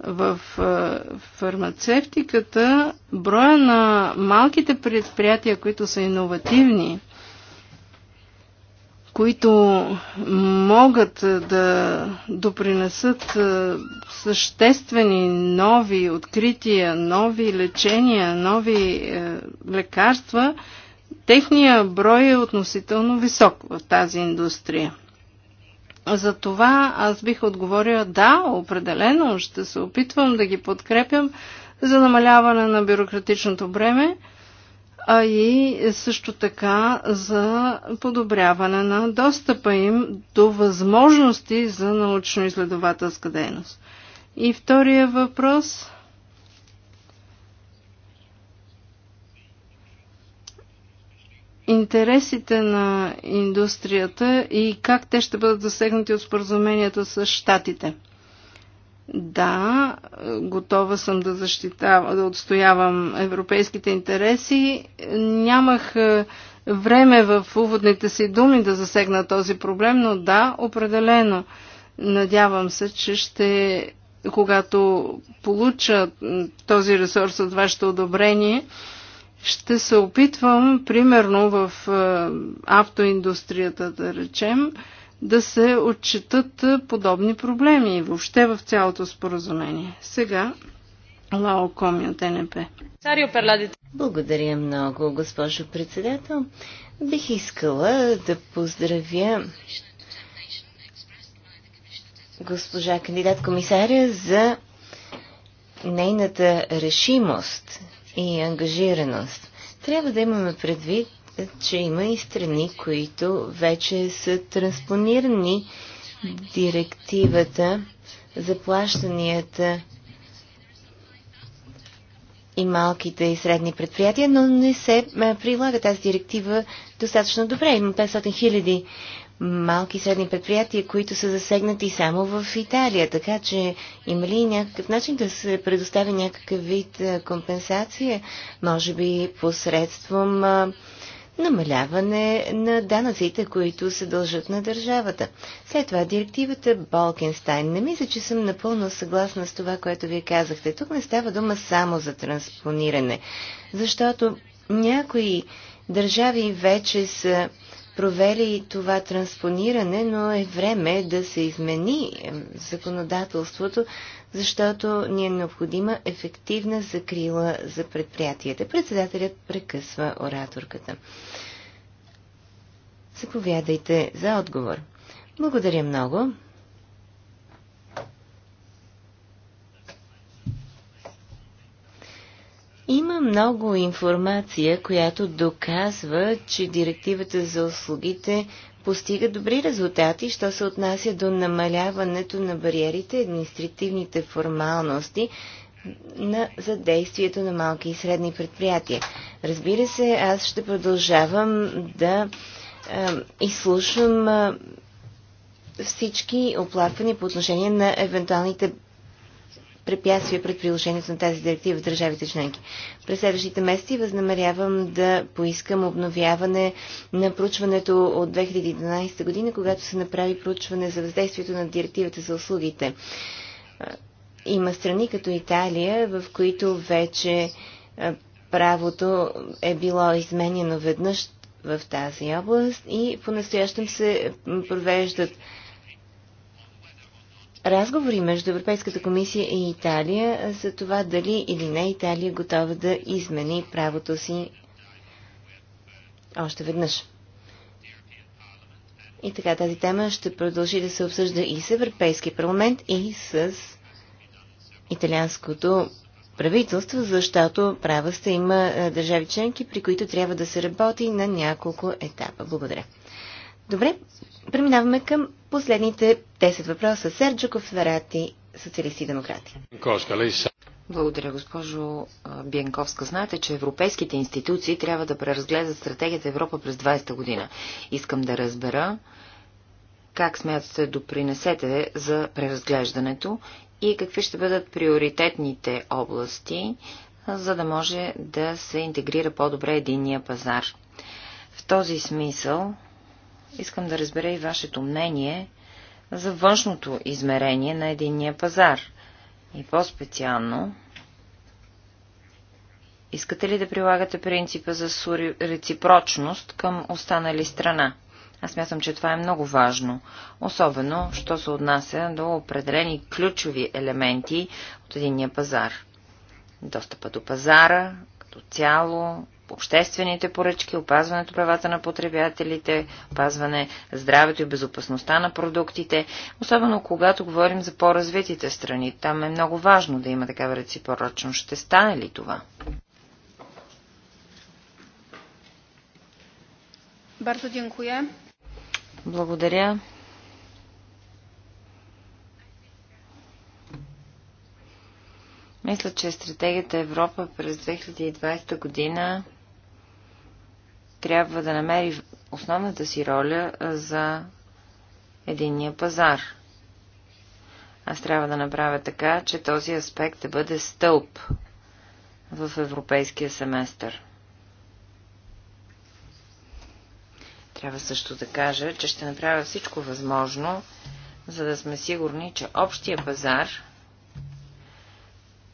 В е, фармацевтиката броя на малките предприятия, които са иновативни, които могат да допринесат е, съществени нови открития, нови лечения, нови е, лекарства, Техният брой е относително висок в тази индустрия. За това аз бих отговорила да, определено ще се опитвам да ги подкрепям за намаляване на бюрократичното бреме, а и също така за подобряване на достъпа им до възможности за научно-изследователска дейност. И втория въпрос интересите на индустрията и как те ще бъдат засегнати от споразуменията с щатите. Да, готова съм да защитавам, да отстоявам европейските интереси. Нямах е, време в уводните си думи да засегна този проблем, но да, определено. Надявам се, че ще, когато получа този ресурс от вашето одобрение, ще се опитвам, примерно в е, автоиндустрията, да речем, да се отчитат е, подобни проблеми въобще в цялото споразумение. Сега Лао Коми от НП. Благодаря много, госпожо председател. Бих искала да поздравя госпожа кандидат комисаря за нейната решимост и ангажираност. Трябва да имаме предвид, че има и страни, които вече са транспонирани директивата за плащанията и малките и средни предприятия, но не се прилага тази директива достатъчно добре. Има 500 хиляди малки и средни предприятия, които са засегнати само в Италия. Така че има ли някакъв начин да се предостави някакъв вид компенсация, може би посредством намаляване на данъците, които се дължат на държавата. След това директивата Болкенстайн. Не мисля, че съм напълно съгласна с това, което вие казахте. Тук не става дума само за транспониране, защото някои държави вече са провери това транспониране, но е време да се измени законодателството, защото ни е необходима ефективна закрила за предприятията. Председателят прекъсва ораторката. Заповядайте за отговор. Благодаря много. Има много информация, която доказва, че директивата за услугите постига добри резултати, що се отнася до намаляването на бариерите, административните формалности на, за действието на малки и средни предприятия. Разбира се, аз ще продължавам да е, изслушам е, всички оплаквания по отношение на евентуалните препятствия пред приложението на тази директива в държавите членки. През следващите месеци възнамерявам да поискам обновяване на проучването от 2012 година, когато се направи проучване за въздействието на директивата за услугите. Има страни като Италия, в които вече правото е било изменено веднъж в тази област и по-настоящем се провеждат разговори между Европейската комисия и Италия за това дали или не Италия е готова да измени правото си още веднъж. И така тази тема ще продължи да се обсъжда и с Европейския парламент, и с италианското правителство, защото права сте има държави членки, при които трябва да се работи на няколко етапа. Благодаря. Добре, преминаваме към последните 10 въпроса. Серджо Верати, социалисти и демократи. Благодаря, госпожо Бенковска. Знаете, че европейските институции трябва да преразгледат стратегията Европа през 20-та година. Искам да разбера как смятате да допринесете за преразглеждането и какви ще бъдат приоритетните области, за да може да се интегрира по-добре единния пазар. В този смисъл Искам да разбера и вашето мнение за външното измерение на единния пазар. И по-специално, искате ли да прилагате принципа за реципрочност към останали страна? Аз мятам, че това е много важно, особено, що се отнася до определени ключови елементи от единния пазар. Достъпа до пазара, като цяло, обществените поръчки, опазването правата на потребителите, опазване здравето и безопасността на продуктите, особено когато говорим за по-развитите страни. Там е много важно да има такава реципорочност. Ще стане ли това? Барто dziękuję. Благодаря. Мисля, че стратегията Европа през 2020 година трябва да намери основната си роля за единния пазар. Аз трябва да направя така, че този аспект да бъде стълб в европейския семестър. Трябва също да кажа, че ще направя всичко възможно, за да сме сигурни, че общия пазар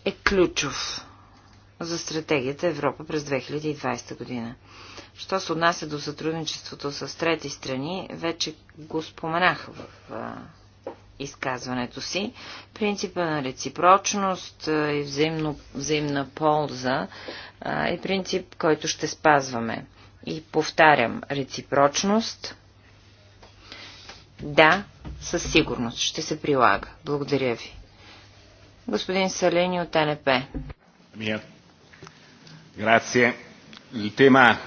е ключов за стратегията Европа през 2020 година. Що се отнася до сътрудничеството с трети страни, вече го споменах в а, изказването си. Принципа на реципрочност а, и взаимно, взаимна полза а, е принцип, който ще спазваме. И повтарям, реципрочност, да, със сигурност ще се прилага. Благодаря ви. Господин Салени от НП. Грация. Тема...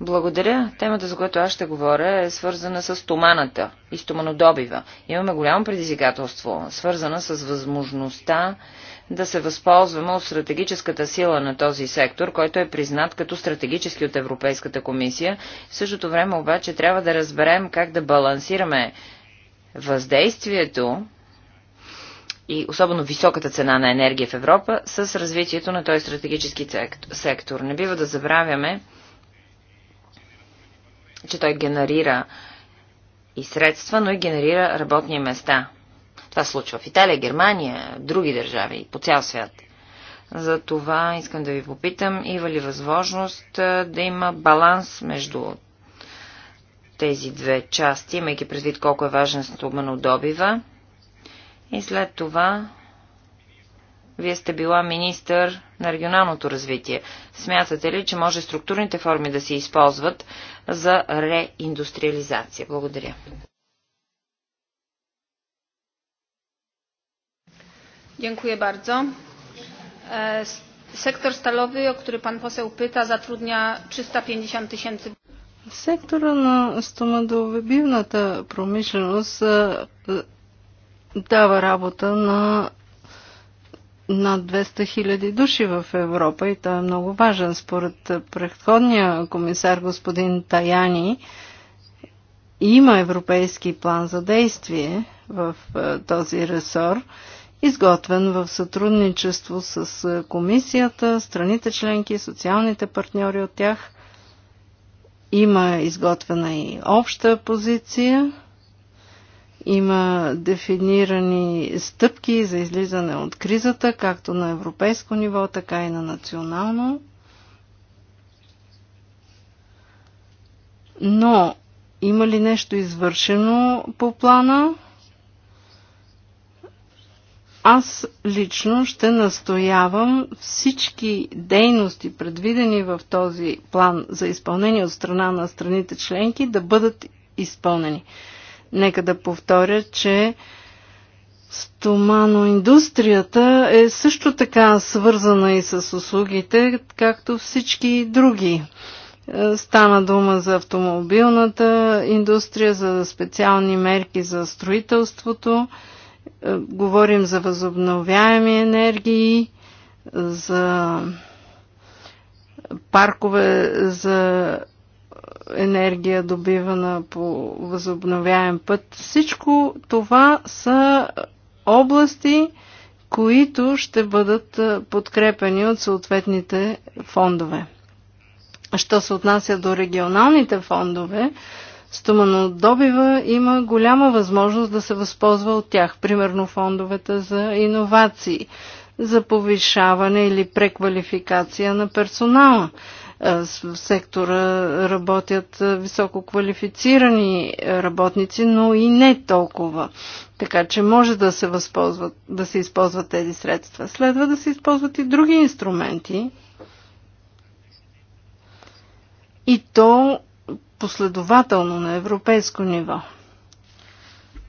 Благодаря. Темата, за която аз ще говоря, е свързана с томаната и стоманодобива. Имаме голямо предизвикателство, свързана с възможността да се възползваме от стратегическата сила на този сектор, който е признат като стратегически от Европейската комисия. В същото време обаче трябва да разберем как да балансираме въздействието и особено високата цена на енергия в Европа с развитието на този стратегически сектор. Не бива да забравяме, че той генерира и средства, но и генерира работни места. Това се случва в Италия, Германия, други държави, по цял свят. За това искам да ви попитам, има ли възможност да има баланс между тези две части, имайки предвид колко е важен стоманодобива. И след това вие сте била министър на регионалното развитие. Смятате ли, че може структурните форми да се използват за реиндустриализация? Благодаря. Dziękuję bardzo. E, sektor stalowy, o który pan poseł pyta, zatrudnia 350 tysięcy. Сектора на стомадовебивната промишленост дава работа на над 200 хиляди души в Европа и той е много важен. Според предходния комисар господин Таяни, има европейски план за действие в е, този ресор, изготвен в сътрудничество с е, комисията, страните членки, социалните партньори от тях. Има изготвена и обща позиция – има дефинирани стъпки за излизане от кризата, както на европейско ниво, така и на национално. Но има ли нещо извършено по плана? Аз лично ще настоявам всички дейности, предвидени в този план за изпълнение от страна на страните членки, да бъдат изпълнени. Нека да повторя, че стоманоиндустрията е също така свързана и с услугите, както всички други. Е, стана дума за автомобилната индустрия, за специални мерки за строителството. Е, говорим за възобновяеми енергии, за паркове за енергия, добивана по възобновяем път. Всичко това са области, които ще бъдат подкрепени от съответните фондове. Що се отнася до регионалните фондове, стоманодобива има голяма възможност да се възползва от тях. Примерно фондовете за иновации, за повишаване или преквалификация на персонала. В сектора работят високо квалифицирани работници, но и не толкова. Така че може да се, възползват, да се използват тези средства. Следва да се използват и други инструменти. И то последователно на европейско ниво.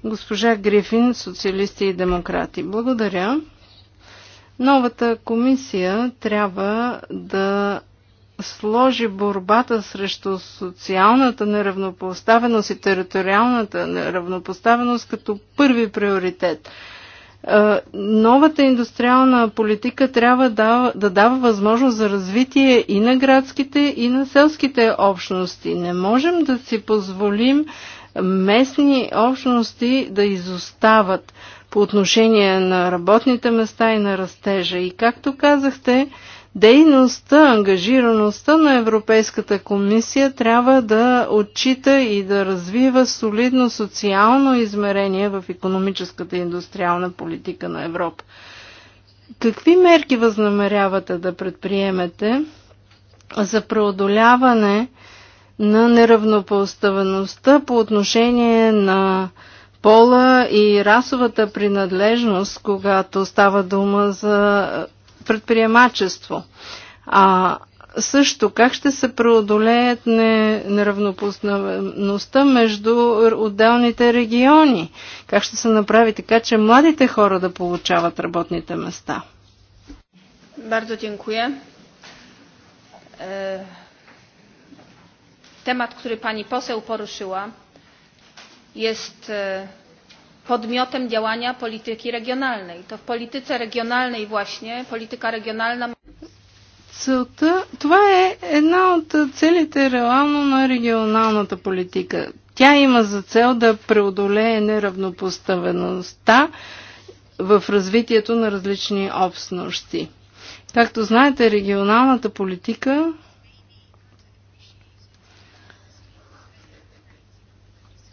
Госпожа Грифин, социалисти и демократи. Благодаря. Новата комисия трябва да сложи борбата срещу социалната неравнопоставеност и териториалната неравнопоставеност като първи приоритет. Е, новата индустриална политика трябва да, да дава възможност за развитие и на градските, и на селските общности. Не можем да си позволим местни общности да изостават по отношение на работните места и на растежа. И както казахте, дейността, ангажираността на Европейската комисия трябва да отчита и да развива солидно социално измерение в економическата и индустриална политика на Европа. Какви мерки възнамерявате да предприемете за преодоляване на неравнопоставеността по отношение на пола и расовата принадлежност, когато става дума за предприемачество. А също как ще се преодолеят неравнопоставеността между отделните региони? Как ще се направи така, че младите хора да получават работните места? Бардо dziękuję. Е, темат, който пани посел порушила, е podmiotem działania polityki regionalnej. To w polityce regionalnej właśnie polityka regionalna. Целта, това е една от целите реално на регионалната политика. Тя има за цел да преодолее неравнопоставеността в развитието на различни общности. Както знаете, регионалната политика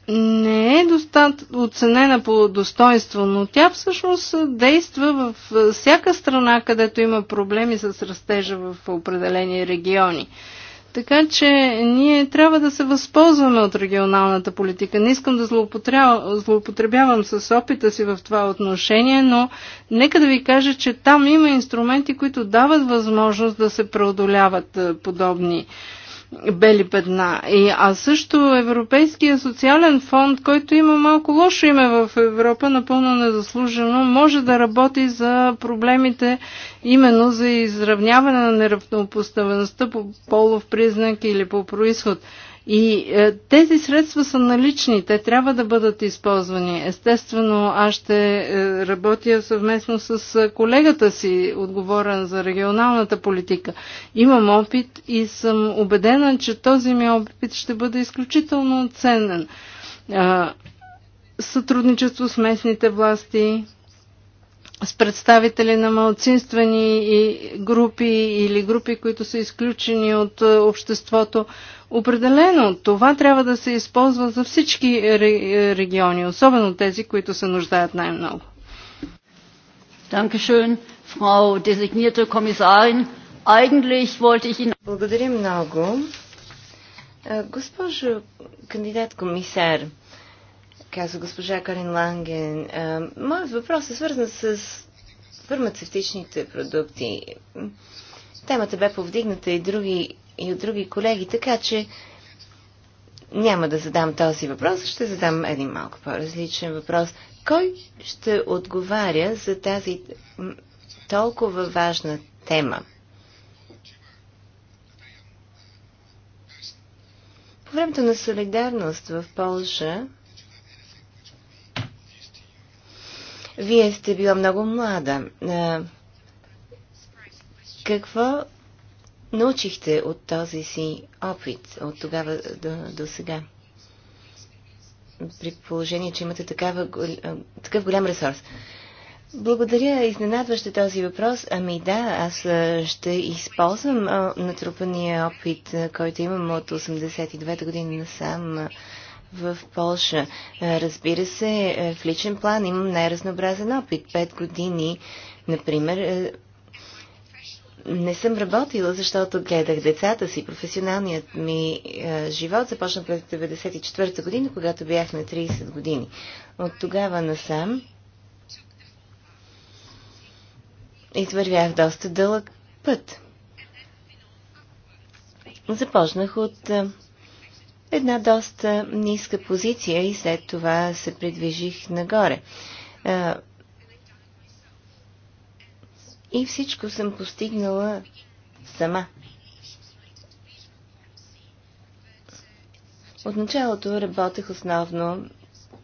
не е достат, оценена по достоинство, но тя всъщност действа в всяка страна, където има проблеми с растежа в определени региони. Така че ние трябва да се възползваме от регионалната политика. Не искам да злоупотребявам с опита си в това отношение, но нека да ви кажа, че там има инструменти, които дават възможност да се преодоляват подобни бели бедна. И, а също Европейския социален фонд, който има малко лошо име в Европа, напълно незаслужено, може да работи за проблемите именно за изравняване на неравнопоставеността по полов признак или по происход. И е, тези средства са налични, те трябва да бъдат използвани. Естествено, аз ще е, работя съвместно с е, колегата си, отговорен за регионалната политика. Имам опит и съм убедена, че този ми опит ще бъде изключително ценен. Е, сътрудничество с местните власти, с представители на малцинствени групи или групи, които са изключени от е, обществото. Определено това трябва да се използва за всички региони, особено тези, които се нуждаят най-много. Благодаря много. Е, госпожо кандидат комисар, каза госпожа Карин Ланген, е, моят въпрос е свързан с фармацевтичните продукти. Темата бе повдигната и други и от други колеги, така че няма да задам този въпрос, ще задам един малко по-различен въпрос. Кой ще отговаря за тази толкова важна тема? По времето на солидарност в Полша, вие сте била много млада. Какво научихте от този си опит от тогава до, до сега? При положение, че имате такава, такъв голям ресурс. Благодаря, изненадваща е този въпрос. Ами да, аз ще използвам натрупания опит, който имам от 82-та година насам в Польша. Разбира се, в личен план имам най-разнообразен опит. Пет години, например, не съм работила, защото гледах децата си. Професионалният ми а, е, живот започна през 1994 година, когато бях на 30 години. От тогава насам извървях доста дълъг път. Започнах от а, е, една доста ниска позиция и след това се придвижих нагоре. А, е, и всичко съм постигнала сама. От началото работех основно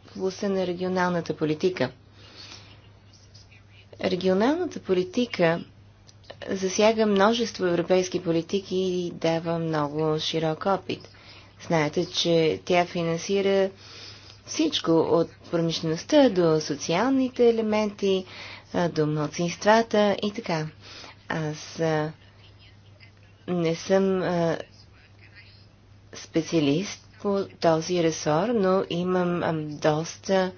в областта на регионалната политика. Регионалната политика засяга множество европейски политики и дава много широк опит. Знаете, че тя финансира всичко от промишлеността до социалните елементи, до младсинствата и така. Аз не съм специалист по този ресор, но имам доста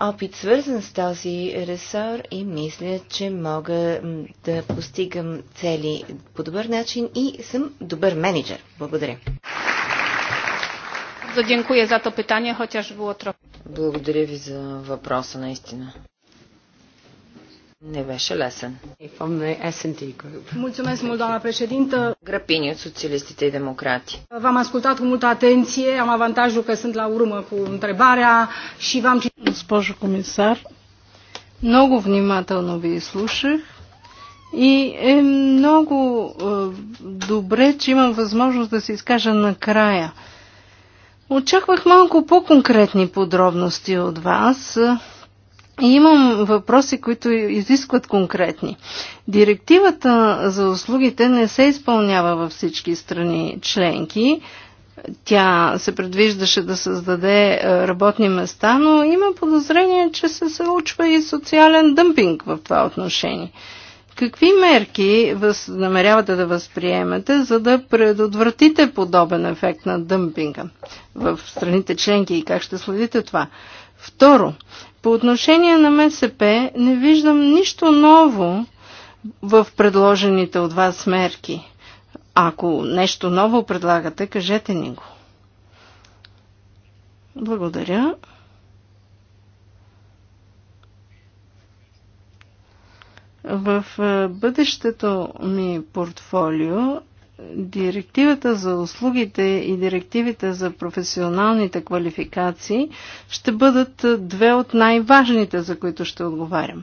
опит свързан с този ресор и мисля, че мога да постигам цели по добър начин и съм добър менеджер. Благодаря. Благодаря ви за въпроса наистина. Не беше лесен. Mulțumesc mult, doamna președintă. Grăpini, социалистите и демократи. V-am ascultat cu multă atenție, am avantajul că sunt la urmă cu întrebarea și v-am citit. Госпожо комисар, много внимателно ви слушах и е много е, добре, че имам възможност да се изкажа накрая. Очаквах малко по-конкретни подробности от вас. Имам въпроси, които изискват конкретни. Директивата за услугите не се изпълнява във всички страни членки. Тя се предвиждаше да създаде е, работни места, но има подозрение, че се случва и социален дъмпинг в това отношение. Какви мерки въз... намерявате да възприемете, за да предотвратите подобен ефект на дъмпинга в страните членки и как ще следите това? Второ, по отношение на МСП не виждам нищо ново в предложените от вас мерки. Ако нещо ново предлагате, кажете ни го. Благодаря. В е, бъдещето ми портфолио директивата за услугите и директивите за професионалните квалификации ще бъдат две от най-важните, за които ще отговарям.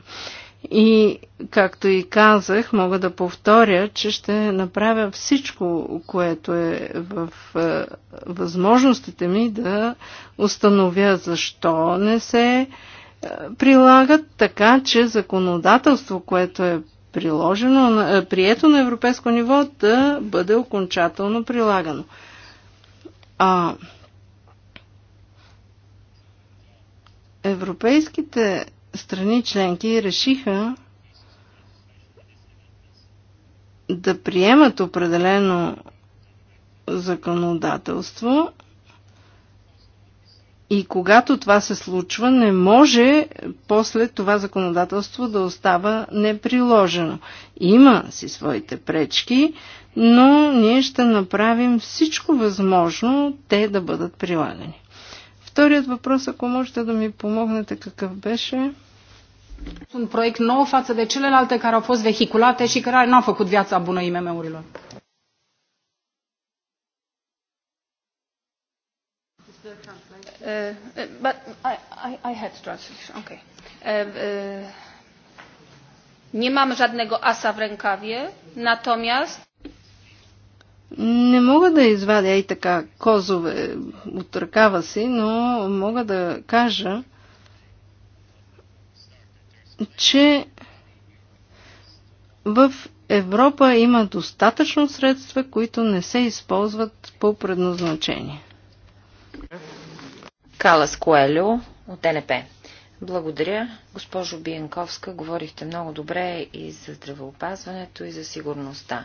И, както и казах, мога да повторя, че ще направя всичко, което е в е, възможностите ми да установя защо не се прилагат, така че законодателство, което е приложено, е, прието на европейско ниво да бъде окончателно прилагано. А, европейските страни членки решиха да приемат определено законодателство, и когато това се случва, не може после това законодателство да остава неприложено. Има си своите пречки, но ние ще направим всичко възможно те да бъдат прилагани. Вторият въпрос, ако можете да ми помогнете, какъв беше? Un proiect nou față de celelalte care au fost vehiculate și care n-au făcut viața bună IMM-urilor. Uh, uh, but I, I, I had translation. Okay. Uh, uh, nie mam żadnego asa w rękawie, natomiast не мога да извадя и така козове от ръкава си, но мога да кажа, че в Европа има достатъчно средства, които не се използват по предназначение. Калас Коелю от НП. Благодаря. Госпожо Биенковска, говорихте много добре и за здравеопазването, и за сигурността.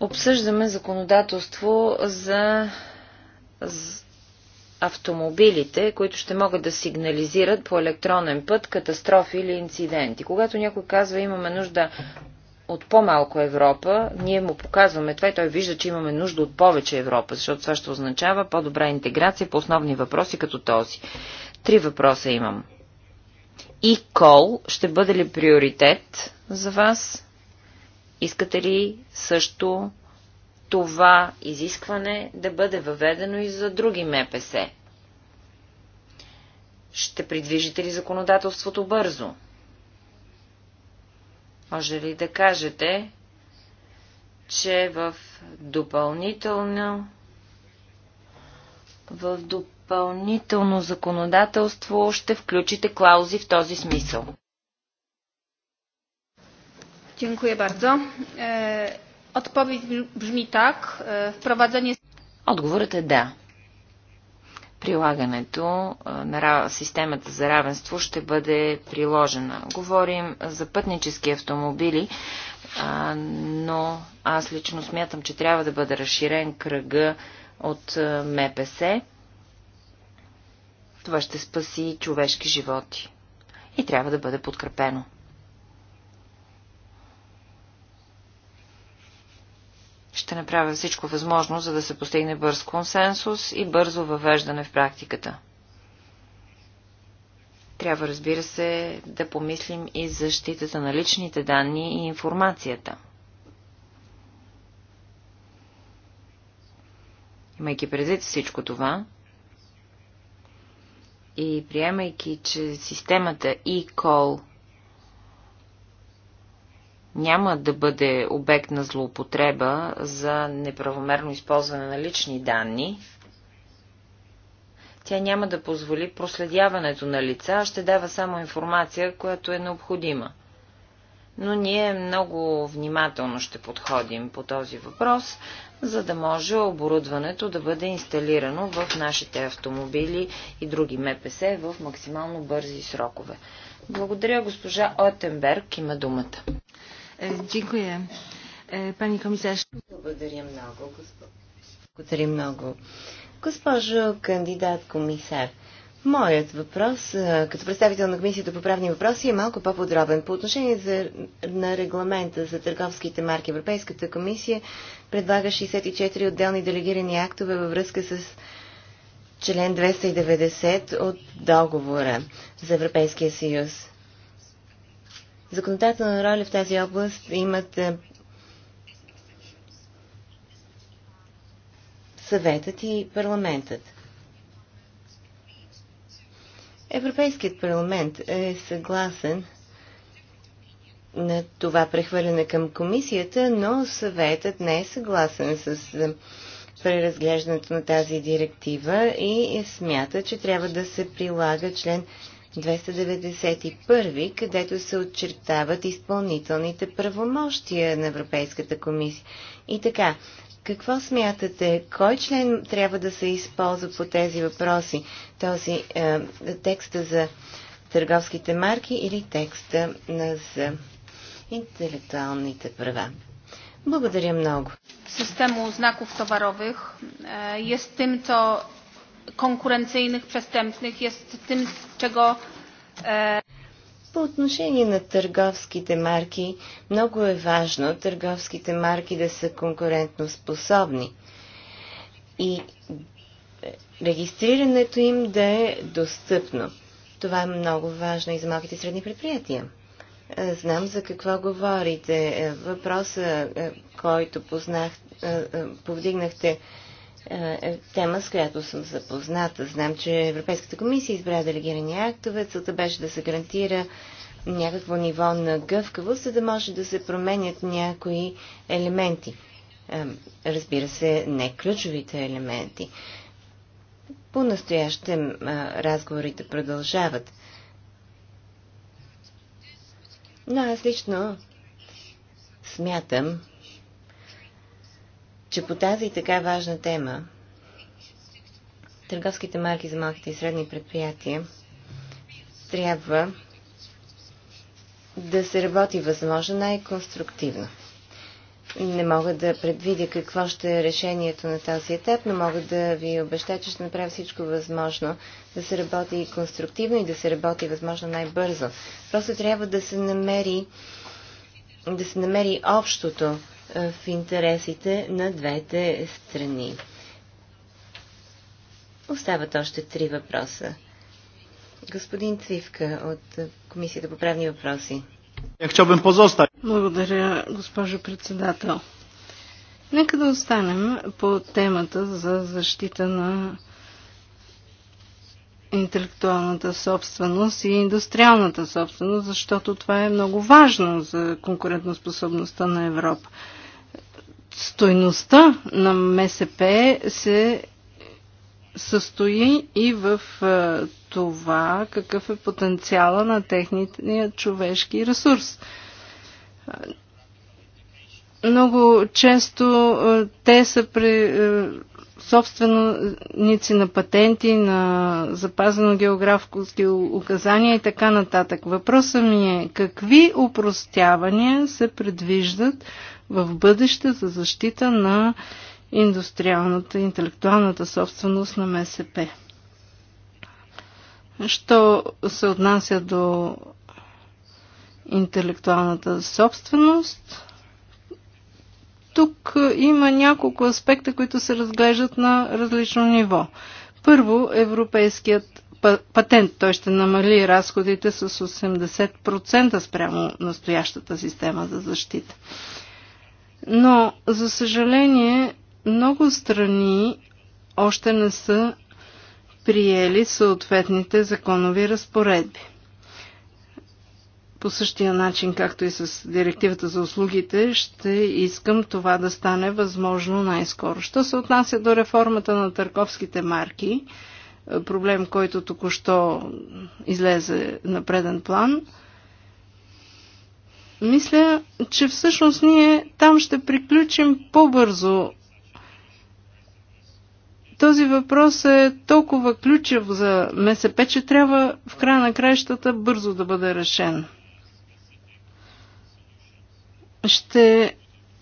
Обсъждаме законодателство за автомобилите, които ще могат да сигнализират по електронен път катастрофи или инциденти. Когато някой казва имаме нужда от по-малко Европа, ние му показваме това и той вижда, че имаме нужда от повече Европа, защото това ще означава по-добра интеграция по основни въпроси като този. Три въпроса имам. И кол ще бъде ли приоритет за вас? Искате ли също това изискване да бъде въведено и за други МПС? Ще придвижите ли законодателството бързо? Може ли да кажете, че в допълнително в допълнително законодателство ще включите клаузи в този смисъл? Dziękuję bardzo. E, odpowiedź brzmi tak. E, wprowadzenie. Odgovor е да прилагането на системата за равенство ще бъде приложена. Говорим за пътнически автомобили, но аз лично смятам, че трябва да бъде разширен кръга от МПС. Това ще спаси човешки животи и трябва да бъде подкрепено. Ще направя всичко възможно, за да се постигне бърз консенсус и бързо въвеждане в практиката. Трябва, разбира се, да помислим и защитата на личните данни и информацията. Имайки предвид всичко това, и приемайки, че системата e-call няма да бъде обект на злоупотреба за неправомерно използване на лични данни, тя няма да позволи проследяването на лица, а ще дава само информация, която е необходима. Но ние много внимателно ще подходим по този въпрос, за да може оборудването да бъде инсталирано в нашите автомобили и други МПС в максимално бързи срокове. Благодаря, госпожа Отенберг има думата. Пани е, комисар. E, благодаря много, господин. Благодаря много. Госпожо кандидат комисар, моят въпрос е, като представител на Комисията по правни въпроси е малко по-подробен. По отношение за, на регламента за търговските марки, Европейската комисия предлага 64 отделни делегирани актове във връзка с член 290 от договора за Европейския съюз законодателна роля в тази област имат е, съветът и парламентът. Европейският парламент е съгласен на това прехвърляне към комисията, но съветът не е съгласен с е, преразглеждането на тази директива и смята, че трябва да се прилага член 291, където се отчертават изпълнителните правомощия на Европейската комисия. И така, какво смятате? Кой член трябва да се използва по тези въпроси? Този е, текста за търговските марки или текста на, за интелектуалните права? Благодаря много. Systemu znaków towarowych jest тим, то конкуренцийных, престъпных, jest tym, z По отношение на търговските марки, много е важно търговските марки да са конкурентно способни и регистрирането им да е достъпно. Това е много важно и за малките и средни предприятия. Е, знам за какво говорите. Е, въпроса, е, който познах, повдигнахте е, е тема, с която съм запозната. Знам, че Европейската комисия избра делегирани актове. Целта беше да се гарантира някакво ниво на гъвкавост, за да може да се променят някои елементи. Е, разбира се, не ключовите елементи. По-настоящем е, разговорите продължават. Но аз лично смятам, че по тази и така важна тема търговските марки за малките и средни предприятия трябва да се работи възможно най-конструктивно. Не мога да предвидя какво ще е решението на този етап, но мога да ви обеща, че ще направя всичко възможно да се работи и конструктивно и да се работи възможно най-бързо. Просто трябва да се намери да се намери общото е, в интересите на двете страни. Остават още три въпроса. Господин Цивка от Комисията по правни въпроси. Благодаря, госпожо председател. Нека да останем по темата за защита на интелектуалната собственост и индустриалната собственост, защото това е много важно за конкурентоспособността на Европа стойността на МСП се състои и в това какъв е потенциала на техния човешки ресурс. Много често те са при, собственици на патенти, на запазено географски указания и така нататък. Въпросът ми е какви упростявания се предвиждат в бъдеще за защита на индустриалната, интелектуалната собственост на МСП. Що се отнася до интелектуалната собственост, тук е, има няколко аспекта, които се разглеждат на различно ниво. Първо, европейският патент. Той ще намали разходите с 80% спрямо настоящата система за защита. Но, за съжаление, много страни още не са приели съответните законови разпоредби по същия начин, както и с директивата за услугите, ще искам това да стане възможно най-скоро. Що се отнася до реформата на търговските марки, е, проблем, който току-що излезе на преден план, мисля, че всъщност ние там ще приключим по-бързо. Този въпрос е толкова ключев за МСП, че трябва в края на краищата бързо да бъде решен. Ще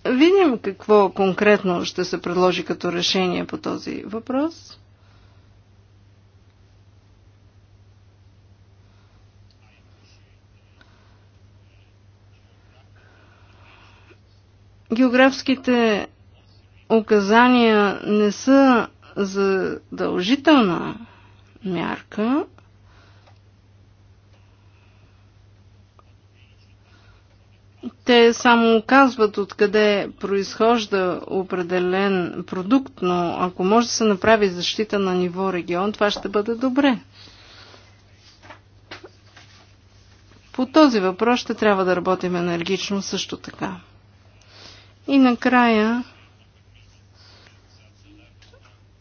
видим какво конкретно ще се предложи като решение по този въпрос. Географските указания не са задължителна мярка, те само казват откъде произхожда определен продукт, но ако може да се направи защита на ниво регион, това ще бъде добре. По този въпрос ще трябва да работим енергично също така. И накрая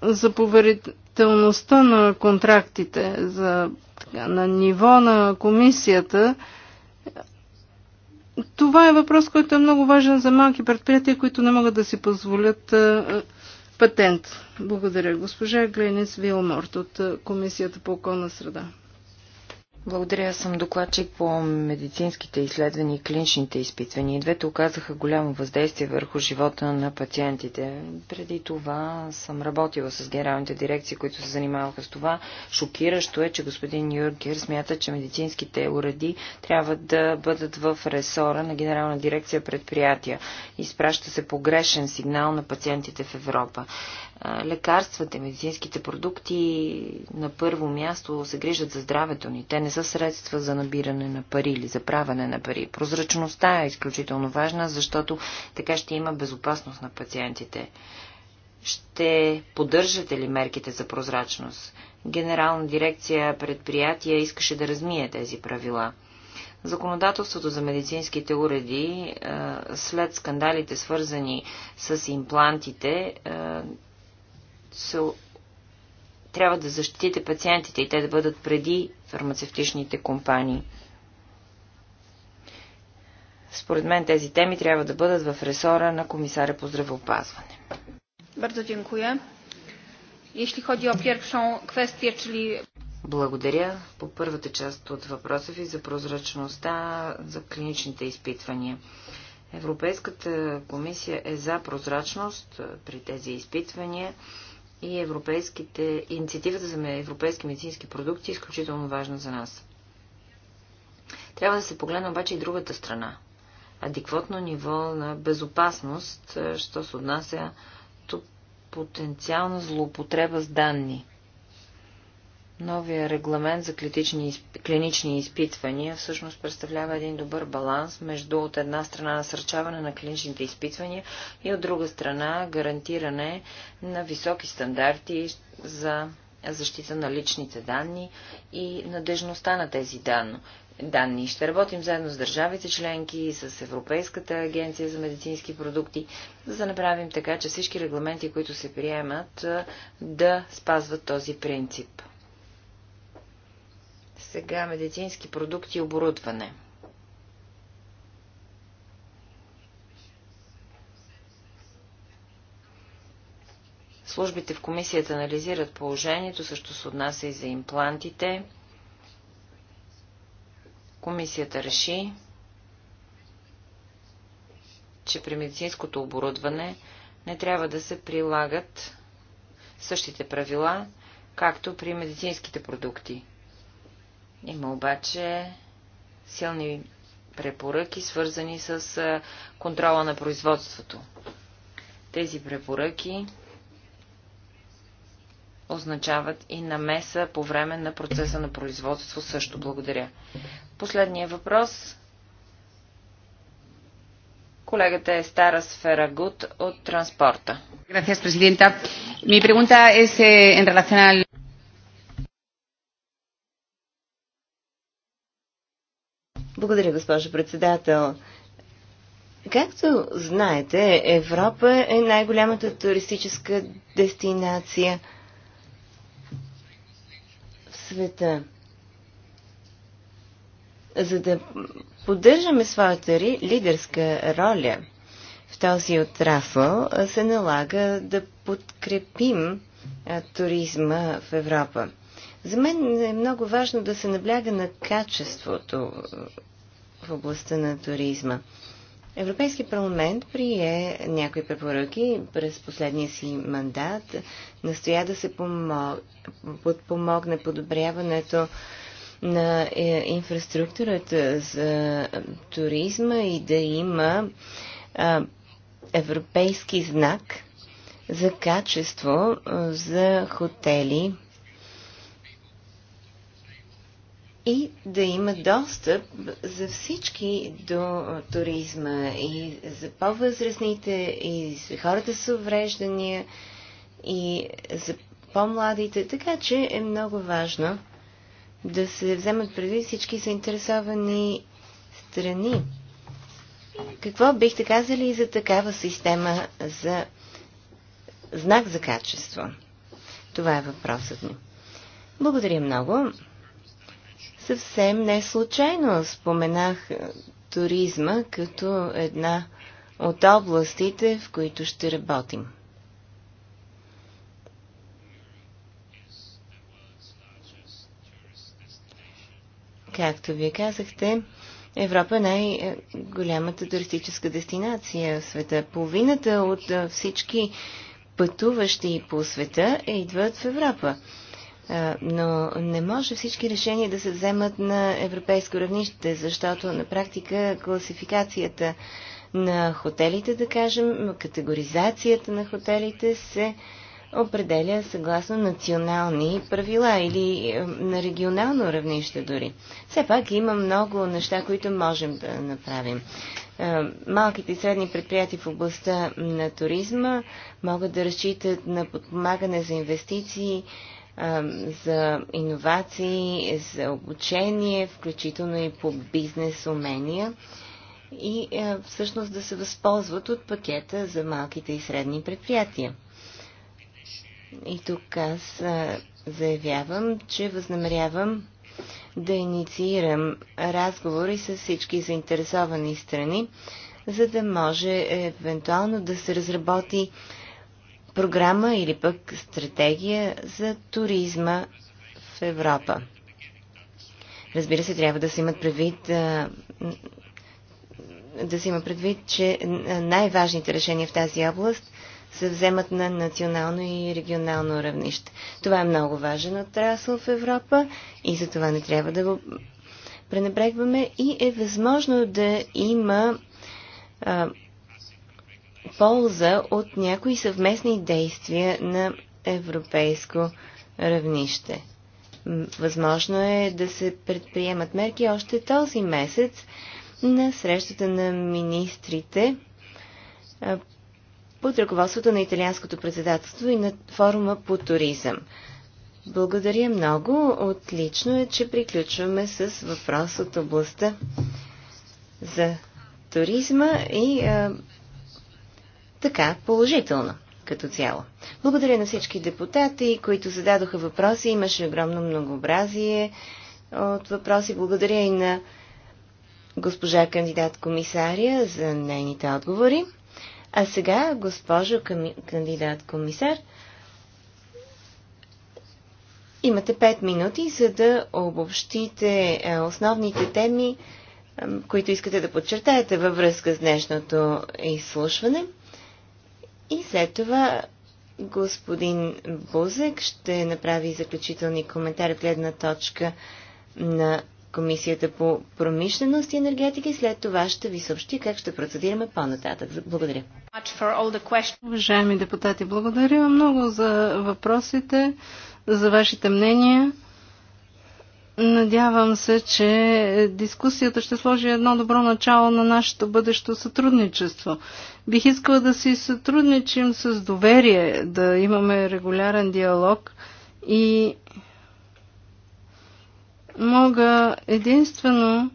за поверителността на контрактите, за, така, на ниво на комисията – това е въпрос, който е много важен за малки предприятия, които не могат да си позволят патент. Благодаря. Госпожа Гленис Вилморт от Комисията по околна среда. Благодаря. Аз Съм докладчик по медицинските изследвания и клиничните изпитвания. И двете оказаха голямо въздействие върху живота на пациентите. Преди това съм работила с генералните дирекции, които се занимаваха с това. Шокиращо е, че господин Юргер смята, че медицинските уреди трябва да бъдат в ресора на генерална дирекция предприятия. Изпраща се погрешен сигнал на пациентите в Европа лекарствата, медицинските продукти на първо място се грижат за здравето ни. Те не са средства за набиране на пари или за правене на пари. Прозрачността е изключително важна, защото така ще има безопасност на пациентите. Ще поддържате ли мерките за прозрачност? Генерална дирекция предприятия искаше да размие тези правила. Законодателството за медицинските уреди след скандалите свързани с имплантите се, трябва да защитите пациентите и те да бъдат преди фармацевтичните компании. Според мен тези теми трябва да бъдат в ресора на комисаря по здравеопазване. Благодаря по първата част от въпроса ви за прозрачността за клиничните изпитвания. Европейската комисия е за прозрачност при тези изпитвания и европейските, инициативата за европейски медицински продукти е изключително важна за нас. Трябва да се погледне обаче и другата страна. Адекватно ниво на безопасност, е, що се отнася до потенциална злоупотреба с данни. Новия регламент за клинични изпитвания всъщност представлява един добър баланс между от една страна насърчаване на клиничните изпитвания и от друга страна гарантиране на високи стандарти за защита на личните данни и надежността на тези данни данни. Ще работим заедно с държавите членки и с Европейската агенция за медицински продукти, за да направим така, че всички регламенти, които се приемат, да спазват този принцип. Сега медицински продукти и оборудване. Службите в комисията анализират положението, също се отнася и за имплантите. Комисията реши, че при медицинското оборудване не трябва да се прилагат същите правила, както при медицинските продукти. Има обаче силни препоръки, свързани с контрола на производството. Тези препоръки означават и намеса по време на процеса на производство също. Благодаря. Последния въпрос. Колегата е Стара Сферагут от транспорта. Gracias, presidenta. Mi pregunta es eh, en relación al... Благодаря, госпожо председател. Както знаете, Европа е най-голямата туристическа дестинация в света. За да поддържаме своята лидерска роля в този отрасъл, се налага да подкрепим туризма в Европа. За мен е много важно да се набляга на качеството е, в областта на туризма. Европейски парламент прие някои препоръки през последния си мандат, настоя да се подпомогне подобряването на е, инфраструктурата за е, туризма и да има европейски знак за качество за хотели и да има достъп за всички до туризма и за по-възрастните, и за хората с увреждания, и за по-младите. Така че е много важно да се вземат преди всички заинтересовани страни. Какво бихте казали за такава система за знак за качество? Това е въпросът ми. Благодаря много съвсем не случайно споменах е, туризма като една от областите, в които ще работим. Както вие казахте, Европа е най-голямата туристическа дестинация в света. Половината от е, всички пътуващи по света идват в Европа. Но не може всички решения да се вземат на европейско равнище, защото на практика класификацията на хотелите, да кажем, категоризацията на хотелите се определя съгласно национални правила или на регионално равнище дори. Все пак има много неща, които можем да направим. Малките и средни предприятия в областта на туризма могат да разчитат на подпомагане за инвестиции за иновации, за обучение, включително и по бизнес умения и всъщност да се възползват от пакета за малките и средни предприятия. И тук аз заявявам, че възнамерявам да инициирам разговори с всички заинтересовани страни, за да може евентуално да се разработи програма или пък стратегия за туризма в Европа. Разбира се, трябва да се имат предвид да се има предвид, че най-важните решения в тази област се вземат на национално и регионално равнище. Това е много важен отрасъл в Европа и за това не трябва да го пренебрегваме и е възможно да има а, полза от някои съвместни действия на европейско равнище. Възможно е да се предприемат мерки още този месец на срещата на министрите под ръководството на италианското председателство и на форума по туризъм. Благодаря много. Отлично е, че приключваме с въпрос от областта за туризма и така положително като цяло. Благодаря на всички депутати, които зададоха въпроси. Имаше огромно многообразие от въпроси. Благодаря и на госпожа кандидат комисария за нейните отговори. А сега, госпожо кандидат комисар, имате 5 минути, за да обобщите е, основните теми, които искате да подчертаете във връзка с днешното изслушване – и след това господин Бузек ще направи заключителни коментари от гледна точка на Комисията по промишленост и енергетика и след това ще ви съобщи как ще процедираме по-нататък. Благодаря. Уважаеми депутати, благодаря много за въпросите, за вашите мнения. Надявам се, че дискусията ще сложи едно добро начало на нашето бъдещо сътрудничество. Бих искала да си сътрудничим с доверие, да имаме регулярен диалог и мога единствено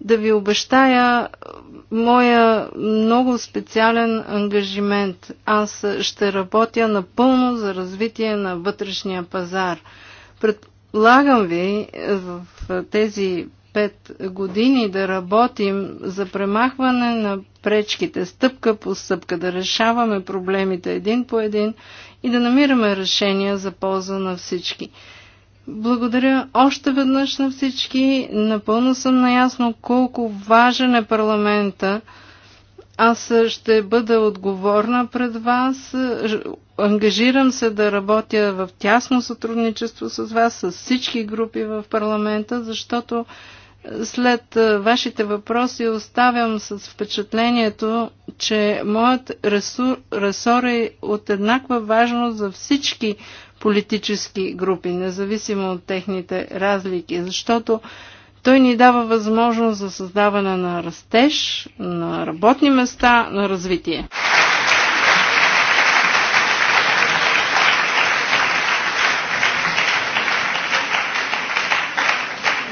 да ви обещая моя много специален ангажимент. Аз ще работя напълно за развитие на вътрешния пазар. Пред Предлагам ви в тези пет години да работим за премахване на пречките, стъпка по стъпка, да решаваме проблемите един по един и да намираме решения за полза на всички. Благодаря още веднъж на всички. Напълно съм наясно колко важен е парламента аз ще бъда отговорна пред вас. Ангажирам се да работя в тясно сътрудничество с вас, с всички групи в парламента, защото след е, вашите въпроси оставям с впечатлението, че моят ресур, ресор е от еднаква важност за всички политически групи, независимо от техните разлики, защото той ни дава възможност за създаване на растеж, на работни места, на развитие.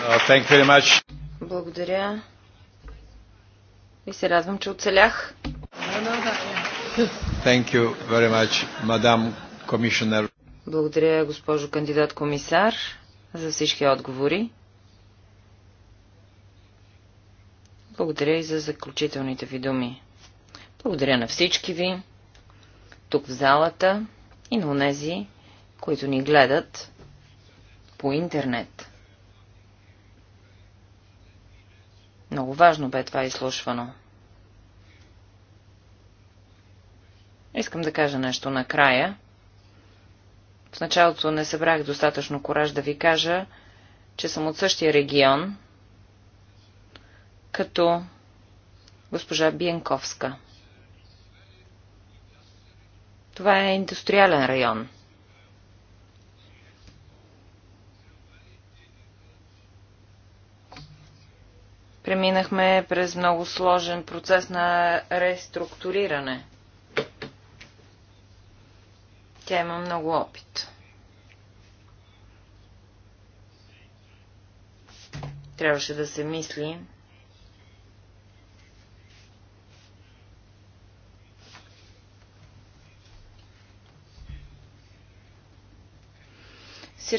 Uh, Благодаря. И се радвам, че оцелях. Thank you very much, Madam Commissioner. Благодаря, госпожо кандидат комисар, за всички отговори. Благодаря и за заключителните ви думи. Благодаря на всички ви, тук в залата и на онези, които ни гледат по интернет. Много важно бе това изслушвано. Искам да кажа нещо накрая. В началото не събрах достатъчно кораж да ви кажа, че съм от същия регион, като госпожа Биенковска. Това е индустриален район. Преминахме през много сложен процес на реструктуриране. Тя има много опит. Трябваше да се мисли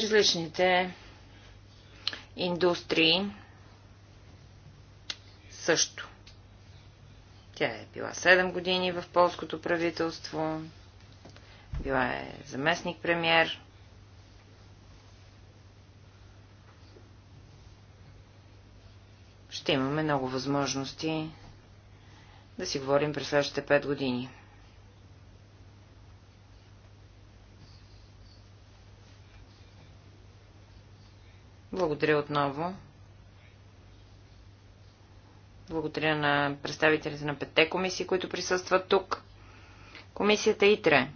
си различните индустрии също. Тя е била 7 години в полското правителство, била е заместник премьер. Ще имаме много възможности да си говорим през следващите 5 години. Благодаря отново. Благодаря на представителите на петте комисии, които присъстват тук. Комисията ИТРЕ.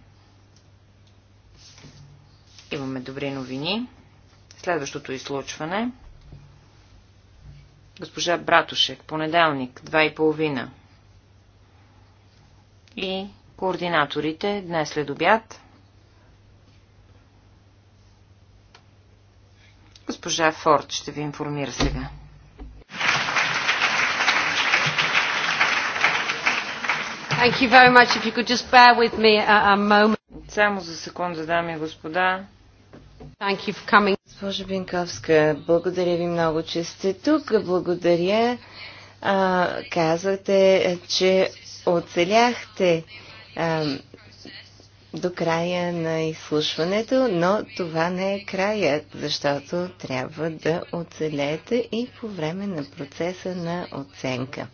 Имаме добри новини. Следващото излучване. Госпожа Братушек, понеделник, 2.30. И, и координаторите днес след обяд Госпожа Форд ще ви информира сега. Thank you very much. If you could just bear with me a, a moment. Само за секунда, дами и господа. Thank you for coming. Госпожа Бенковска, благодаря ви много, че сте тук. Благодаря. А, казвате, че оцеляхте. А, до края на изслушването, но това не е краят, защото трябва да оцелете и по време на процеса на оценка.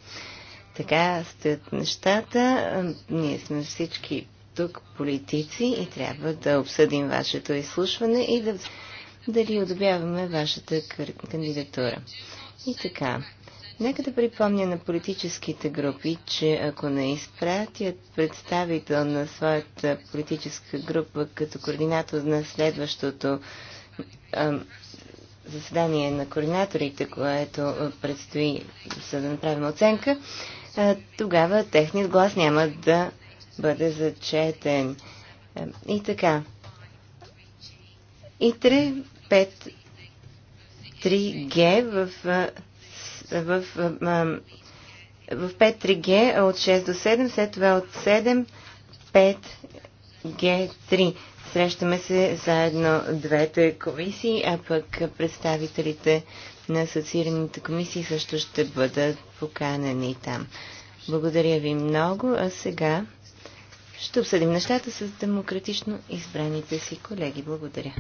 Така стоят нещата. Ние сме всички тук политици и трябва да обсъдим вашето изслушване и да дали одобяваме вашата кандидатура. И така, Нека да припомня на политическите групи, че ако не изпратят представител на своята политическа група като координатор на следващото заседание на координаторите, което предстои за да направим оценка, тогава техният глас няма да бъде зачетен. и така. И 3, 5, 3G в в, в, в 5-3G от 6 до 7, след това от 7 5G3. Срещаме се заедно двете комисии, а пък представителите на асоциираните комисии също ще бъдат поканени там. Благодаря ви много, а сега ще обсъдим нещата с демократично избраните си колеги. Благодаря.